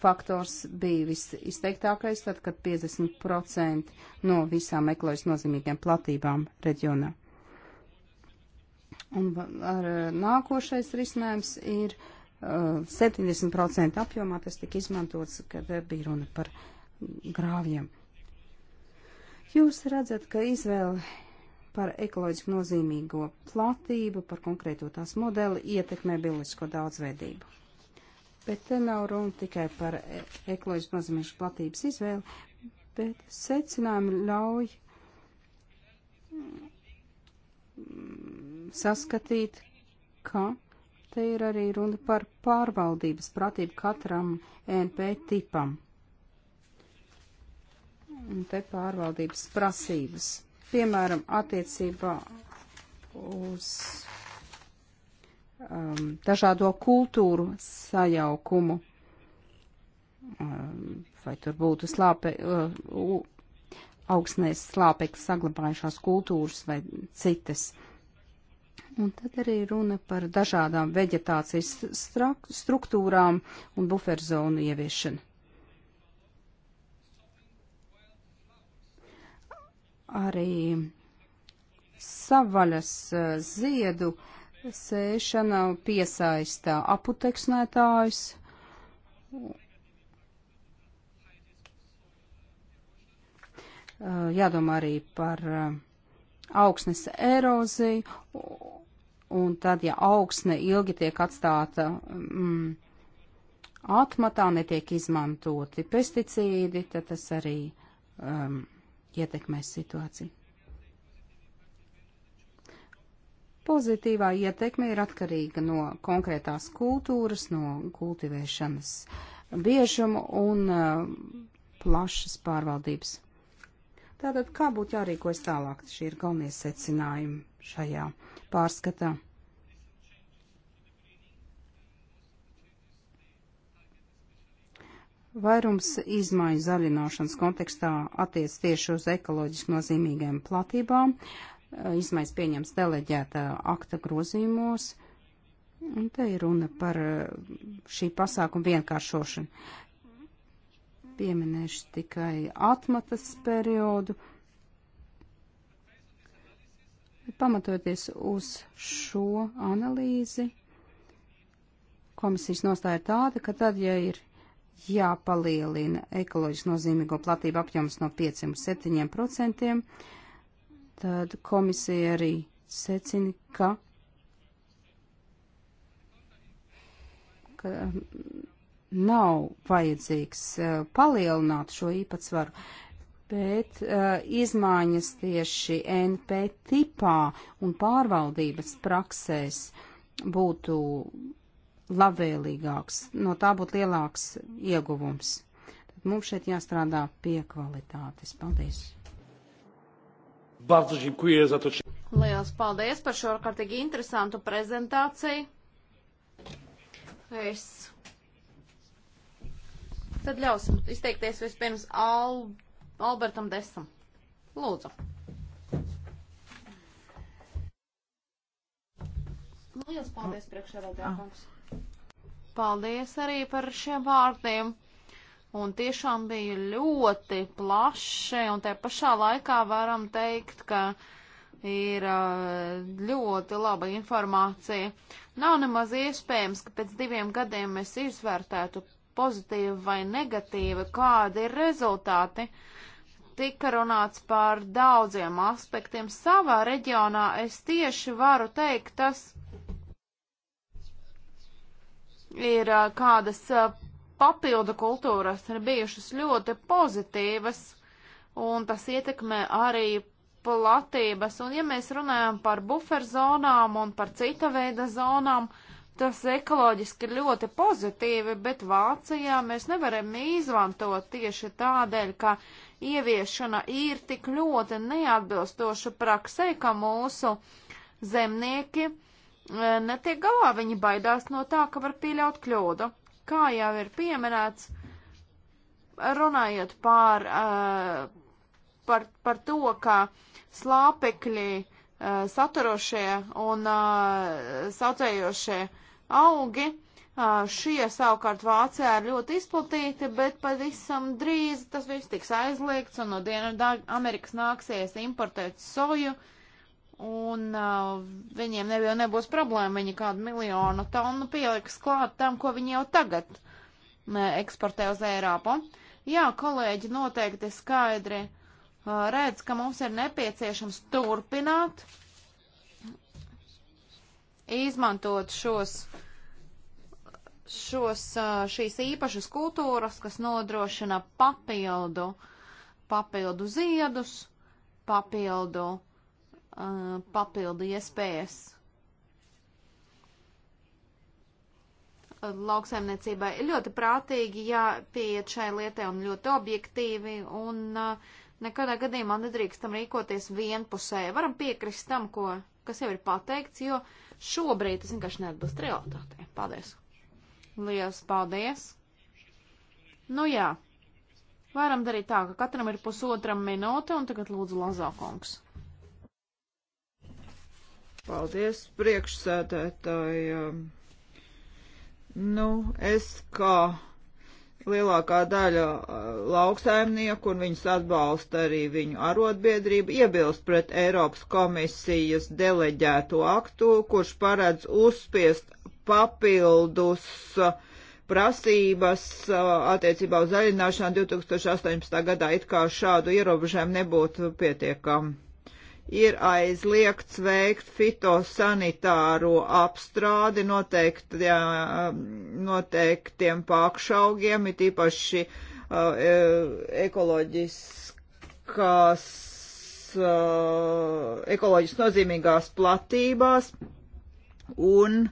faktors bija visizteiktākais, tad, kad 50% no visām ekoloģiski nozīmīgiem platībām reģionā. Un ar eh, nākošais risinājums ir uh, eh, 70% apjomā tas tika izmantots, kad eh, bija runa par grāvjiem. Jūs redzat, ka izvēle par ekoloģiski nozīmīgo platību, par konkrēto tās modeli ietekmē bioloģisko daudzveidību. Bet te nav runa tikai par e- ekoloģiski nozīmīgu platības izvēli, bet secinājumi ļauj mm, saskatīt, ka te ir arī runa par pārvaldības pratību katram NP tipam un te pārvaldības prasības. Piemēram, attiecībā uz um, dažādo kultūru sajaukumu, um, vai tur būtu slāpe, uh, augsnēs slāpekļi saglabājušās kultūras vai citas. Un tad arī runa par dažādām veģetācijas struktūrām un buferzonu ieviešanu. arī savaļas ziedu sēšana piesaistā aputeksnētājs. Jādomā arī par augsnes eroziju, un tad, ja augsne ilgi tiek atstāta mm, atmatā, netiek izmantoti pesticīdi, tad tas arī um, ietekmēs situāciju. Pozitīvā ietekme ir atkarīga no konkrētās kultūras, no kultivēšanas biežuma un uh, plašas pārvaldības. Tātad, kā būtu jārīkojas tālāk, šie ir galvenie secinājumi šajā pārskatā. Vairums izmaiņu zaļināšanas kontekstā attiec tieši uz ekoloģiski nozīmīgiem platībām. Eh, izmaiņas pieņems deleģēta akta grozījumos. Un te ir runa par eh, šī pasākuma vienkāršošanu. Pieminēšu tikai atmatas periodu. Pamatoties uz šo analīzi, komisijas nostāja tāda, ka tad, ja ir jāpalielina ekoloģiski nozīmīgo platību apjoms no 5 uz 7 procentiem, tad komisija arī secina, ka, ka um, nav vajadzīgs uh, palielināt šo īpatsvaru, bet uh, izmaiņas tieši NP tipā un pārvaldības praksēs būtu labvēlīgāks, no tā būtu lielāks ieguvums. Tad mums šeit jāstrādā pie kvalitātes. Paldies! Lielas paldies par šo ārkārtīgi interesantu prezentāciju. Es. Tad ļausim izteikties vispirms Al Albertam Desam. Lūdzu. Lielas paldies priekšsēdētājiem. Ah. Paldies arī par šiem vārdiem. Un tiešām bija ļoti plaši, un te pašā laikā varam teikt, ka ir ļoti laba informācija. Nav nemaz iespējams, ka pēc diviem gadiem mēs izvērtētu pozitīvi vai negatīvi, kādi ir rezultāti. Tika runāts par daudziem aspektiem savā reģionā. Es tieši varu teikt, tas ir kādas papildu kultūras, ir bijušas ļoti pozitīvas, un tas ietekmē arī platības. Un ja mēs runājam par buferzonām un par cita veida zonām, tas ekoloģiski ir ļoti pozitīvi, bet Vācijā mēs nevaram izmantot tieši tādēļ, ka ieviešana ir tik ļoti neatbilstoša praksē, ka mūsu zemnieki uh, E, netiek galā, viņi baidās no tā, ka var pieļaut kļūdu. Kā jau ir pieminēts, runājot pār, e, par, par to, ka slāpekļi e, saturošie un saucējošie augi, šie savukārt Vācijā ir ļoti izplatīti, bet pavisam drīz tas viss tiks aizliegts un no Dienvidā Amerikas nāksies importēt soju. Uh, Un uh, viņiem ne, jau nebūs problēma, viņi kādu miljonu tonu pieliks klāt tam, ko viņi jau tagad uh, eksportē uz Eiropu. Jā, kolēģi noteikti skaidri uh, redz, ka mums ir nepieciešams turpināt izmantot šos, šos, uh, šīs īpašas kultūras, kas nodrošina papildu, papildu ziedus, papildu uh, uh, papildu iespējas lauksaimniecībai. Ļoti prātīgi jāpieiet šai lietai un ļoti objektīvi un uh, nekādā gadījumā nedrīkstam rīkoties vienpusē. Varam piekrist tam, ko, kas jau ir pateikts, jo šobrīd tas vienkārši neatbilst realitātei. Paldies! Lielas paldies! Nu jā, varam darīt tā, ka katram ir pusotra minūte, un tagad lūdzu Lazā kungs. Paldies, priekšsēdētāji. Nu, es kā lielākā daļa lauksaimnieku un viņas atbalsta arī viņu arotbiedrība iebilst pret Eiropas komisijas deleģēto aktu, kurš paredz uzspiest papildus prasības attiecībā uz zaļināšanu 2018. gadā, it kā šādu ierobežojumu nebūtu pietiekami ir aizliegts veikt fitosanitāro apstrādi noteiktiem pakšaugiem, it īpaši uh, ekoloģiskās, uh, ekoloģiski nozīmīgās platībās un uh,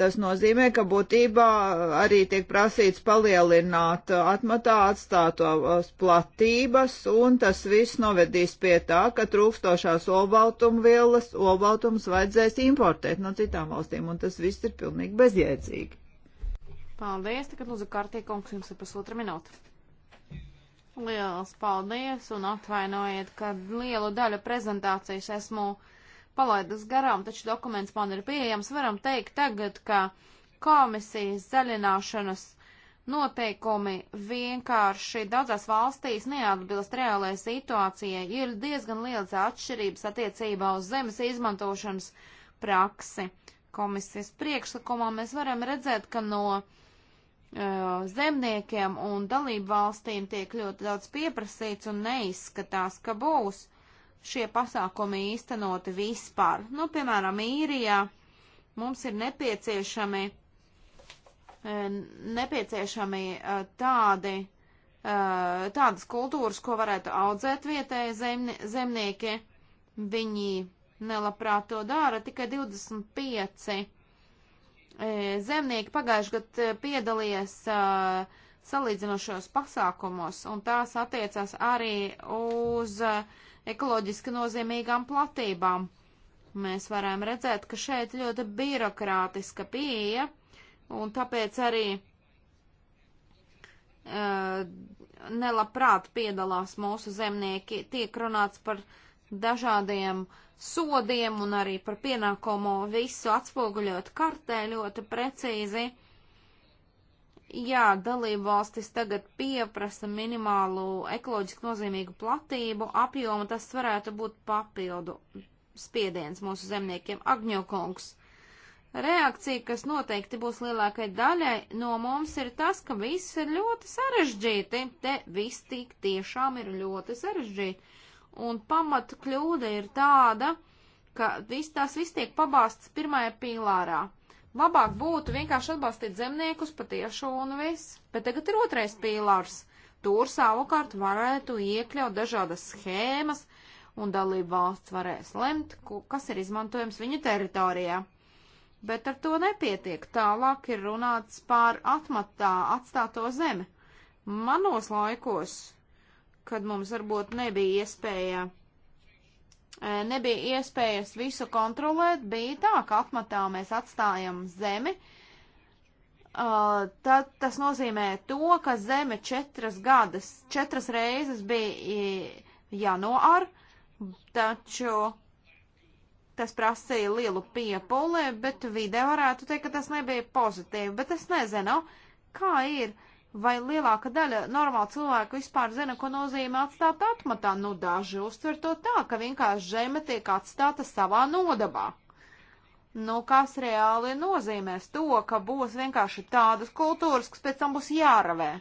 Tas nozīmē, ka būtībā arī tiek prasīts palielināt atmatā atstātos platības, un tas viss novedīs pie tā, ka trūkstošās olbaltumvielas olbaltums vajadzēs importēt no citām valstīm, un tas viss ir pilnīgi bezjēdzīgi. Paldies, tagad lūdzu kārtīgi, kungs, jums ir pusotra minūte. Lielas paldies un atvainojiet, ka lielu daļu prezentācijas esmu palaidas garām, taču dokuments man ir pieejams. Varam teikt tagad, ka komisijas zaļināšanas noteikumi vienkārši daudzās valstīs neatbilst reālajai situācijai. Ir diezgan liels atšķirības attiecībā uz zemes izmantošanas praksi. Komisijas priekšlikumā mēs varam redzēt, ka no e, zemniekiem un dalību valstīm tiek ļoti daudz pieprasīts un neizskatās, ka būs šie pasākumi īstenoti vispār. Nu, piemēram, īrijā mums ir nepieciešami, e, nepieciešami e, tādi, e, tādas kultūras, ko varētu audzēt vietēji zemnie, zemnieki. Viņi nelabprāt to dara, tikai 25 zemnieki pagājuši gadu piedalījies salīdzinošos pasākumos, un tās attiecās arī uz uh, ekoloģiski nozīmīgām platībām. Mēs varam redzēt, ka šeit ļoti birokrātiska pieeja, un tāpēc arī uh, nelabprāt piedalās mūsu zemnieki. Tiek runāts par dažādiem sodiem un arī par pienākumu visu atspoguļot kartē ļoti precīzi. Jā, dalībvalstis tagad pieprasa minimālu ekoloģiski nozīmīgu platību, apjomu, tas varētu būt papildu spiediens mūsu zemniekiem. Agņokungs. Reakcija, kas noteikti būs lielākai daļai no mums, ir tas, ka viss ir ļoti sarežģīti. Te viss tik tiešām ir ļoti sarežģīti. Un pamata kļūda ir tāda, ka viss tās viss tiek pabāstas pirmajā pīlārā. Labāk būtu vienkārši atbalstīt zemniekus patiešu un viss, bet tagad ir otrais pīlārs. Tur savukārt varētu iekļaut dažādas schēmas, un dalība valsts varēs lemt, kas ir izmantojams viņu teritorijā. Bet ar to nepietiek. Tālāk ir runāts par atmatā atstāto zemi. Manos laikos, kad mums varbūt nebija iespēja uh, nebija iespējas visu kontrolēt, bija tā, ka apmatā mēs atstājam zemi. Uh, tad tas nozīmē to, ka zeme četras gadas, četras reizes bija janvār, taču tas prasīja lielu piepūli, bet vide varētu teikt, ka tas nebija pozitīvi, bet es nezinu, kā ir vai lielāka daļa normāla cilvēka vispār zina, ko nozīmē atstāt atmatā? Nu, daži uztver to tā, ka vienkārši žeme tiek atstāta savā nodabā. Nu, kas reāli nozīmēs to, ka būs vienkārši tādas kultūras, kas pēc tam būs jāravē?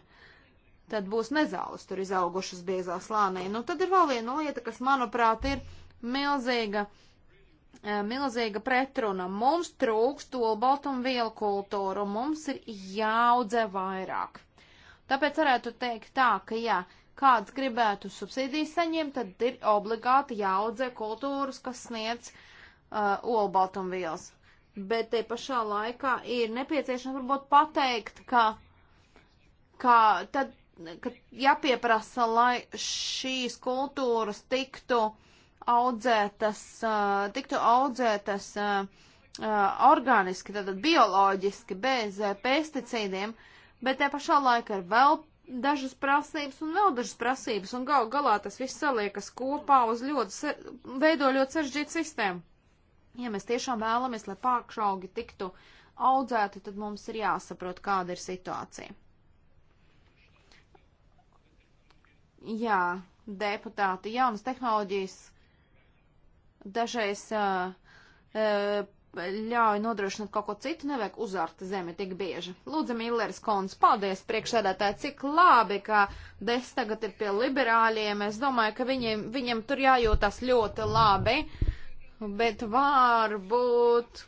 Tad būs nezāles tur izaugušas biezā slānī. Nu, tad ir vēl viena lieta, kas, manuprāt, ir milzīga, eh, milzīga pretruna. Mums trūkst olbaltumvielu kultūru, mums ir jāaudze vairāk. Tāpēc varētu teikt tā, ka jā, kāds gribētu subsīdijas saņemt, tad ir obligāti jāaudzē kultūras, kas sniedz uh, olbaltumvielas. Bet te pašā laikā ir nepieciešams varbūt pateikt, ka, ka tad, ka jāpieprasa, lai šīs kultūras tiktu audzētas, uh, tiktu audzētas uh, uh, organiski, tātad bioloģiski, bez uh, pesticīdiem. Uh, bet te pašā laikā ir vēl dažas prasības un vēl dažas prasības, un gal galā tas viss saliekas kopā uz ļoti, veido ļoti sarežģītu sistēmu. Ja mēs tiešām vēlamies, lai pārkšaugi tiktu audzēti, tad mums ir jāsaprot, kāda ir situācija. Jā, deputāti, jaunas tehnoloģijas dažreiz uh, uh, ļauj nodrošināt kaut ko citu, nevajag uzārt zemi tik bieži. Lūdzu, Milleris Kons, paldies priekšsēdētāji, cik labi, ka Des tagad ir pie liberāļiem. Es domāju, ka viņiem, viņiem tur jājūtas ļoti labi, bet varbūt.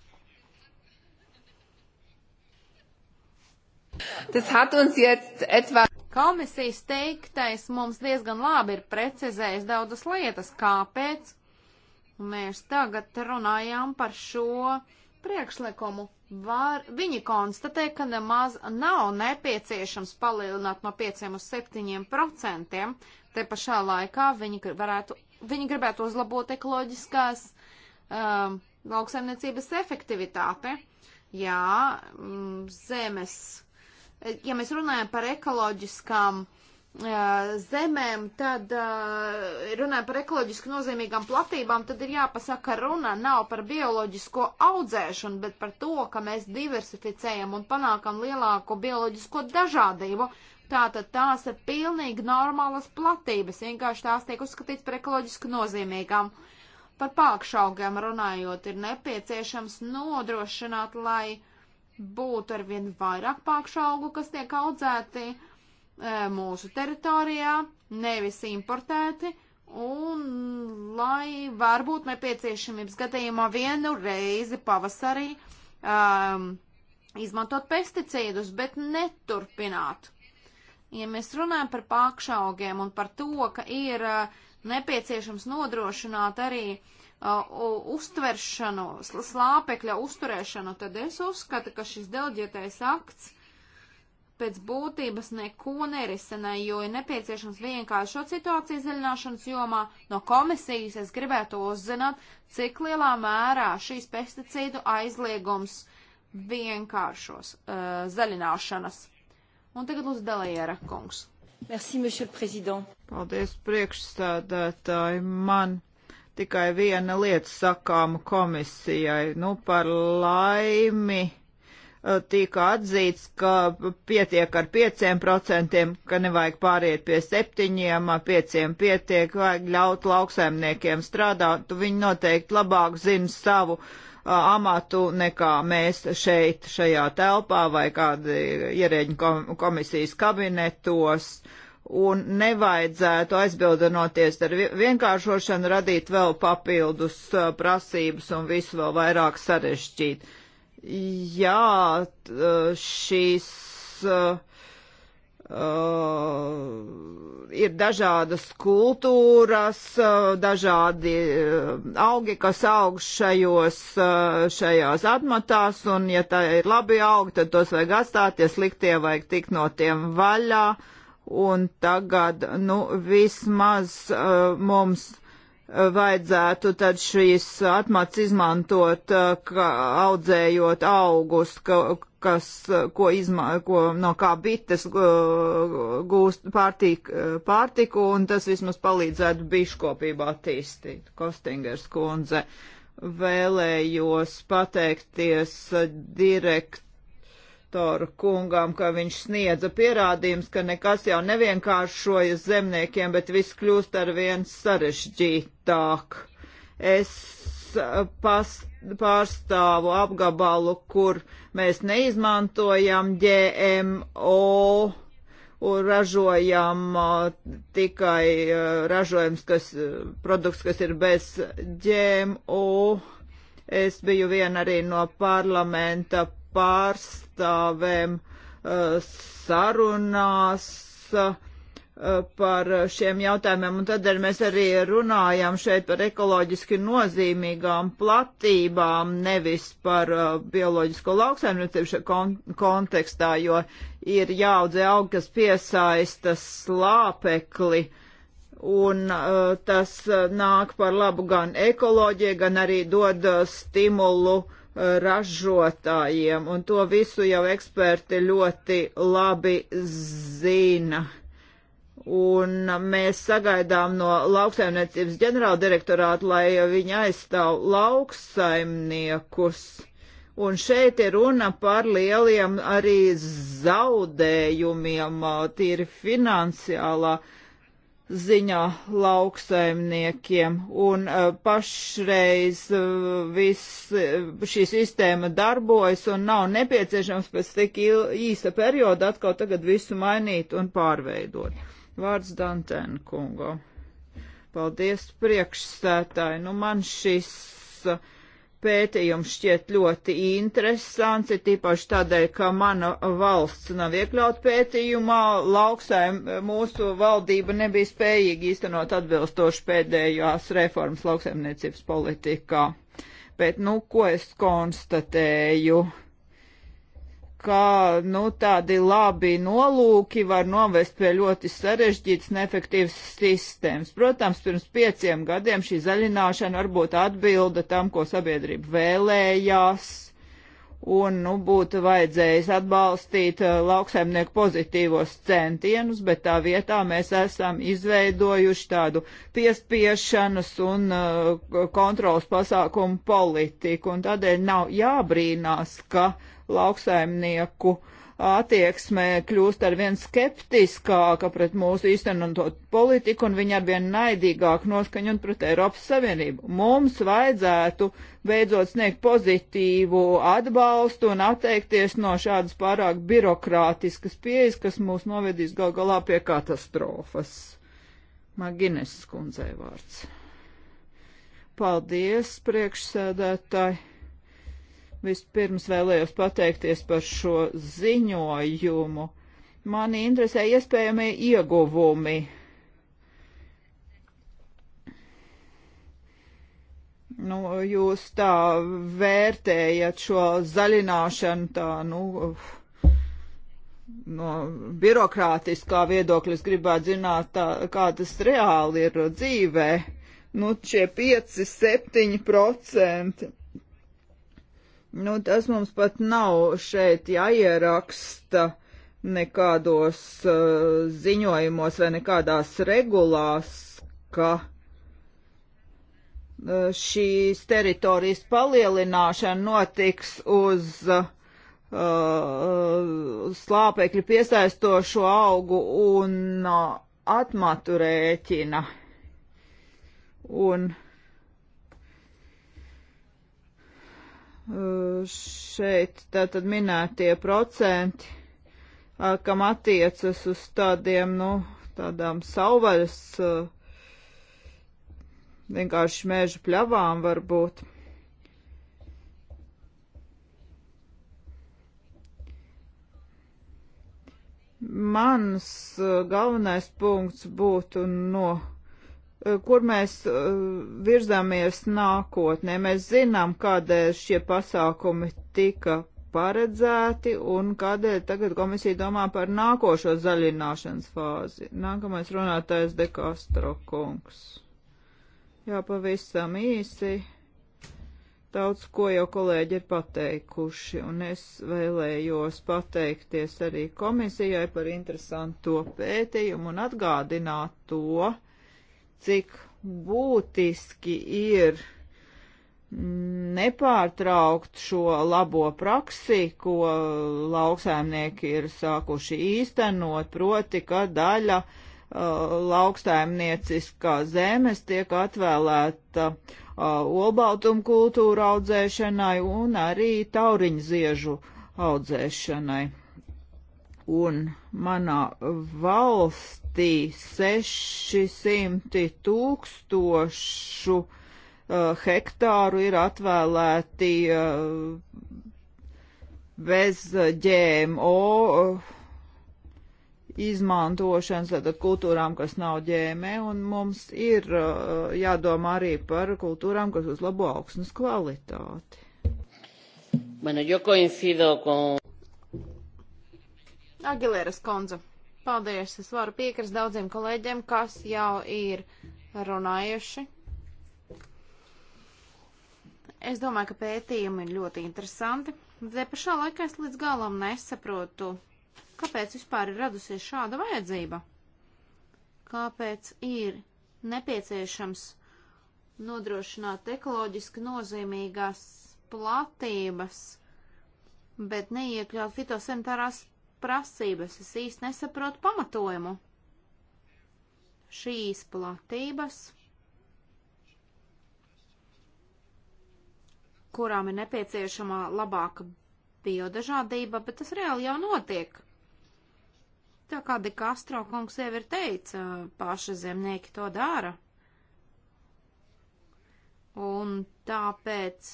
Tas hat uns jetzt etwa. Komisijas teiktais mums diezgan labi ir precizējis daudzas lietas, kāpēc Mēs tagad runājām par šo priekšlikumu. Var, viņi konstatē, ka nemaz nav nepieciešams palielināt no 5 uz 7 procentiem. Te pašā laikā viņi, varētu, viņi gribētu uzlabot ekoloģiskās um, lauksaimniecības efektivitāti. Jā, mm, zemes, ja mēs runājam par ekoloģiskām uh, zemēm, tad runājot par ekoloģiski nozīmīgām platībām, tad ir jāpasaka runa nav par bioloģisko audzēšanu, bet par to, ka mēs diversificējam un panākam lielāko bioloģisko dažādību. Tātad tās ir pilnīgi normālas platības, vienkārši tās tiek uzskatīts par ekoloģiski nozīmīgām. Par pākšaugiem runājot, ir nepieciešams nodrošināt, lai būtu arvien vairāk pākšaugu, kas tiek audzēti uh, E, mūsu teritorijā, nevis importēti, un lai varbūt nepieciešamības gadījumā vienu reizi pavasarī um, izmantot pesticīdus, bet neturpināt. Ja mēs runājam par pākšaugiem un par to, ka ir uh, nepieciešams nodrošināt arī uh, uztveršanu, slāpekļa uzturēšanu, tad es uzskatu, ka šis delģietais akts uh, pēc būtības neko nerisināja, jo ir nepieciešams vienkāršo situāciju zaļināšanas jomā. No komisijas es gribētu uzzināt, cik lielā mērā šīs pesticīdu aizliegums vienkāršos uh, zaļināšanas. Un tagad lūdzu Dalajera kungs. Merci, monsieur le président. Paldies, priekšstādātāji. Man tikai viena lieta sakām komisijai. Nu, par laimi tika atzīts, ka pietiek ar 5%, ka nevajag pāriet pie 7%, 5% pietiek, vajag ļaut lauksaimniekiem strādāt. Viņi noteikti labāk zina savu amatu nekā mēs šeit, šajā telpā vai kādi ierēģi komisijas kabinetos. Un nevajadzētu aizbildinoties ar vienkāršošanu, radīt vēl papildus prasības un visu vēl vairāk sarežģīt. Uh, jā, šīs uh, ir dažādas kultūras, dažādi augi, kas aug šajos, šajās atmatās, un ja tā ir labi augi, tad tos vajag atstāt, ja sliktie vajag tikt no tiem vaļā. Un tagad, nu, vismaz uh, mums vajadzētu tad šīs atmats izmantot, uh, kā audzējot augus, ka, kas, uh, ko izma, ko, no kā bites uh, gūst pārtīk, pārtiku, un tas vismaz palīdzētu biškopību attīstīt. Kostingers kundze vēlējos pateikties direkt Pastāru kungam, ka viņš sniedza pierādījums, ka nekas jau nevienkāršojas zemniekiem, bet viss kļūst ar vien sarežģītāk. Es eh, pas, pārstāvu apgabalu, kur mēs neizmantojam GMO un ražojam eh, tikai eh, ražojums, kas, produkts, kas ir bez GMO. Es biju viena arī no parlamenta pārstāvēm eh, sarunās eh, par šiem jautājumiem, un tādēļ mēs arī runājam šeit par ekoloģiski nozīmīgām platībām, nevis par uh, bioloģisko lauksaimniecību kon kontekstā, jo ir jaudze augi, kas piesaista slāpekli, un uh, tas nāk par labu gan ekoloģijai, gan arī dod stimulu ražotājiem, un to visu jau eksperti ļoti labi zina. Un mēs sagaidām no lauksaimniecības ģenerāldirektorāta, lai viņi aizstāv lauksaimniekus. Un šeit ir runa par lieliem arī zaudējumiem, tīri finansiālā uh, ziņā lauksaimniekiem, un uh, pašreiz uh, viss e, šī sistēma darbojas un nav nepieciešams pēc tik īsa perioda atkal tagad visu mainīt un pārveidot. Vārds Dantēna kungo. Paldies priekšsētāji. Nu man šis uh, pētījums šķiet ļoti interesants, ir tīpaši tādēļ, ka mana valsts nav iekļaut pētījumā, lauksaim mūsu valdība nebija spējīga īstenot atbilstoši pēdējās reformas lauksaimniecības politikā. Bet, nu, ko es konstatēju? Uh, ka nu, tādi labi nolūki var novest pie ļoti sarežģītas, neefektīvas sistēmas. Protams, pirms pieciem gadiem šī zaļināšana varbūt atbilda tam, ko sabiedrība vēlējās, un nu, būtu vajadzējis atbalstīt eh, lauksaimnieku pozitīvos centienus, bet tā vietā mēs esam izveidojuši tādu piespiešanas un uh, kontrolas pasākumu politiku, un tādēļ nav jābrīnās, ka uh, lauksaimnieku attieksme kļūst arvien skeptiskāka pret mūsu īstenoto politiku un viņa arvien naidīgāk noskaņa un pret Eiropas Savienību. Mums vajadzētu beidzot sniegt pozitīvu atbalstu un atteikties no šādas pārāk birokrātiskas pieejas, kas mūs novedīs gal galā pie katastrofas. Magines skundzei vārds. Paldies, priekšsēdētāji! Vispirms vēlējos pateikties par šo ziņojumu. Mani interesē iespējamie ieguvumi. Nu, jūs tā vērtējat šo zaļināšanu tā, nu, no birokrātiskā viedokļa. Es gribētu zināt, tā, kā tas reāli ir dzīvē. Nu, šie 5-7 procenti Nu, tas mums pat nav šeit jāieraksta nekādos uh, ziņojumos vai nekādās regulās, ka uh, šīs teritorijas palielināšana notiks uz uh, eh, slāpekļu piesaistošo augu un uh, atmatu rēķina. Un uh, Eh, šeit tātad minētie procenti, eh, kam attiecas uz tādiem, nu, tādām savvaļas eh, vienkārši mēžu pļavām varbūt. Mans galvenais punkts būtu no. Nu, Eh, kur mēs eh, virzāmies nākotnē. Mēs zinām, kādēļ šie pasākumi tika paredzēti un kādēļ tagad komisija domā par nākošo zaļināšanas fāzi. Nākamais runātājs Dekastro kungs. Jā, pavisam īsi. Daudz ko jau kolēģi ir pateikuši, un es vēlējos pateikties arī komisijai par interesanto pētījumu un atgādināt to, cik būtiski ir nepārtraukt šo labo praksi, ko lauksaimnieki ir sākuši īstenot, proti, ka daļa uh, lauksaimnieciskā zemes tiek atvēlēta uh, olbaltumu kultūru audzēšanai un arī tauriņziežu audzēšanai. Un manā valsts valstī 600 tūkstošu uh, hektāru ir atvēlēti uh, bez ģēmo uh, izmantošanas, tātad kultūrām, kas nav ģēmē, un mums ir uh, jādomā arī par kultūrām, kas uzlabo augsnes kvalitāti. Bueno, yo coincido con... Aguilera Skonza. Paldies! Es varu piekrist daudziem kolēģiem, kas jau ir runājuši. Es domāju, ka pētījumi ir ļoti interesanti. Te pašā laikā es līdz galam nesaprotu, kāpēc vispār ir radusies šāda vajadzība. Kāpēc ir nepieciešams nodrošināt ekoloģiski nozīmīgās platības, bet neiekļaut fitosanitārās prasības. Es īsti nesaprotu pamatojumu. Šīs platības, kurām ir nepieciešama labāka biodažādība, bet tas reāli jau notiek. Tā kā Dikastro kungs jau ir teica, paši zemnieki to dara. Un tāpēc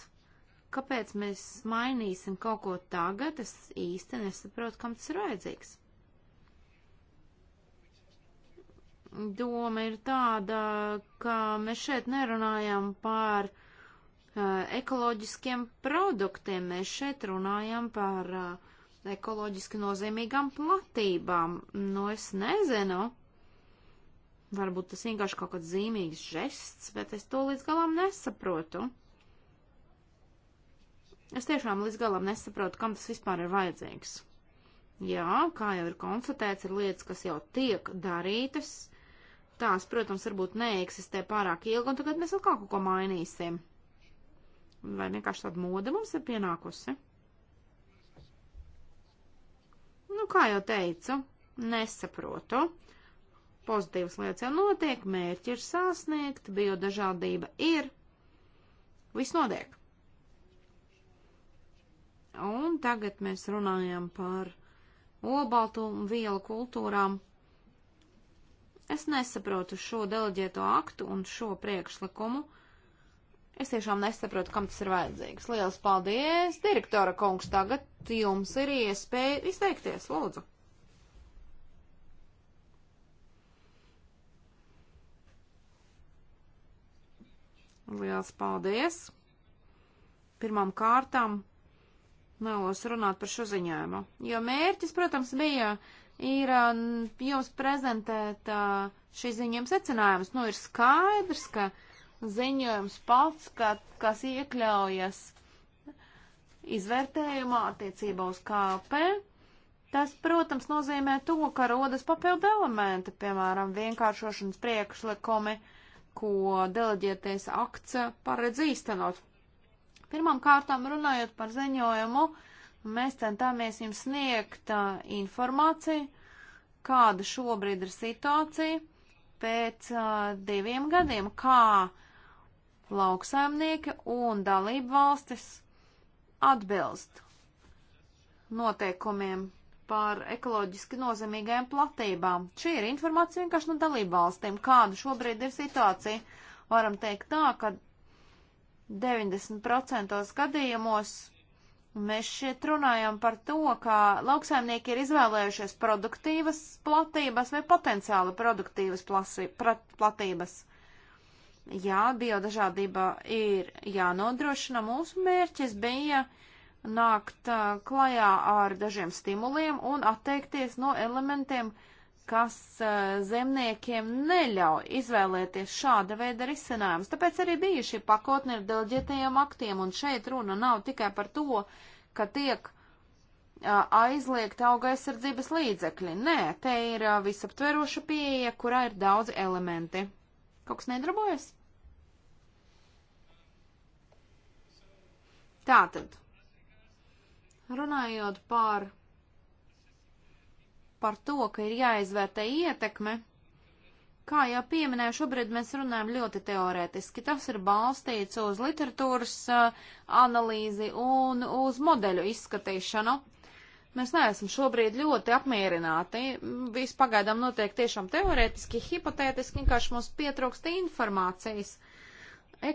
Kāpēc mēs mainīsim kaut ko tagad? Es īsti nesaprotu, kam tas ir vajadzīgs. Doma ir tāda, ka mēs šeit nerunājam par uh, ekoloģiskiem produktiem, mēs šeit runājam par uh, ekoloģiski nozīmīgām platībām. Nu, es nezinu. Varbūt tas vienkārši kaut kāds zīmīgs žests, bet es to līdz galam nesaprotu. Es tiešām līdz galam nesaprotu, kam tas vispār ir vajadzīgs. Jā, kā jau ir konstatēts, ir lietas, kas jau tiek darītas. Tās, protams, varbūt neeksistē pārāk ilgi, un tagad mēs vēl kaut ko mainīsim. Vai vienkārši tāda moda mums ir pienākusi? Nu, kā jau teicu, nesaprotu. Pozitīvas lietas jau notiek, mērķi ir sasniegti, biodažādība ir. Viss notiek. Un tagad mēs runājam par olbaltumu vielu kultūrām. Es nesaprotu šo deleģēto aktu un šo priekšlikumu. Es tiešām nesaprotu, kam tas ir vajadzīgs. Lielas paldies, direktora kungs, tagad jums ir iespēja izteikties, lūdzu. Lielas paldies! Pirmām kārtām vēlos runāt par šo ziņojumu. Jo mērķis, protams, bija ir jums prezentēt uh, šī ziņojuma secinājumus. Nu, ir skaidrs, ka ziņojums pats, ka, kas iekļaujas izvērtējumā attiecībā uz KP, tas, protams, nozīmē to, ka rodas papildu elementi, piemēram, vienkāršošanas priekšlikumi, ko deleģētais akts paredz īstenot. Pirmām kārtām runājot par ziņojumu, mēs centāmies jums sniegt uh, informāciju, kāda šobrīd ir situācija pēc uh, diviem gadiem, kā lauksaimnieki un dalību valstis atbilst noteikumiem par ekoloģiski nozīmīgajām platībām. Šī ir informācija vienkārši no dalībvalstīm, kāda šobrīd ir situācija. Varam teikt tā, ka 90% gadījumos mēs šeit runājam par to, ka lauksaimnieki ir izvēlējušies produktīvas platības vai potenciāli produktīvas plasi, prat, platības. Jā, biodažādība ir jānodrošina. Mūsu mērķis bija nākt klajā ar dažiem stimuliem un atteikties no elementiem, uh, kas e, zemniekiem neļauj izvēlēties šāda veida risinājumus. Tāpēc arī bija šī pakotne ar delģētajiem aktiem, un šeit runa nav tikai par to, ka tiek e, aizliegt auga aizsardzības līdzekļi. Nē, te ir e, visaptveroša pieeja, kurā ir daudzi elementi. Kaut kas nedarbojas? Tātad, runājot par par to, ka ir jāizvērtē ietekme. Kā jau pieminēju, šobrīd mēs runājam ļoti teorētiski. Tas ir balstīts uz literatūras uh, analīzi un uz modeļu izskatīšanu. Mēs neesam šobrīd ļoti apmierināti. Viss pagaidām notiek tiešām teorētiski, hipotētiski, vienkārši mums pietrūkst informācijas.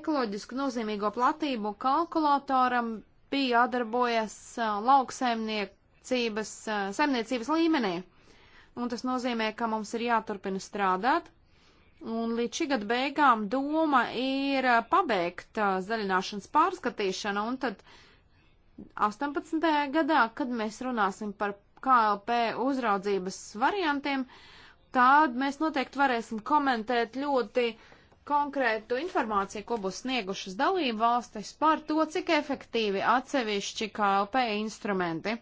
Ekoloģisku nozīmīgo platību kalkulatoram bija jādarbojas uh, lauksaimniecības uh, līmenī un tas nozīmē, ka mums ir jāturpina strādāt. Un līdz šī gada beigām doma ir pabeigt zaļināšanas pārskatīšanu, un tad 18. gadā, kad mēs runāsim par KLP uzraudzības variantiem, tad mēs noteikti varēsim komentēt ļoti konkrētu informāciju, ko būs sniegušas dalību valstis par to, cik efektīvi atsevišķi KLP instrumenti.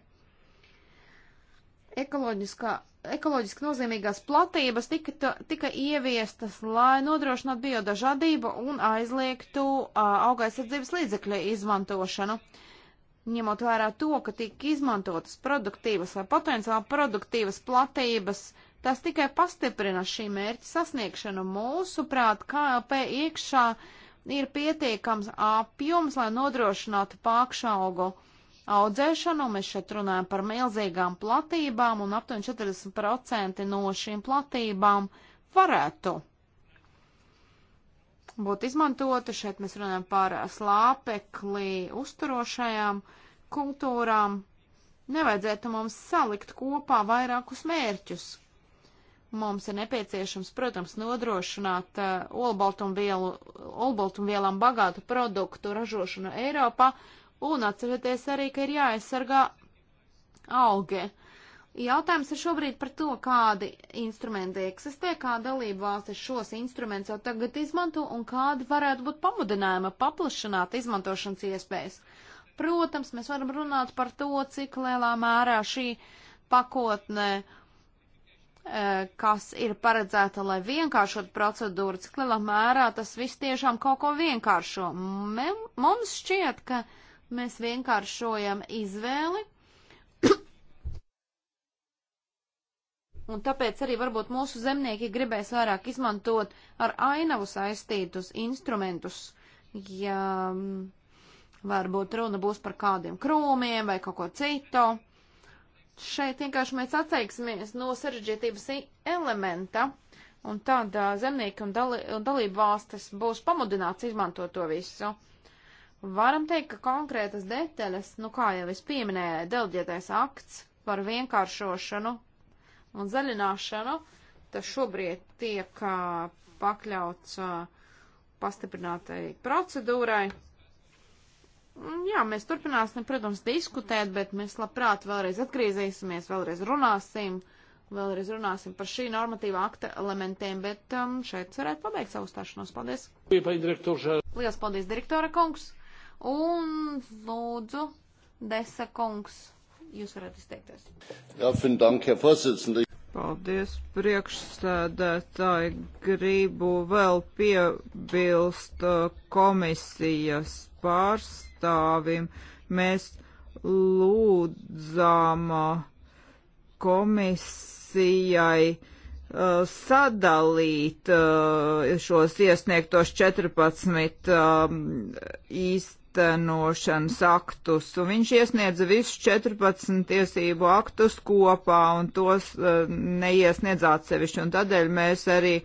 Ekoloģiskā ekoloģiski nozīmīgās platības tika, tā, tika ieviestas, lai nodrošinātu biodažādību un aizliegtu augaisardzības līdzekļu izmantošanu. Ņemot vērā to, ka tika izmantotas produktīvas vai potenciāli produktīvas platības, tas tikai pastiprina šī mērķa sasniegšanu. Mūsuprāt, KLP iekšā ir pietiekams apjoms, lai nodrošinātu pākšaugu. augu audzēšanu. Mēs šeit runājam par milzīgām platībām, un aptuveni 40% no šīm platībām varētu būt izmantota. Šeit mēs runājam par slāpekli uzturošajām kultūrām. Nevajadzētu mums salikt kopā vairākus mērķus. Mums ir nepieciešams, protams, nodrošināt uh, olbaltumvielām bagātu produktu ražošanu Eiropā, Un atcerieties arī, ka ir jāaizsargā auge. Jautājums ir šobrīd par to, kādi instrumenti eksistē, kā dalība valstis šos instrumentus jau tagad izmanto un kādi varētu būt pamudinājuma paplašināt izmantošanas iespējas. Protams, mēs varam runāt par to, cik lielā mērā šī pakotne, eh, kas ir paredzēta, lai vienkāršot procedūru, cik lielā mērā tas viss tiešām kaut ko vienkāršo. Mums šķiet, ka Mēs vienkāršojam izvēli. Un tāpēc arī varbūt mūsu zemnieki gribēs vairāk izmantot ar ainavu saistītus instrumentus, ja mm, varbūt runa būs par kādiem krūmiem vai kaut ko citu. Šeit vienkārši mēs atteiksimies no sarežģītības elementa, un tad zemnieki un, dalī, un dalību valstis būs pamudināts izmantot to visu. Varam teikt, ka konkrētas detaļas, nu kā jau es pieminēju, delģētais akts par vienkāršošanu un zaļināšanu, tas šobrīd tiek uh, pakļauts uh, pastiprinātai procedūrai. Jā, mēs turpināsim, protams, diskutēt, bet mēs labprāt vēlreiz atgriezīsimies, vēlreiz runāsim, vēlreiz runāsim par šī normatīvā akta elementiem, bet um, šeit varētu pabeigt savu stāšanos. Paldies! Liels paldies, direktora kungs! Un lūdzu, Desa kungs, jūs varat izteikties. Jā, fin dank, Herr Vorsitzende. Paldies, priekšsēdētāji. Gribu vēl piebilst uh, komisijas pārstāvim. Mēs lūdzām uh, komisijai uh, sadalīt šos iesniegtos 14 um, īstenībā īstenošanas aktus, un viņš iesniedza visus 14 tiesību aktus kopā, un tos uh, e, neiesniedz atsevišķi, un tādēļ mēs arī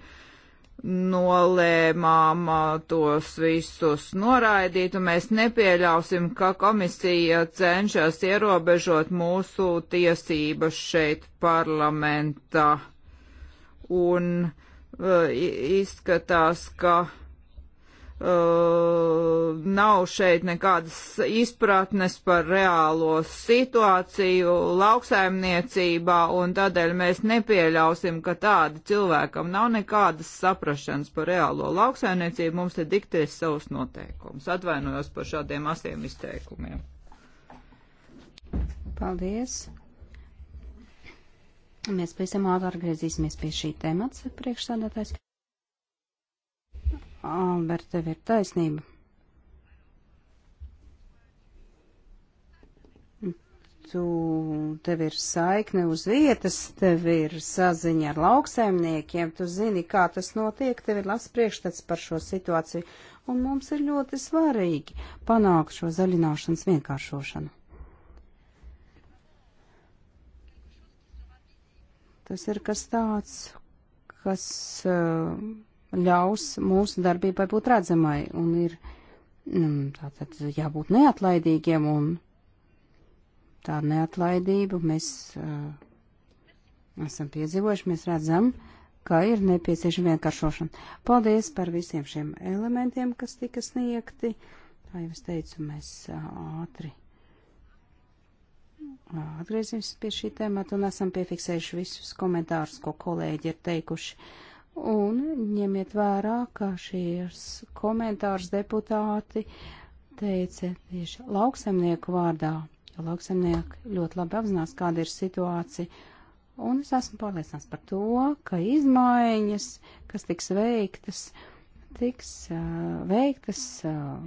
nolēmām uh, tos visus noraidīt, un mēs nepieļausim, ka komisija cenšas ierobežot mūsu tiesības šeit parlamentā. Un uh, izskatās, ka uh, Uh, nav šeit nekādas izpratnes par reālo situāciju lauksaimniecībā, un tādēļ mēs nepieļausim, ka tādi cilvēkam nav nekādas saprašanas par reālo lauksaimniecību, mums te diktēs savus noteikumus. Atvainojos par šādiem asiem izteikumiem. Paldies! Mēs pēc tam atgriezīsimies pie šī temats priekšstādātājs. Alberta, tev ir taisnība. Tu, tev ir saikne uz vietas, tev ir saziņa ar lauksaimniekiem, tu zini, kā tas notiek, tev ir labs priekšstats par šo situāciju, un mums ir ļoti svarīgi panākt šo zaļināšanas vienkāršošanu. Tas ir kas tāds, kas. Uh, ļaus mūsu darbībai būt redzamai un ir nu, tātad jābūt neatlaidīgiem un tā neatlaidību mēs uh, esam piedzīvojuši, mēs redzam, ka ir nepieciešama vienkāršošana. Paldies par visiem šiem elementiem, kas tika sniegti. Kā jau es teicu, mēs uh, ātri atgriezīsimies pie šī temata un esam piefiksējuši visus komentārus, ko kolēģi ir teikuši. Uh, un ņemiet vērā, ka šīs komentārs deputāti teica tieši lauksemnieku vārdā, jo lauksemnieki ļoti labi apzinās, kāda ir situācija. Un es esmu pārliecināts par to, ka izmaiņas, kas tiks veiktas, tiks uh, veiktas uh,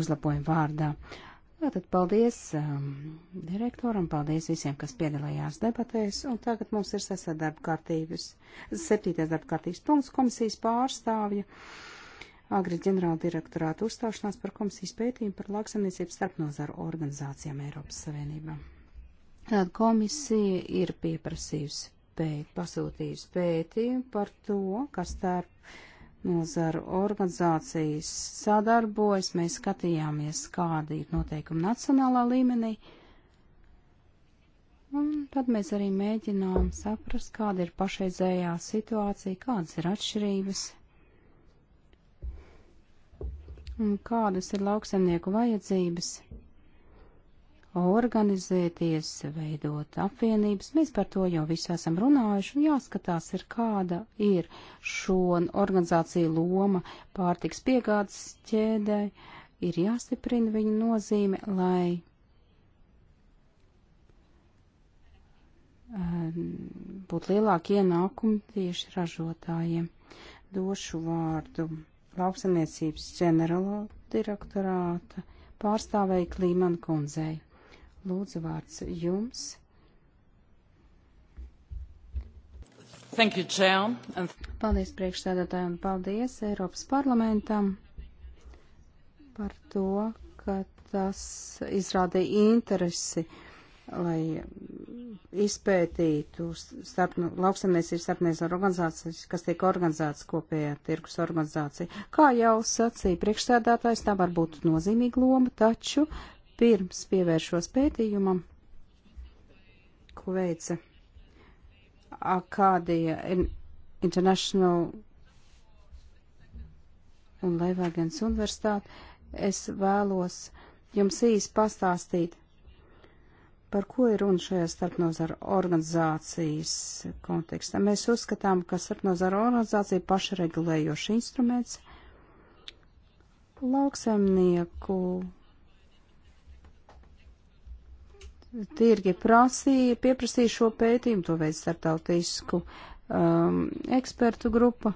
uzlabojuma vārdā. Uh, Tātad paldies um, direktoram, paldies visiem, kas piedalījās debatēs, un tagad mums ir sesā darba kārtības, septītais darba kārtības punkts komisijas pārstāvja. Agri ģenerāla direktorāta uzstāšanās par komisijas pētījumu par lauksamniecību starp nozaru organizācijām Eiropas Savienībā. Tātad komisija ir pieprasījusi pēt, pasūtījusi pētījumu par to, kas starp nozaru organizācijas sadarbojas, mēs skatījāmies, kādi ir noteikumi nacionālā līmenī. Un tad mēs arī mēģinām saprast, kāda ir pašreizējā situācija, kādas ir atšķirības un kādas ir lauksemnieku vajadzības organizēties, veidot apvienības. Mēs par to jau visu esam runājuši un jāskatās ir, kāda ir šo organizāciju loma pārtiks piegādes ķēdē. Ir jāstiprina viņa nozīme, lai um, būtu lielāki ienākumi tieši ražotājiem. Došu vārdu lauksamniecības ģenerāla direktorāta pārstāvēja Klīman kundzei. Lūdzu, vārds jums. Thank you, Chair. And... Paldies priekšstādātājiem, paldies Eiropas parlamentam par to, ka tas izrādīja interesi, lai izpētītu starp, nu, lauksamniecības starpniecības organizācijas, kas tiek organizētas kopējā tirkus organizācija. Kā jau sacīja priekšstādātājs, tā var būt nozīmīga loma, taču Pirms pievēršos pētījumam, ko veica Akādija International un Leivagens Universitāte, es vēlos jums īsi pastāstīt, par ko ir runa šajā starpnozara organizācijas kontekstā. Mēs uzskatām, ka starpnozara organizācija pašregulējoši instruments lauksaimnieku tirgi prasīja, pieprasīja šo pētījumu, to veids starptautisku um, ekspertu grupa.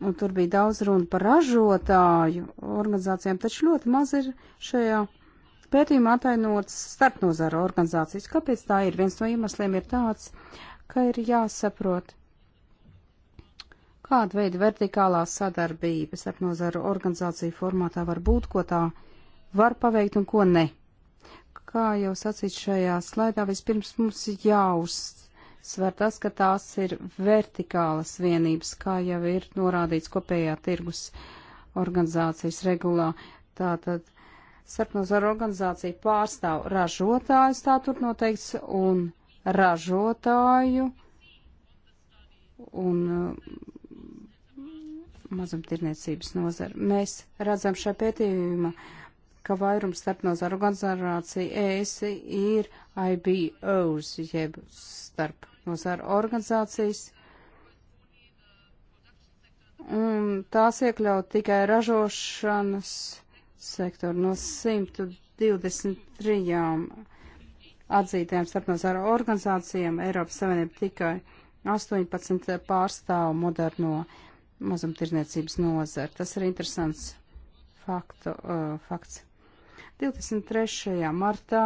Un tur bija daudz runa par ražotāju organizācijām, taču ļoti maz ir šajā pētījumā atainots starpnozara organizācijas. Kāpēc tā ir? Viens no iemesliem ir tāds, ka ir jāsaprot, kāda veida vertikālā sadarbība starpnozara organizāciju formātā var būt, ko tā var paveikt un ko ne. Kā jau sacīt šajā slaidā, vispirms mums jāuzsver tas, ka tās ir vertikālas vienības, kā jau ir norādīts kopējā tirgus organizācijas regulā. Tātad starpnozaru organizācija pārstāv ražotājus, tā tur noteikts, un ražotāju un uh, mazumtirniecības nozara. Mēs redzam šajā pētījumā ka vairums starpnozaru organizācija ES ir IBOs, jeb starp nozaru organizācijas. Un tās iekļaut tikai ražošanas sektoru no 123 atzītajām starpnozaru organizācijām Eiropas Savienība tikai 18 pārstāv moderno mazumtirdzniecības nozari. Tas ir interesants faktu, uh, fakts. 23. martā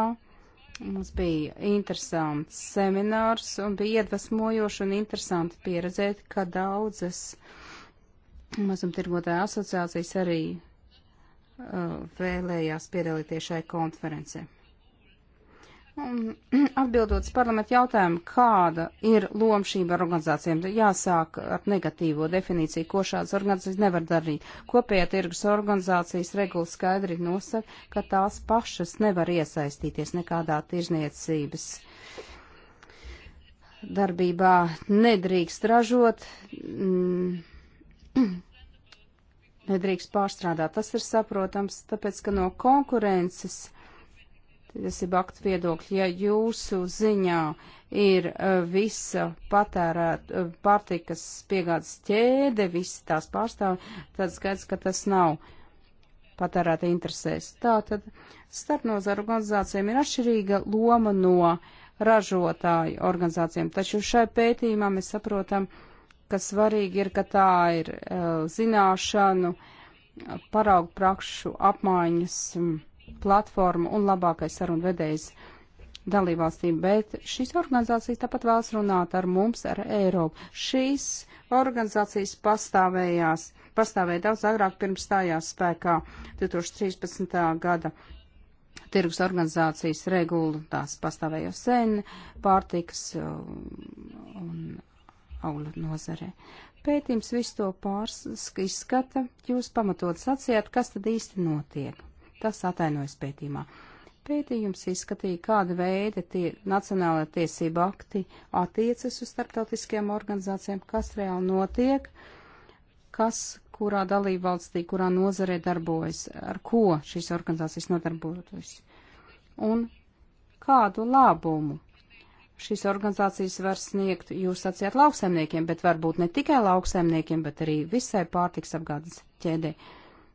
mums bija interesants seminārs un bija iedvesmojoši un interesanti pieredzēt, ka daudzas mazumtirgotāja asociācijas arī uh, vēlējās piedalīties šai konferencē. Un atbildot uz parlamentu jautājumu, kāda ir loma šīm organizācijām, tad jāsāk ar negatīvo definīciju, ko šādas organizācijas nevar darīt. Kopējā tirgus organizācijas regula skaidri nosaka, ka tās pašas nevar iesaistīties nekādā tirzniecības darbībā, nedrīkst ražot. Mm, nedrīkst pārstrādāt. Tas ir saprotams, tāpēc, ka no konkurences tiesību aktu viedokļi, ja jūsu ziņā ir e, visa patērēt e, pārtikas piegādes ķēde, visi tās pārstāvi, tad skaidrs, ka tas nav patērēta interesēs. Tātad starpnozaru organizācijām ir atšķirīga loma no ražotāju organizācijām, taču šai pētījumā mēs saprotam, ka svarīgi ir, ka tā ir e, zināšanu, paraugu prakšu apmaiņas. Um, platforma un labākais sarunvedējs dalībvalstīm, bet šīs organizācijas tāpat vēlas runāt ar mums, ar Eiropu. Šīs organizācijas pastāvējās, pastāvēja daudz agrāk pirms stājās spēkā 2013. gada tirgus organizācijas regula, tās pastāvēja jau sen, pārtikas uh, un augļu nozarē. Pētījums visu to pārskata, jūs pamatot sacījāt, kas tad īsti notiek. Tas atainojas pētījumā. Pētījums izskatīja, kāda veida tie nacionālajā tiesība akti attiecas uz starptautiskajām organizācijām, kas reāli notiek, kas kurā dalībvalstī, kurā nozarē darbojas, ar ko šīs organizācijas nodarbojas. Un kādu labumu šīs organizācijas var sniegt, jūs sacījāt, lauksaimniekiem, bet varbūt ne tikai lauksaimniekiem, bet arī visai pārtiks apgādes ķēdē. Uh,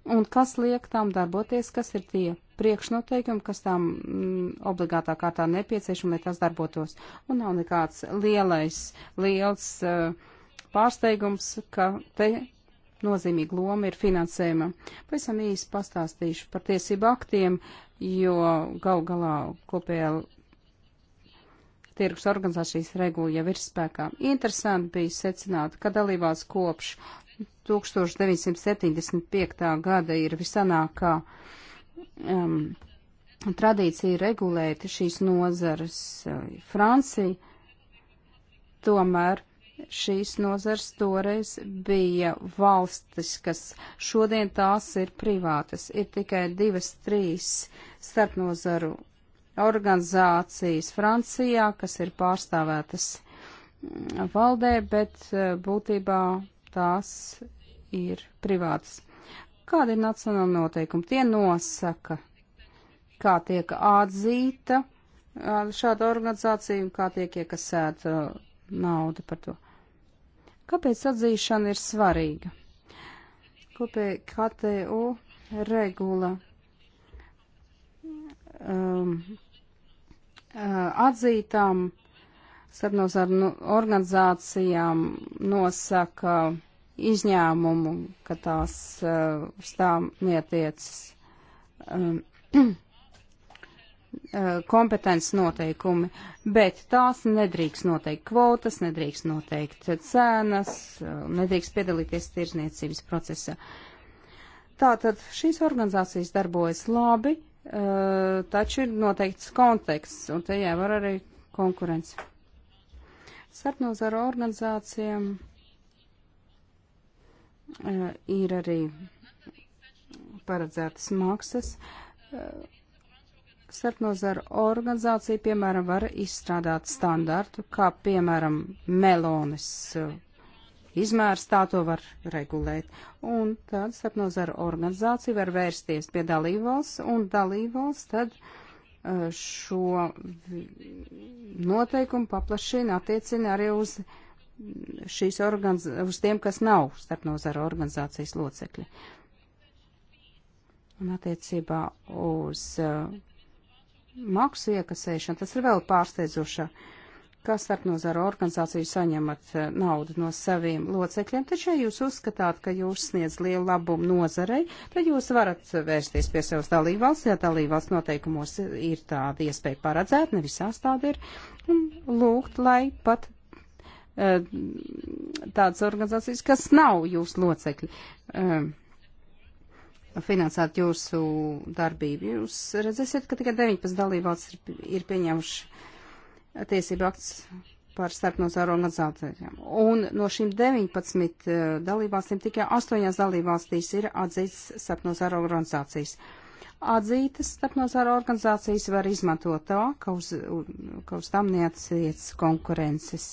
un kas liek tām darboties, kas ir tie priekšnoteikumi, kas tām mm, obligātā kārtā nepieciešami, lai tās darbotos. Un nav nekāds lielais, liels uh, pārsteigums, ka te nozīmīga loma ir finansējuma. Pavisam īsi pastāstīšu par tiesību aktiem, jo gal galā kopējā tirgus organizācijas regula jau ir spēkā. Interesanti bija secināt, ka dalībās kopš 1975. gada ir visanākā um, tradīcija regulēt šīs nozares uh, Francija. Tomēr šīs nozars toreiz bija valstis, kas šodien tās ir privātas. Ir tikai divas, trīs starpnozaru organizācijas Francijā, kas ir pārstāvētas mm, valdē, bet uh, būtībā tās ir privātas. Kāda ir nacionāla noteikuma? Tie nosaka, kā tiek atzīta šāda organizācija un kā tiek iekasēta nauda par to. Kāpēc atzīšana ir svarīga? Kopēji KTU regula um, atzītām starpnozaru organizācijām nosaka izņēmumu, ka tās uz tām netiecas kompetences noteikumi, bet tās nedrīkst noteikt kvotas, nedrīkst noteikt cenas, eh, nedrīkst piedalīties tirzniecības procesā. Tātad šīs organizācijas darbojas labi, eh, taču ir noteikts konteksts, un te jāvar arī konkurence. Starpnozaru organizācijām e, ir arī paredzētas maksas. E, starpnozaru organizācija, piemēram, var izstrādāt standartu, kā, piemēram, melonis e, izmērs, tā to var regulēt. Un tad starpnozaru organizācija var vērsties pie dalībvalsts, un dalībvalsts tad uh, Eh, šo noteikumu paplašina attiecina arī uz šīs organiz... uz tiem, kas nav starpnozara organizācijas locekļi. Un attiecībā uz uh, maksu iekasēšanu, tas ir vēl pārsteidzošāk kā starpnozara organizāciju saņemat eh, naudu no saviem locekļiem, taču, ja jūs uzskatāt, ka jūs sniedz lielu labumu nozarei, tad jūs varat vērsties pie savas dalībvalsts, ja dalībvalsts noteikumos ir tāda iespēja paredzēt, ne visās tāda ir, un lūgt, lai pat eh, tādas organizācijas, kas nav jūsu locekļi, eh, finansēt jūsu darbību. Jūs redzēsiet, ka tikai 19 dalībvalsts ir pieņēmuši tiesību akts par starpnozaru organizācijām. Un no šīm 19 uh, eh, dalībvalstīm tikai 8 dalībvalstīs ir atzītas starpnozaru organizācijas. Atzītas starpnozaru organizācijas var izmantot tā, ka uz, ka uz tam neatsiec konkurences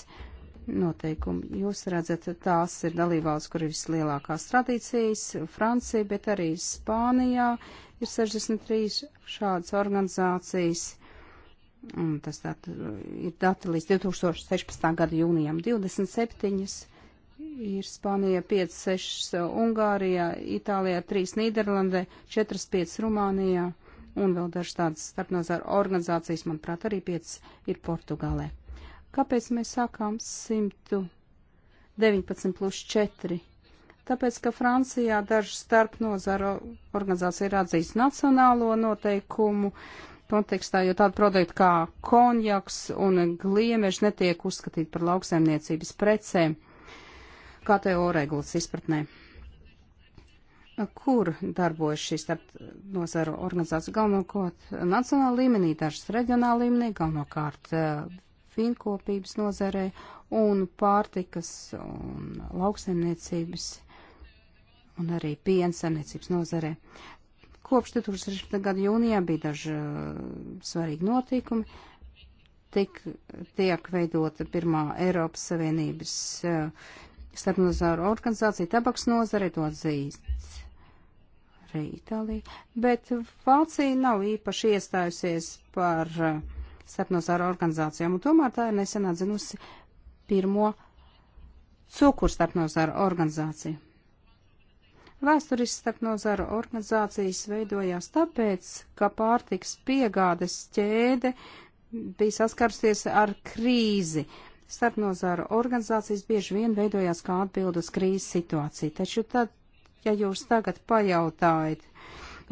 noteikumi. Jūs redzat, tās ir dalībvalsts, kur ir vislielākās tradīcijas, Francija, bet arī Spānijā ir 63 šādas organizācijas un tas dat, ir dati līdz 2016. gada jūnijam 27, ir Spānija 5, 6 Ungārijā, Itālijā 3 Nīderlandē, 4, 5 Rumānijā un vēl dažas tādas starpnozaru organizācijas, manuprāt, arī 5 ir Portugālē. Kāpēc mēs sākām 119 plus 4? Tāpēc, ka Francijā dažas starpnozaru organizācija ir atzīst nacionālo noteikumu, uh, kontekstā, jo tādi produkti kā konjaks un gliemeži netiek uzskatīti par lauksaimniecības precēm, kā te oreglas izpratnē. Kur darbojas šīs nozaru organizācijas galvenokārt nacionāla līmenī, dažas reģionāla līmenī, galvenokārt finkopības eh, nozarē un pārtikas un lauksaimniecības un arī piensaimniecības nozarē. Kopš 2016. gada jūnijā bija daži eh, svarīgi notikumi. Tik, tiek veidota pirmā Eiropas Savienības uh, starpnozaru organizācija tabaks nozare, to atzīst arī Itālija. Bet Vācija nav īpaši iestājusies par uh, starpnozaru organizācijām, un tomēr tā ir nesen atzinusi pirmo cukuru starpnozaru organizāciju. Vēsturiski starp nozaru organizācijas veidojās tāpēc, ka pārtiks piegādes ķēde bija saskarsies ar krīzi. Starp nozaru organizācijas bieži vien veidojās kā atbild uz krīzes situāciju. Taču tad, ja jūs tagad pajautājat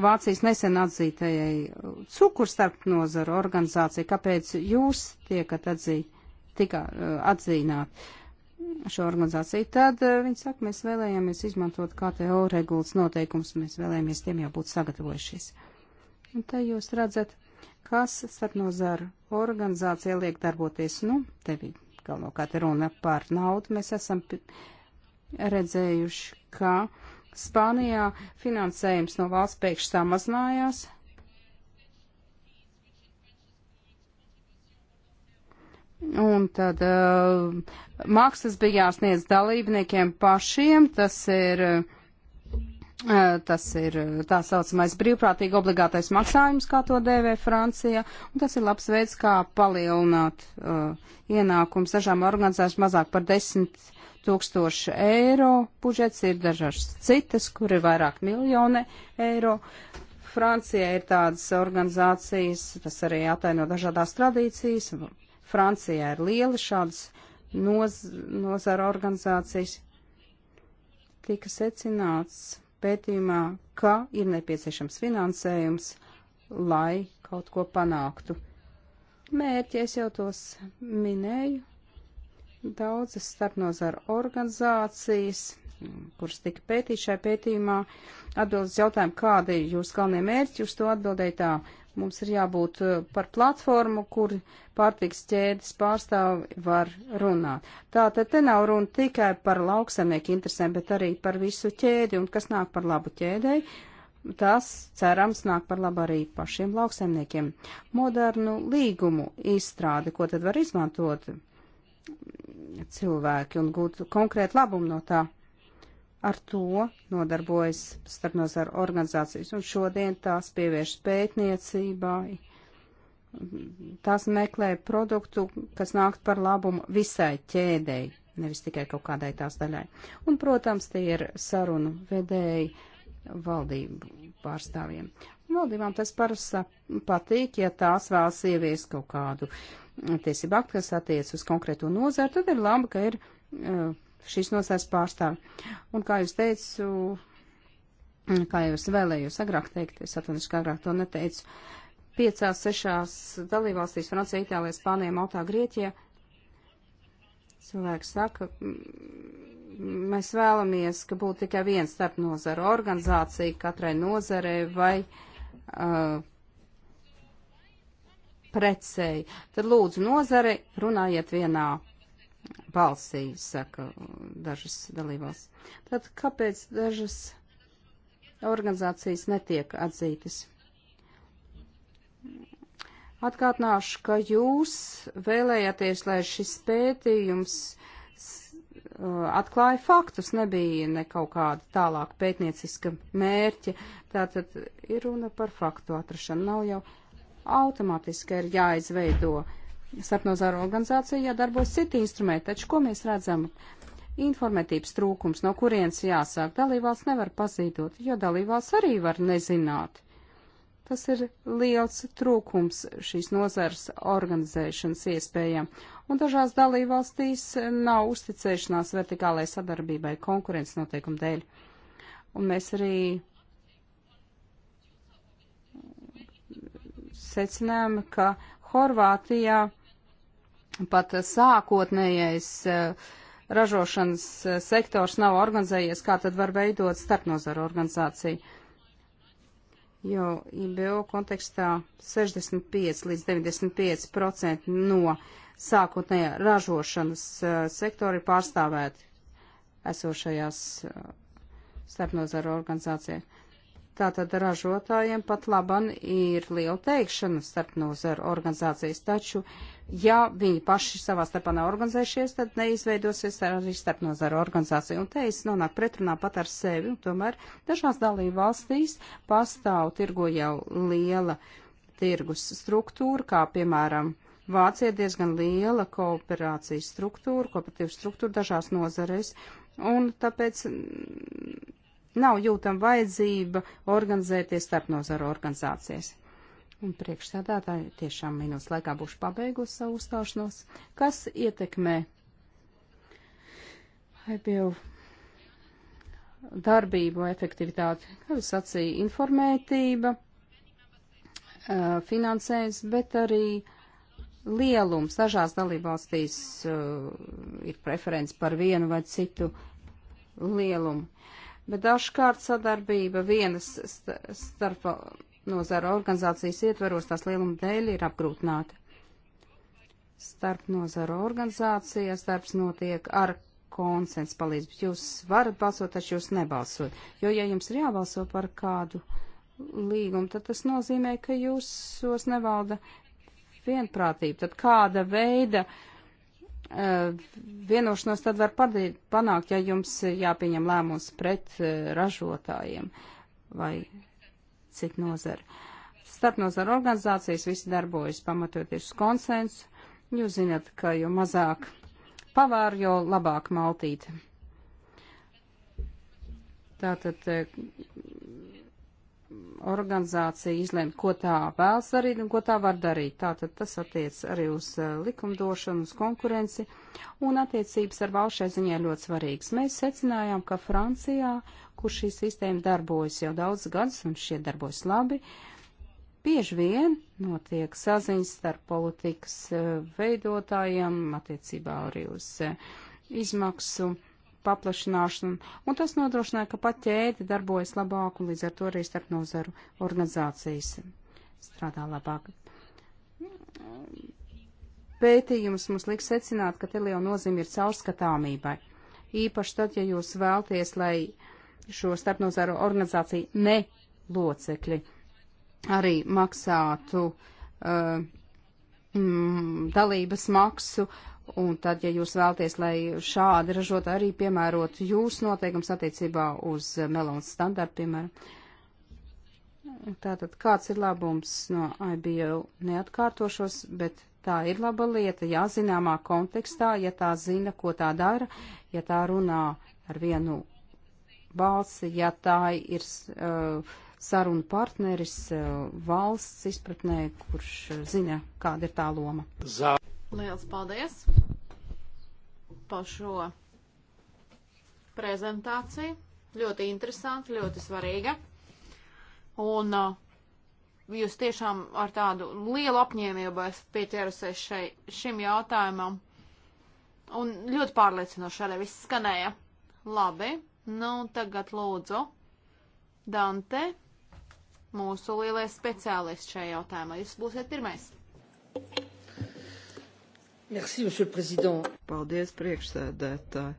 Vācijas nesen atzītajai cukur starp nozaru organizāciju, kāpēc jūs tiekat atzīt, tika eh, atzīnāt? Uh, šo organizāciju, tad eh, viņi saka, mēs vēlējāmies izmantot KTO regulas noteikums, mēs vēlējāmies tiem jau būt sagatavojušies. Un te jūs redzat, kas starp nozaru organizācija liek darboties, nu, tevi galvenokārt runa par naudu, mēs esam redzējuši, ka Spānijā finansējums no valsts pēkšņi samazinājās, Un tad uh, maksas bija jāsniedz dalībniekiem pašiem, tas ir, uh, tas ir uh, tā saucamais brīvprātīgi obligātais maksājums, kā to dēvē Francija, un tas ir labs veids, kā palielināt uh, ienākums dažām organizācijām mazāk par 10 tūkstoši eiro, budžets ir dažas citas, kur ir vairāk miljoni eiro. Francijā ir tādas organizācijas, tas arī ataino dažādās tradīcijas, Francijā ir liela šādas noz nozara organizācijas. Tika secināts pētījumā, ka ir nepieciešams finansējums, lai kaut ko panāktu. Mērķies jau tos minēju. Daudzas starpnozara organizācijas kuras tika pētīts šajā pētījumā, atbildes jautājumu, kādi ir jūsu galvenie mērķi, uz to atbildēja tā, Mums ir jābūt eh, par platformu, kur pārtiks ķēdes pārstāvi var runāt. Tātad te nav runa tikai par lauksamnieku interesēm, bet arī par visu ķēdi un kas nāk par labu ķēdēji. Tas, cerams, nāk par labu arī pašiem lauksaimniekiem. Modernu līgumu izstrādi, ko tad var izmantot cilvēki un gūt konkrētu labumu no tā ar to nodarbojas starpnozaru organizācijas, un šodien tās pievērš pētniecībai. Tās meklē produktu, kas nākt par labumu visai ķēdēji, nevis tikai kaut kādai tās daļai. Un, protams, tie ir sarunu vedēji valdību pārstāvjiem. Valdībām tas parasti patīk, ja tās vēlas ievies kaut kādu tiesību aktu, kas attiec uz konkrēto nozaru, tad ir labi, ka ir uh, šīs nostājas pārstāvi. Un kā jūs teicu, kā jūs vēlējos agrāk teikt, es atvainojos, ka agrāk to neteicu, piecās, sešās dalībvalstīs, Francija, Itālija, Spānija, Maltā, Grieķija, cilvēki saka, mēs vēlamies, ka būtu tikai viena starp nozara organizācija katrai nozarei vai uh, precēji. Tad lūdzu nozare runājiet vienā balsī, saka dažas dalībās. Tad kāpēc dažas organizācijas netiek atzītas? Atgādināšu, ka jūs vēlējāties, lai šis pētījums uh, atklāja faktus, nebija ne kaut kāda tālāk pētnieciska mērķa. Tātad ir runa par faktu atrašanu. Nav jau automātiski ir jāizveido uh, starpnozāra organizācijā darbojas citi instrumenti, taču ko mēs redzam? Informatības trūkums, no kurienes jāsāk. Dalībvalsts nevar pazīdot, jo dalībvalsts arī var nezināt. Tas ir liels trūkums šīs nozars organizēšanas iespējām, un dažās dalībvalstīs nav uzticēšanās vertikālajai sadarbībai konkurences noteikumu dēļ. Un mēs arī secinām, ka Horvātijā uh, pat sākotnējais eh, ražošanas eh, sektors nav organizējies, kā tad var veidot starpnozaru organizāciju. Jo IBO kontekstā 65 līdz 95 procenti no sākotnējā ražošanas eh, sektora ir pārstāvēti esošajās starpnozaru organizācijās. Tātad ražotājiem pat laban ir liela teikšana starp nozaru organizācijas, taču, ja viņi paši savā starpā nav organizējušies, tad neizveidosies arī starp nozaru organizācija. Un te es nonāku pretrunā pat ar sevi, un tomēr dažās dalību valstīs pastāv tirgo jau liela tirgus struktūra, kā piemēram. Vācija ir diezgan liela kooperācijas struktūra, kooperatīva struktūra dažās nozarēs, un tāpēc nav jūtama vajadzība organizēties starp nozaru organizācijas. Un priekšsēdētāji tiešām minūtes laikā būšu pabeigusi savu uzstāšanos, kas ietekmē IPO darbību, efektivitāti, kā jūs sacīja, informētība, finansējums, bet arī lielums. Dažās dalībvalstīs ir preference par vienu vai citu lielumu. Uh, bet dažkārt sadarbība vienas starp nozara organizācijas ietveros tās lieluma dēļ ir apgrūtināta. Starp nozara organizācijas darbs notiek ar konsensu palīdz, bet jūs varat balsot, taču jūs nebalsot. Jo, ja jums ir jābalso par kādu līgumu, tad tas nozīmē, ka jūs tos nevalda vienprātība. Tad kāda veida uh, Eh, vienošanos tad var panākt, ja jums ir jāpieņem lēmums pret eh, ražotājiem vai citu nozari. Starp nozaru organizācijas visi darbojas pamatoties uz konsensu. Jūs zināt, ka jo mazāk pavāru, jo labāk maltīt. Tātad eh, organizācija izlēma, ko tā vēlas darīt un ko tā var darīt. Tātad tas attiec arī uz uh, likumdošanu, uz konkurenci un attiecības ar valsts šai ziņā ļoti svarīgas. Mēs secinājām, ka Francijā, kur šī sistēma darbojas jau daudz gadus un šie darbojas labi, bieži vien notiek saziņas starp politikas uh, veidotājiem attiecībā arī uz uh, izmaksu paplašināšanu, un tas nodrošināja, ka pat ķēde darbojas labāk, un līdz ar to arī starp nozaru organizācijas strādā labāk. Pētījums mums liek secināt, ka te liela nozīme ir caurskatāmībai. Īpaši tad, ja jūs vēlties, lai šo starpnozaru organizāciju ne locekļi arī maksātu uh, mm, dalības maksu uh, Un tad, ja jūs vēlties, lai šādi ražot arī piemērot jūsu noteikums attiecībā uz melonu standartu, piemēram, tātad kāds ir labums no IBO neatkārtošos, bet tā ir laba lieta, ja zināmā kontekstā, ja tā zina, ko tā dara, ja tā runā ar vienu balsi, ja tā ir uh, saruna partneris uh, valsts izpratnē, kurš uh, zina, kāda ir tā loma. Zā. Liels paldies par šo prezentāciju. Ļoti interesanti, ļoti svarīga. Un uh, jūs tiešām ar tādu lielu apņēmību esat pieķērusies šai, šim jautājumam. Un ļoti pārliecinoši arī viss skanēja. Labi, nu tagad lūdzu Dante, mūsu lielais speciālists šajā jautājumā. Jūs būsiet pirmais. Merci, monsieur prezident. Paldies, priekšsēdētāji.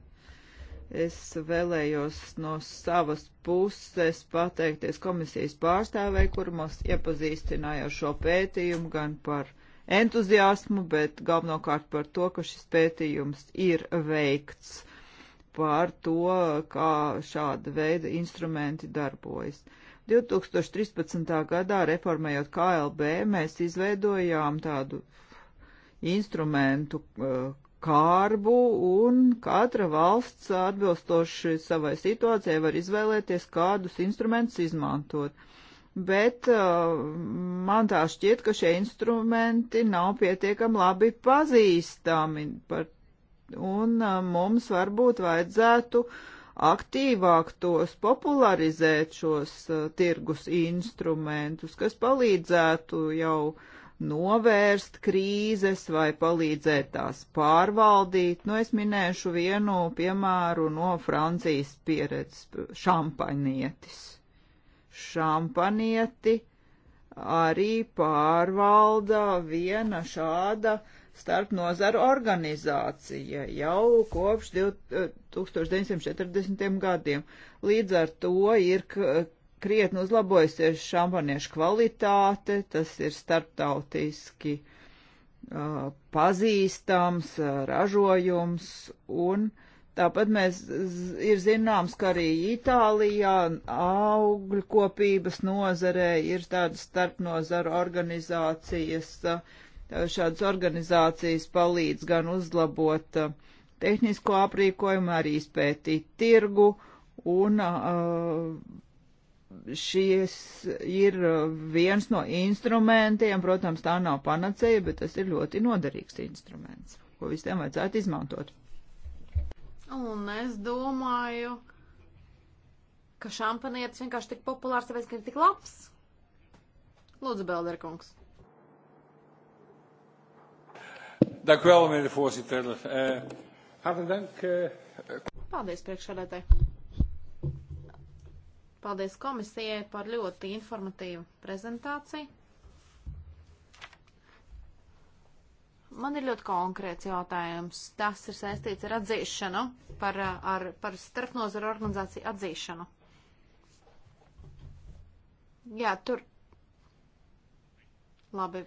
Es vēlējos no savas puses pateikties komisijas pārstāvei, kur mums iepazīstināja ar šo pētījumu gan par entuziasmu, bet galvenokārt par to, ka šis pētījums ir veikts par to, kā šāda veida instrumenti darbojas. 2013. gadā, reformējot KLB, mēs izveidojām tādu instrumentu eh, kārbu, un katra valsts atbilstoši savai situācijai var izvēlēties, kādus instrumentus izmantot. Bet eh, man tā šķiet, ka šie instrumenti nav pietiekami labi pazīstami, par, un eh, mums varbūt vajadzētu aktīvāk tos popularizēt šos tirgus instrumentus, kas palīdzētu jau uh, novērst krīzes vai palīdzēt tās pārvaldīt. Nu, es minēšu vienu piemēru no Francijas pieredzes - šampanietis. Šampanieti arī pārvalda viena šāda starp nozaru organizācija jau kopš 1940. Eh, gadiem. Līdz ar to ir krietni uzlabojusies šampaniešu kvalitāte, tas ir starptautiski uh, pazīstams uh, ražojums, un tāpat mēs ir zināms, ka arī Itālijā augļkopības nozarē ir tādas starpnozaru organizācijas, uh, šādas organizācijas palīdz gan uzlabot tehnisko aprīkojumu, arī izpētīt tirgu un uh, šīs ir uh, viens no instrumentiem, protams, tā nav panacēja, bet tas ir ļoti noderīgs instruments, ko visiem vajadzētu izmantot. Un es domāju, ka šampanietis vienkārši tik populārs, tāpēc, ka ir tik labs. Lūdzu, Belderkungs. Dank u wel, meneer de voorzitter. Uh, hartelijk dank. Uh... Paldies, priekšsēdētāji. Paldies komisijai par ļoti informatīvu prezentāciju. Man ir ļoti konkrēts jautājums. Tas ir saistīts ar atzīšanu, par, ar, par starpnozaru organizāciju atzīšanu. Jā, tur. Labi.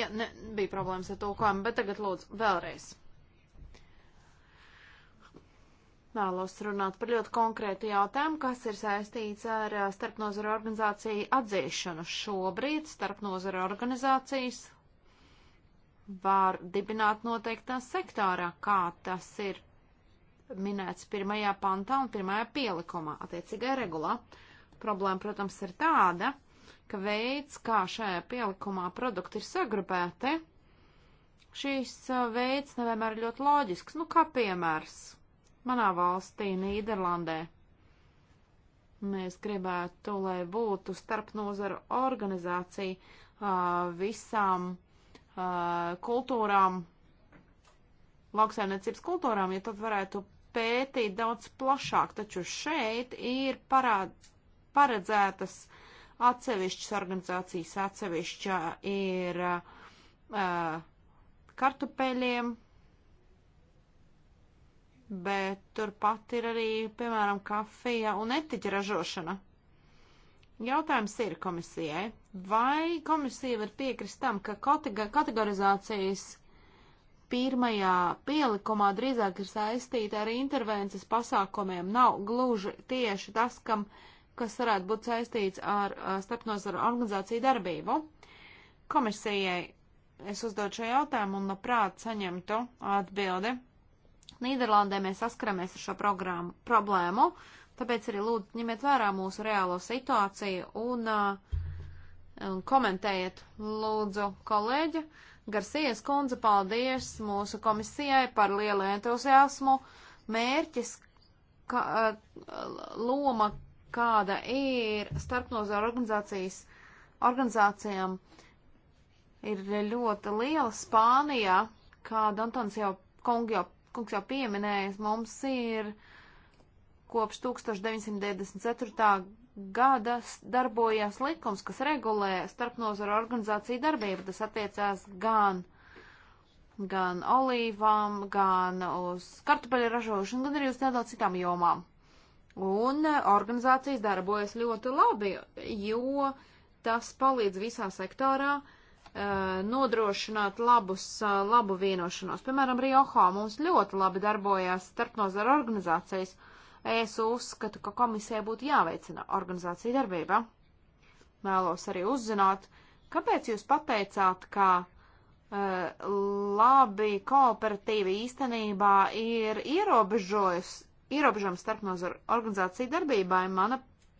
Jā, ne, bija problēmas ar tulkojumu, bet tagad lūdzu vēlreiz. Vēlos runāt par ļoti konkrētu jautājumu, kas ir saistīts ar starpnozara organizāciju atzīšanu. Šobrīd starpnozara organizācijas var dibināt noteiktā sektorā, kā tas ir minēts pirmajā pantā un pirmajā pielikumā, attiecīgajā regulā. Problēma, protams, ir tāda, ka veids, kā šajā pielikumā produkti ir sagrupēti, šīs veids nevienmēr ir ļoti loģisks. Nu, kā piemērs, Manā valstī, Nīderlandē, mēs gribētu, lai būtu starpnozaru organizācija uh, visām uh, kultūrām, lauksaimniecības kultūrām, ja tad varētu pētīt daudz plašāk, taču šeit ir parād, paredzētas atsevišķas organizācijas, atsevišķa ir uh, kartupeļiem, bet turpat ir arī, piemēram, kafija un etiķa ražošana. Jautājums ir komisijai, vai komisija var piekrist tam, ka kategorizācijas pirmajā pielikumā drīzāk ir saistīta ar intervences pasākumiem, nav gluži tieši tas, kam, kas varētu būt saistīts ar starpnozaru organizāciju darbību. Komisijai es uzdodu šo jautājumu un labprāt saņemtu atbildi. Nīderlandē mēs saskaramies ar šo programmu, problēmu, tāpēc arī lūdzu ņemiet vērā mūsu reālo situāciju un, un komentējiet, lūdzu, kolēģi. Garcijas kundze, paldies mūsu komisijai par lielu entuziasmu. Mērķis, ka, loma, kāda ir starpnozaru organizācijas organizācijām, ir ļoti liela Spānijā, kā Dantons jau kungi jau kungs jau pieminējis, mums ir kopš 1994. gada darbojās likums, kas regulē starpnozara organizāciju darbību. Tas attiecās gan, gan olīvām, gan uz kartupeļu ražošanu, gan arī uz tādām citām jomām. Un e, organizācijas darbojas ļoti labi, jo tas palīdz visā sektorā uh, Eh, nodrošināt labus, eh, labu vienošanos. Piemēram, Riohā mums ļoti labi darbojās starpnozara organizācijas. Es uzskatu, ka komisijai būtu jāveicina organizācija darbība. Mēlos arī uzzināt, kāpēc jūs pateicāt, ka uh, labi kooperatīvi īstenībā ir ierobežojums starpnozara organizāciju darbībai. Mana,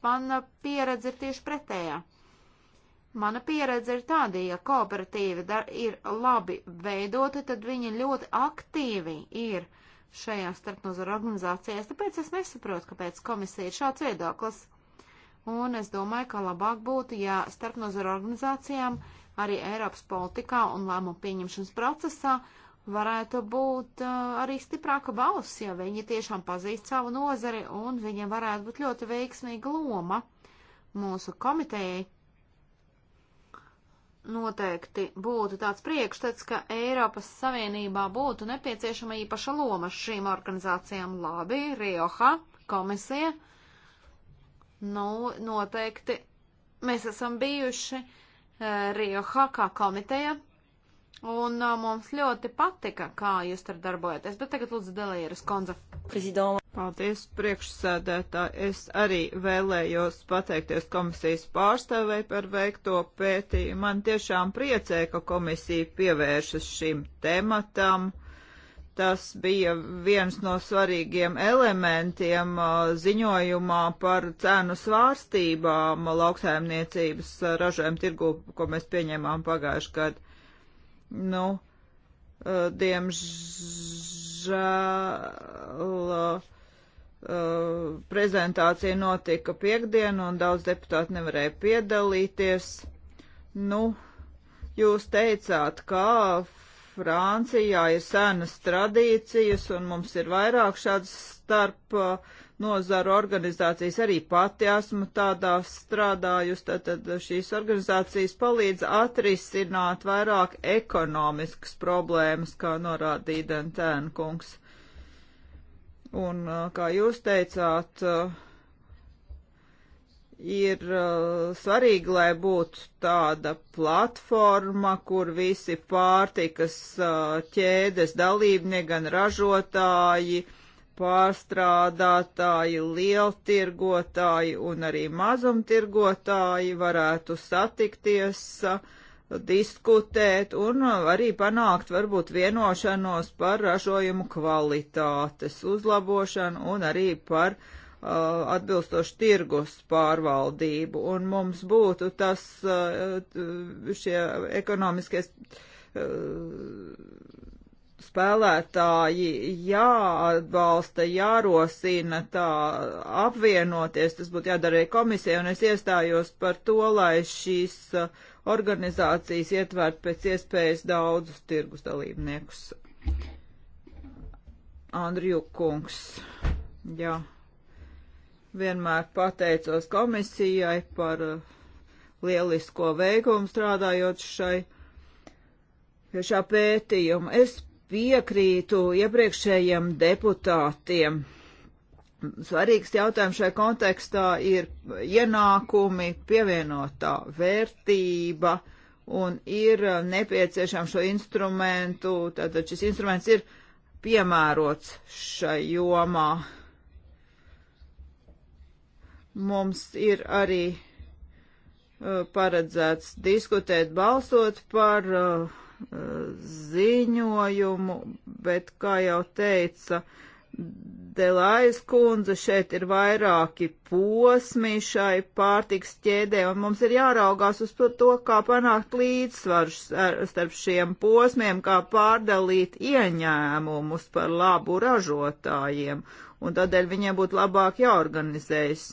mana pieredze ir tieši pretējā. Mana pieredze ir tāda, ja kooperatīva ir labi veidota, tad viņi ļoti aktīvi ir šajās starpnozara organizācijās, tāpēc es nesaprotu, kāpēc komisija ir šāds viedoklis. Un es domāju, ka labāk būtu, ja starpnozara organizācijām arī Eiropas politikā un lēmumu pieņemšanas procesā varētu būt uh, arī stiprāka balss, ja viņi tiešām pazīst savu nozari un viņiem varētu būt ļoti veiksmīga loma mūsu komitejai noteikti būtu tāds priekšstats, ka Eiropas Savienībā būtu nepieciešama īpaša loma šīm organizācijām. Labi, Rioja komisija. Nu, noteikti mēs esam bijuši uh, Rioja kā komiteja Un uh, mums ļoti patika, kā jūs tur darbojaties. Bet tagad lūdzu Delēras konza. Prezidoma. Paldies, priekšsēdētāji. Es arī vēlējos pateikties komisijas pārstāvei par veikto pētījumu. Man tiešām priecē, ka komisija pievēršas šim tematam. Tas bija viens no svarīgiem elementiem uh, ziņojumā par cēnu svārstībām lauksaimniecības uh, ražojumu tirgu, ko mēs pieņēmām pagājušajā gadā nu, eh, diemžēl eh, prezentācija notika piekdien un daudz deputāti nevarēja piedalīties. Nu, jūs teicāt, ka Francijā ir senas tradīcijas un mums ir vairāk šādas starp uh, nozaru organizācijas arī pati esmu tādā strādājusi, tad, tad šīs organizācijas palīdz atrisināt vairāk ekonomiskas problēmas, kā norādīja Dantēna kungs. Un, uh, kā jūs teicāt, uh, ir uh, svarīgi, lai būtu tāda platforma, kur visi pārtikas uh, ķēdes dalībnieki, gan ražotāji, uh, pārstrādātāji, lieltirgotāji un arī mazumtirgotāji varētu satikties, diskutēt un arī panākt varbūt vienošanos par ražojumu kvalitātes uzlabošanu un arī par uh, atbilstošu tirgus pārvaldību. Un mums būtu tas uh, šie ekonomiskie uh, spēlētāji jāatbalsta, jārosina tā apvienoties, tas būtu jādara arī komisija, un es iestājos par to, lai šīs uh, organizācijas ietvert pēc iespējas daudzus tirgus dalībniekus. Andriju Kungs, jā, vienmēr pateicos komisijai par uh, lielisko veikumu strādājot šai, pie šā pētījuma. Es piekrītu iepriekšējiem deputātiem. Svarīgs jautājums šai kontekstā ir ienākumi, pievienotā vērtība un ir nepieciešams šo instrumentu, tātad šis instruments ir piemērots šai jomā. Mums ir arī uh, paredzēts diskutēt, balsot par uh, ziņojumu, bet, kā jau teica Delais kundze, šeit ir vairāki posmi šai pārtiks ķēdē, un mums ir jāraugās uz to, kā panākt līdzsvaru starp šiem posmiem, kā pārdalīt ieņēmumus par labu ražotājiem, un tādēļ viņiem būtu labāk jāorganizējas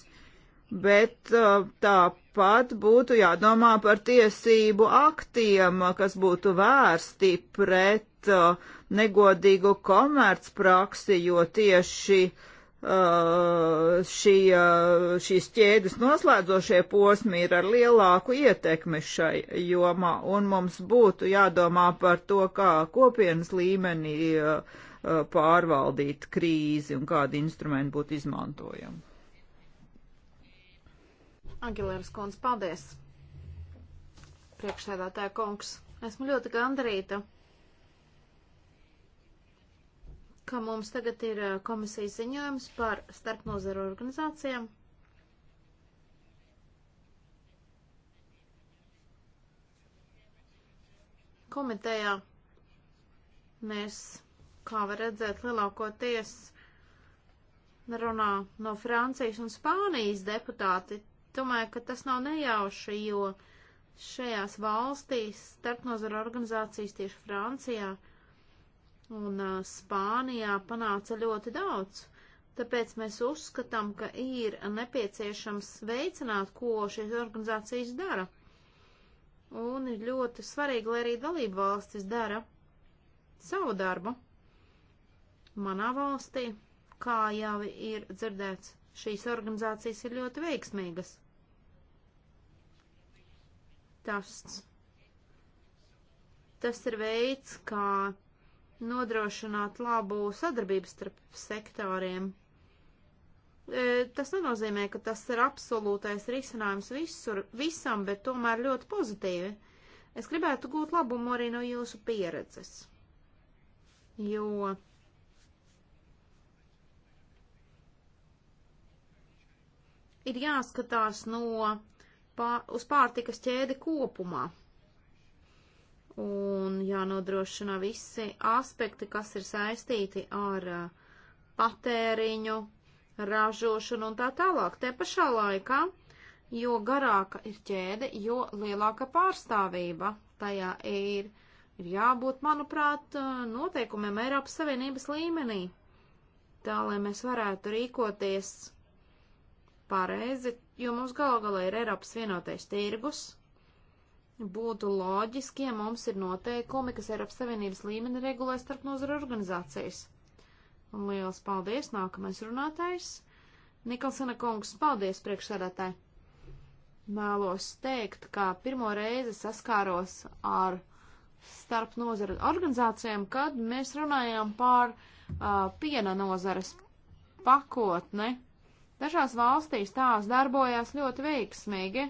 bet uh, tāpat būtu jādomā par tiesību aktiem, kas būtu vērsti pret uh, negodīgu komercpraksi, jo tieši uh, šī, šīs ķēdes noslēdzošie posmi ir ar lielāku ietekmi šai jomā, un mums būtu jādomā par to, kā kopienas līmenī pārvaldīt krīzi un kādi instrumenti būtu izmantojami. Agilēras kundze, paldies! Priekšsēdētāja kungs, esmu ļoti gandarīta, ka mums tagad ir eh, komisijas ziņojums par starpnozaru organizācijām. komitejā mēs, kā var redzēt, lielākoties runā no Francijas un Spānijas deputāti, Domāju, ka tas nav nejauši, jo šajās valstīs starpnozara organizācijas tieši Francijā un uh, Spānijā panāca ļoti daudz. Tāpēc mēs uzskatām, ka ir nepieciešams veicināt, ko šīs organizācijas dara. Un ir ļoti svarīgi, lai arī dalību valstis dara savu darbu. Manā valstī, kā jau ir dzirdēts, šīs organizācijas ir ļoti veiksmīgas tasts. Tas ir veids, kā nodrošināt labu sadarbību starp sektoriem. E, tas nenozīmē, ka tas ir absolūtais risinājums visur, visam, bet tomēr ļoti pozitīvi. Es gribētu gūt labumu arī no jūsu pieredzes, jo ir jāskatās no pār, uz pārtikas ķēdi kopumā. Un jānodrošina visi aspekti, kas ir saistīti ar uh, patēriņu, ražošanu un tā tālāk. Te pašā laikā, jo garāka ir ķēde, jo lielāka pārstāvība tajā ir, ir jābūt, manuprāt, uh, noteikumiem Eiropas Savienības līmenī. Tā, lai mēs varētu rīkoties pareizi, jo mums galu galā ir Eiropas vienotais tirgus. Būtu loģiski, ja mums ir noteikumi, kas Eiropas Savienības līmeni regulē starp nozara organizācijas. Un liels paldies, nākamais runātājs. Nikolsena kungs, paldies priekšsēdētāji. Mēlos teikt, ka pirmo reizi saskāros ar starp nozara organizācijām, kad mēs runājām pār uh, piena nozares pakotni. Ne? Dažās valstīs tās darbojās ļoti veiksmīgi,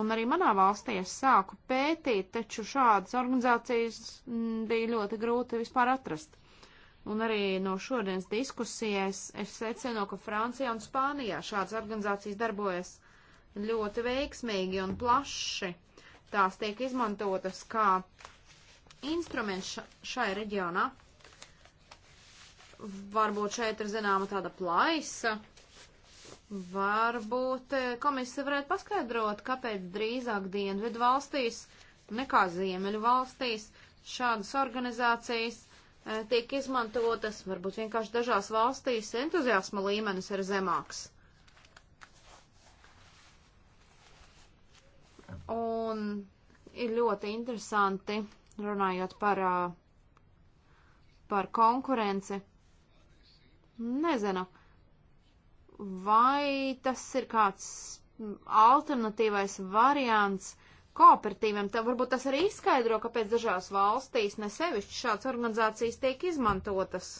un arī manā valstī es sāku pētīt, taču šādas organizācijas mm, bija ļoti grūti vispār atrast. Un arī no šodienas diskusijas es secinu, ka Francijā un Spānijā šādas organizācijas darbojas ļoti veiksmīgi un plaši. Tās tiek izmantotas kā instruments šai reģionā. Varbūt šeit ir zināma tāda plaisa Varbūt eh, komisija varētu paskaidrot, kāpēc drīzāk dienvidu valstīs nekā ziemeļu valstīs šādas organizācijas eh, tiek izmantotas, varbūt vienkārši dažās valstīs entuziasma līmenis ir zemāks. Un ir ļoti interesanti, runājot par, eh, par konkurenci. Nezinu, vai tas ir kāds alternatīvais variants kooperatīviem. Tā varbūt tas arī izskaidro, kāpēc dažās valstīs nesevišķi šāds organizācijas tiek izmantotas.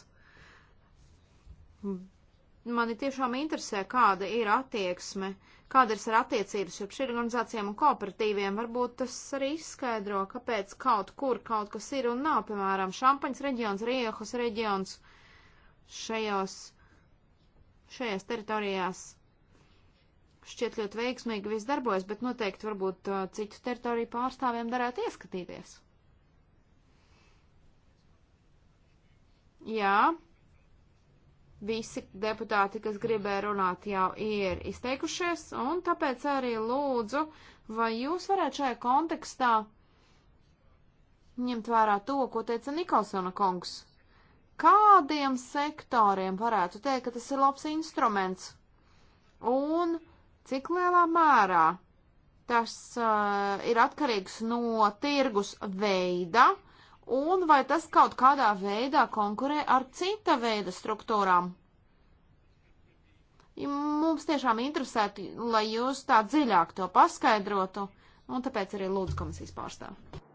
Mani tiešām interesē, kāda ir attieksme, kāda ir attiecības starp šīm organizācijām un kooperatīviem. Varbūt tas arī izskaidro, kāpēc kaut kur kaut kas ir un nav, piemēram, Šampaņas reģions, Riehas reģions šajos šajās teritorijās šķiet ļoti veiksmīgi viss darbojas, bet noteikti varbūt uh, citu teritoriju pārstāvjiem darētu ieskatīties. Jā, visi deputāti, kas gribēja runāt, jau ir izteikušies, un tāpēc arī lūdzu, vai jūs varētu šajā kontekstā ņemt vērā to, ko teica Nikolsona kungs kādiem sektoriem varētu teikt, ka tas ir labs instruments un cik lielā mērā tas uh, ir atkarīgs no tirgus veida un vai tas kaut kādā veidā konkurē ar cita veida struktūrām. Ja mums tiešām interesētu, lai jūs tā dziļāk to paskaidrotu, un tāpēc arī lūdzu komisijas pārstāvu.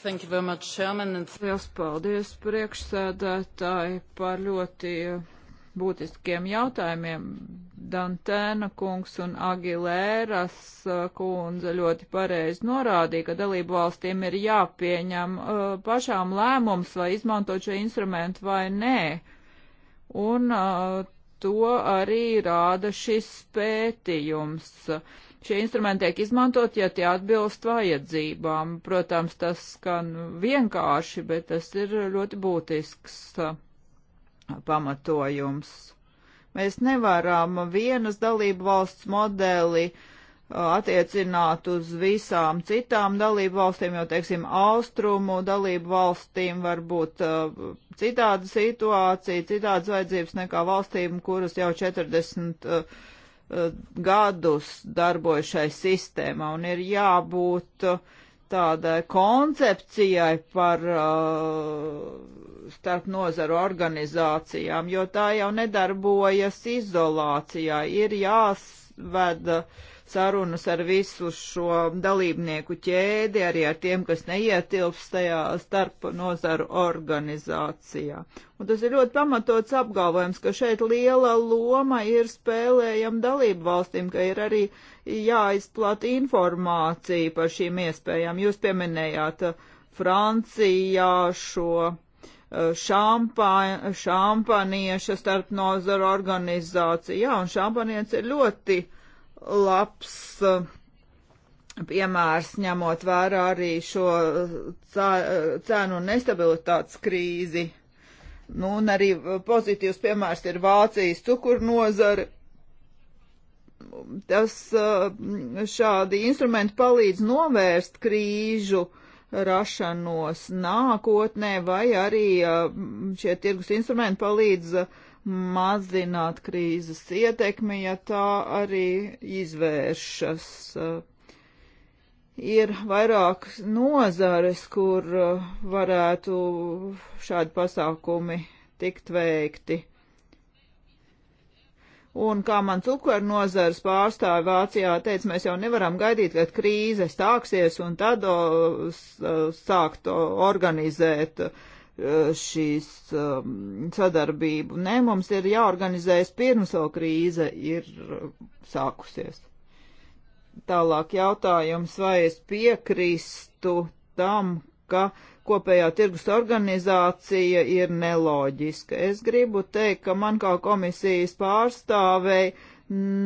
Thank you very much, Chairman. And... Liels paldies priekšsēdētāji par ļoti būtiskiem jautājumiem. Dantēna kungs un Agilēras uh, kundze ļoti pareizi norādīja, ka dalību valstīm ir jāpieņem uh, pašām lēmums, vai izmantot šo instrumentu vai nē. Un uh, to arī rāda šis pētījums. Uh, šie instrumenti tiek izmantot, ja tie atbilst vajadzībām. Protams, tas skan vienkārši, bet tas ir ļoti būtisks pamatojums. Mēs nevaram vienas dalību valsts modeli attiecināt uz visām citām dalību valstīm, jo, teiksim, austrumu dalību valstīm var būt uh, citāda situācija, citādas vajadzības nekā valstīm, kuras jau 40 uh, Eh, gadus darbojušai sistēmā un ir jābūt eh, tādai koncepcijai par uh, starp nozaru organizācijām, jo tā jau nedarbojas izolācijā. Ir jāsveda uh, sarunas ar visu šo dalībnieku ķēdi, arī ar tiem, kas neietilps tajā starp nozaru organizācijā. Un tas ir ļoti pamatots apgalvojums, ka šeit liela loma ir spēlējama dalību valstīm, ka ir arī jāizplata informācija par šīm iespējām. Jūs pieminējāt uh, Francijā šo uh, šampanieša starp nozaru organizācija. Jā, un šampaniets ir ļoti labs uh, piemērs, ņemot vērā arī šo uh, uh, cēnu nestabilitātes krīzi. Nu, un arī pozitīvs piemērs ir Vācijas cukurnozare. Tas šādi instrumenti palīdz novērst krīžu rašanos nākotnē, vai arī šie tirgus instrumenti palīdz uh, mazināt krīzes ietekmi, ja tā arī izvēršas. Ir vairākas nozares, kur uh, varētu šādi pasākumi tikt veikti. Un kā man cukuru nozares pārstāvi Vācijā teica, mēs jau nevaram gaidīt, kad krīze sāksies un tad uh, uh, o, sākt organizēt uh, Eh, šīs um, sadarbību. Nē, mums ir jāorganizējas pirms vēl krīze ir eh, sākusies. Tālāk jautājums, vai es piekrīstu tam, ka kopējā tirgus organizācija ir neloģiska. Es gribu teikt, ka man kā komisijas pārstāvei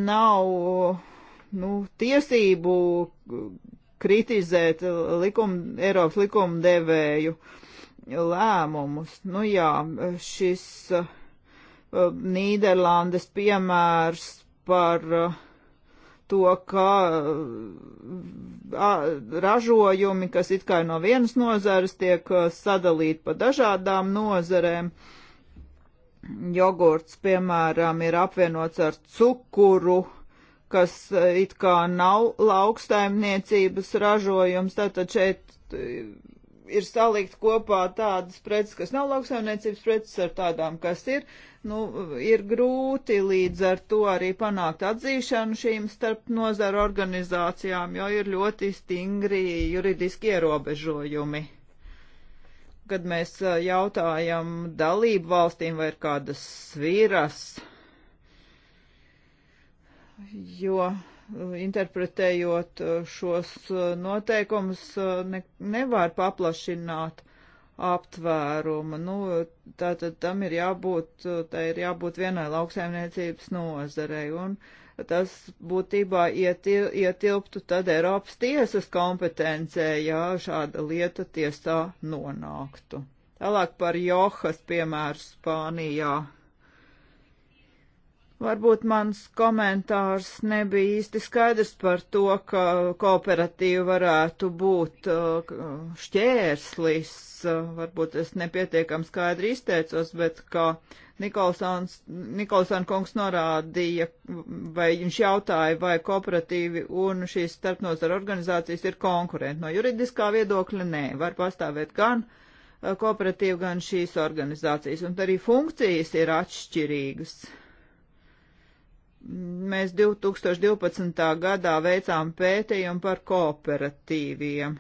nav nu, tiesību kritizēt likum, Eiropas likumdevēju. Uh, lēmumus. Nu jā, šis uh, Nīderlandes piemērs par uh, to, ka uh, ražojumi, kas it kā no vienas nozares, tiek uh, sadalīti pa dažādām nozarēm. Jogurts, piemēram, ir apvienots ar cukuru, kas uh, it kā nav lauksaimniecības ražojums, tātad šeit uh, ir salikt kopā tādas preces, kas nav lauksaimniecības preces ar tādām, kas ir. Nu, ir grūti līdz ar to arī panākt atzīšanu šīm starp nozaru organizācijām, jo ir ļoti stingri juridiski ierobežojumi. Kad mēs jautājam dalību valstīm, vai ir kādas sviras, jo interpretējot uh, šos uh, noteikumus, uh, ne, nevar paplašināt aptvērumu. Nu, tātad tam ir jābūt, tā ir jābūt vienai lauksaimniecības nozarei, un tas būtībā ietil, ietilptu tad Eiropas tiesas kompetencē, ja šāda lieta tiesā nonāktu. Tālāk par Johas piemēru Spānijā. Varbūt mans komentārs nebija īsti skaidrs par to, ka kooperatīva varētu būt uh, šķērslis. Uh, varbūt es nepietiekam skaidri izteicos, bet kā Nikolsāna kungs norādīja, vai viņš jautāja, vai kooperatīvi un šīs starpnozara organizācijas ir konkurenti. No juridiskā viedokļa nē, var pastāvēt gan uh, kooperatīva, gan šīs organizācijas. Un arī funkcijas ir atšķirīgas mēs 2012. gadā veicām pētījumu par kooperatīviem.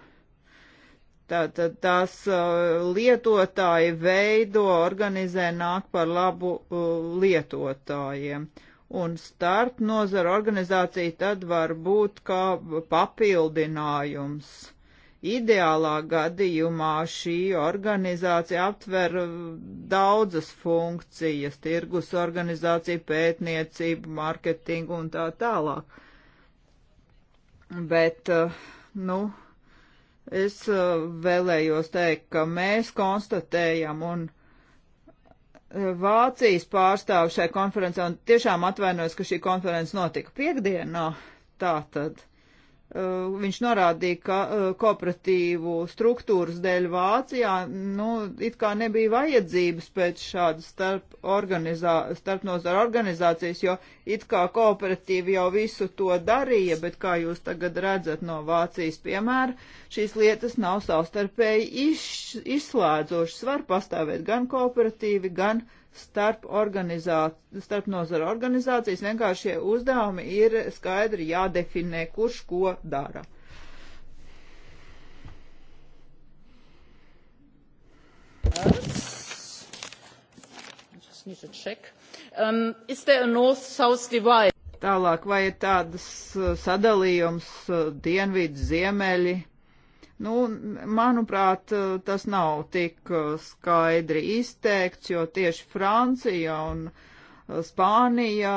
Tātad tās uh, lietotāji veido, organizē, nāk par labu uh, lietotājiem. Un starp nozara organizācija tad var būt kā papildinājums uh, Ideālā gadījumā šī organizācija aptver uh, daudzas funkcijas - tirgus organizācija, pētniecību, mārketingu un tā tālāk. Bet, uh, nu, es uh, vēlējos teikt, ka mēs konstatējam un Vācijas pārstāvu šai konferencē, un tiešām atvainojos, ka šī konference notika piekdienā, tā tad Uh, viņš norādīja, ka uh, kooperatīvu struktūras dēļ Vācijā, nu, it kā nebija vajadzības pēc šādas starp, organizā, starp nozara organizācijas, jo it kā kooperatīvi jau visu to darīja, bet kā jūs tagad redzat no Vācijas piemēra, šīs lietas nav savstarpēji iz, izslēdzošas. Var pastāvēt gan kooperatīvi, gan kooperatīvi starp, starp nozara organizācijas. Vienkārši šie uzdevumi ir skaidri jādefinē, kurš ko dara. Um, Tālāk, vai ir tādas uh, sadalījums uh, dienvīdi, ziemeļi? Nu, manuprāt, tas nav tik uh, skaidri izteikts, jo tieši Francija un uh, Spānija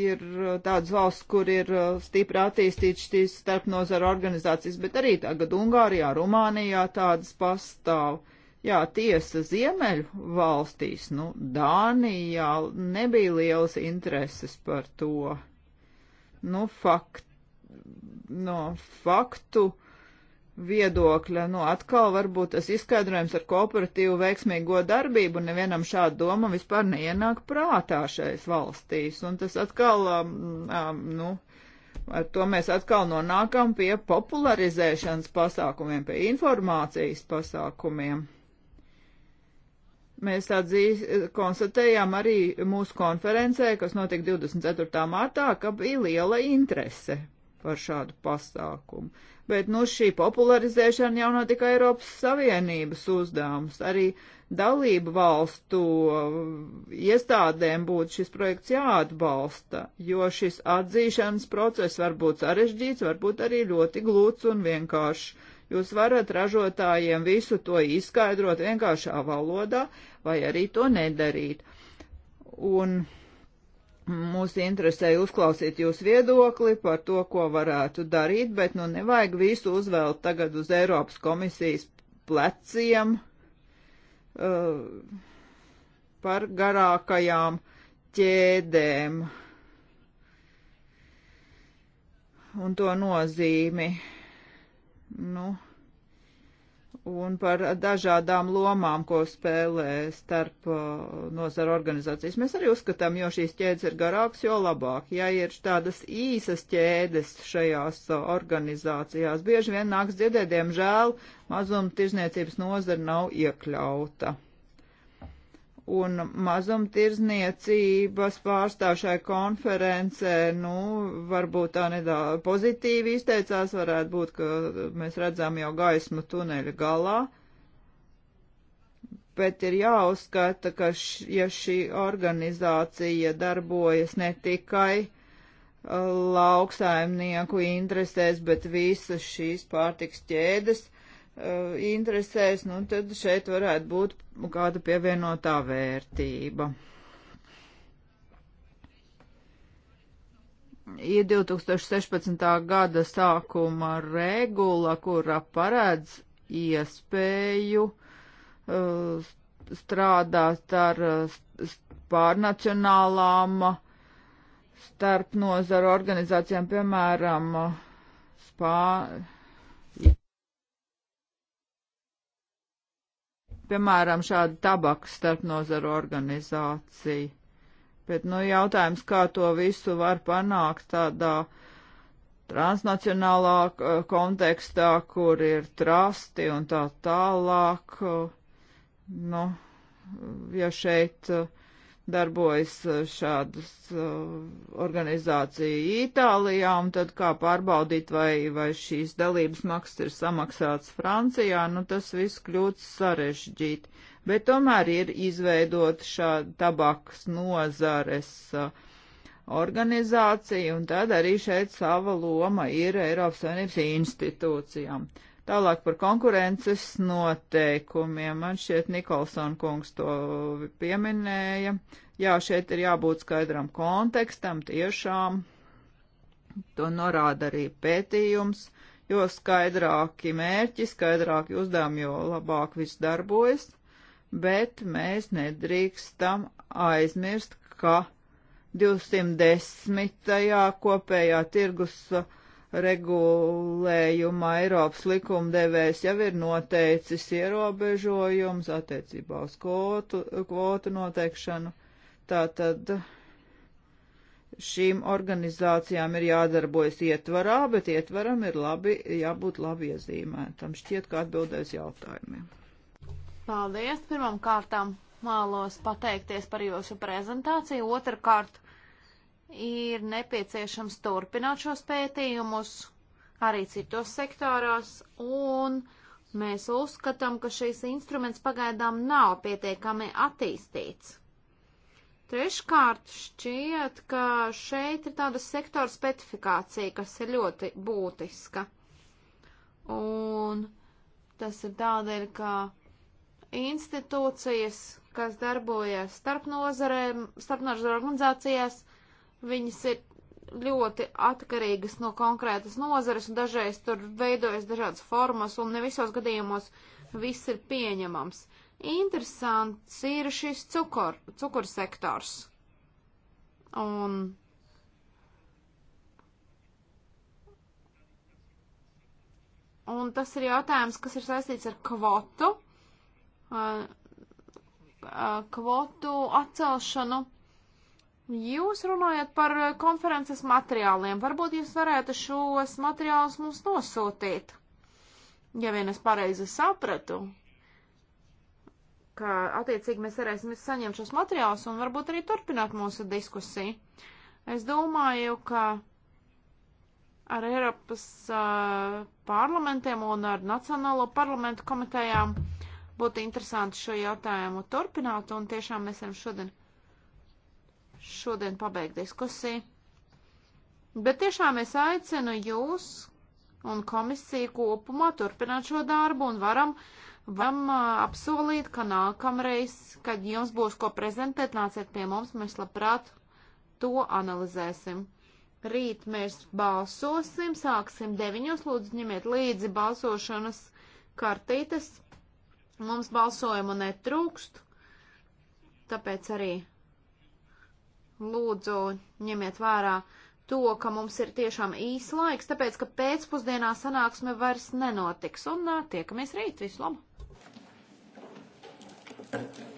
ir uh, tādas valsts, kur ir stipri attīstīts šīs starpnozara organizācijas, bet arī tagad Ungārijā, Rumānijā tādas pastāv. Jā, tiesa ziemeļu valstīs, nu, Dānijā nebija lielas intereses par to. Nu, fakt, no faktu viedokļa. Nu, atkal varbūt tas izskaidrojums ar kooperatīvu veiksmīgo darbību nevienam šāda doma vispār neienāk prātā šais valstīs. Un tas atkal, um, um, nu, ar to mēs atkal nonākam pie popularizēšanas pasākumiem, pie informācijas pasākumiem. Mēs atzīs, konstatējām arī mūsu konferencē, kas notika 24. martā, ka bija liela interese par šādu pasākumu. Bet, nu, šī popularizēšana jau nav tikai Eiropas Savienības uzdevums, arī dalību valstu iestādēm būtu šis projekts jāatbalsta, jo šis atzīšanas process var būt sarežģīts, varbūt arī ļoti glūts un vienkāršs. Jūs varat ražotājiem visu to izskaidrot vienkāršā valodā vai arī to nedarīt. Un Mūs interesēja uzklausīt jūs viedokli par to, ko varētu darīt, bet nu nevajag visu uzvelt tagad uz Eiropas komisijas pleciem uh, par garākajām ķēdēm un to nozīmi. Nu, un par dažādām lomām, ko spēlē starp uh, nozara organizācijas. Mēs arī uzskatām, jo šīs ķēdes ir garāks, jo labāk. Ja ir tādas īsas ķēdes šajās uh, organizācijās, bieži vien nāks dziedēt, diemžēl mazumtirzniecības nozara nav iekļauta un mazumtirzniecības pārstāvšai konferencē, nu, varbūt tā nedaudz pozitīvi izteicās, varētu būt, ka mēs redzam jau gaismu tuneļa galā, bet ir jāuzskata, ka š, ja šī organizācija darbojas ne tikai uh, lauksaimnieku interesēs, bet visas šīs pārtiks ķēdes, Eh, interesēs, nu tad šeit varētu būt kāda pievienotā vērtība. Ir 2016. gada sākuma regula, kura paredz iespēju uh, strādāt ar eh, pārnacionālām starpnozaru organizācijām, piemēram, Spānijas piemēram, šāda tabaka starpnozaru organizācija. Bet, nu, jautājums, kā to visu var panākt tādā transnacionālā eh, kontekstā, kur ir trasti un tā tālāk, eh, nu, ja šeit uh, darbojas e, šādas e, organizācija Itālijā, un tad kā pārbaudīt, vai, vai šīs dalības maksas ir samaksāts Francijā, nu tas viss kļūst sarežģīti. Bet tomēr ir izveidot šāda tabakas nozares e, organizācija, un tad arī šeit sava loma ir Eiropas Savienības institūcijām. Uh, Tālāk par konkurences noteikumiem. Man šķiet, Nikolson kungs to pieminēja. Jā, šeit ir jābūt skaidram kontekstam, tiešām. To norāda arī pētījums, jo skaidrāki mērķi, skaidrāki uzdevumi, jo labāk viss darbojas, bet mēs nedrīkstam aizmirst, ka 210. kopējā tirgus uh, regulējuma Eiropas likumdevējs jau ir noteicis ierobežojums attiecībā uz kvotu, kvotu noteikšanu. Tātad šīm organizācijām ir jādarbojas ietvarā, bet ietvaram ir labi, jābūt labi iezīmētam. Šķiet, kā atbildēs jautājumiem. Paldies! Pirmam kārtām vēlos pateikties par jūsu prezentāciju. Otrakārt, ir nepieciešams turpināt šos pētījumus arī citos sektorās, un mēs uzskatām, ka šīs instruments pagaidām nav pietiekami attīstīts. Treškārt šķiet, ka šeit ir tāda sektora specifikācija, kas ir ļoti būtiska. Un tas ir tādēļ, ka institūcijas, kas darbojas starp nozarēm, starp nozarē organizācijās, Viņas ir ļoti atkarīgas no konkrētas nozares, un dažreiz tur veidojas dažādas formas, un ne visos gadījumos viss ir pieņemams. Interesants ir šis cukor, cukur sektors. Un Un tas ir jautājums, kas ir saistīts ar kvotu, uh, uh, kvotu atcelšanu Jūs runājat par eh, konferences materiāliem. Varbūt jūs varētu šos materiālus mums nosūtīt. Ja vien es pareizi sapratu, ka attiecīgi mēs varēsim saņemt šos materiālus un varbūt arī turpināt mūsu diskusiju. Es domāju, ka ar Eiropas uh, parlamentiem un ar Nacionālo parlamentu komitejām būtu interesanti šo jautājumu turpināt, un tiešām mēs varam šodien šodien pabeigt diskusiju. Bet tiešām es aicinu jūs un komisiju kopumā turpināt šo darbu un varam, varam uh, apsolīt, ka nākamreiz, kad jums būs ko prezentēt, nāciet pie mums, mēs labprāt to analizēsim. Rīt mēs balsosim, sāksim deviņos, lūdzu ņemiet līdzi balsošanas kartītes. Mums balsojumu netrūkst, tāpēc arī Lūdzu, ņemiet vērā to, ka mums ir tiešām īs laiks, tāpēc, ka pēcpusdienā sanāksme vairs nenotiks. Un nā, tiekamies rīt, visu labu! Thank you.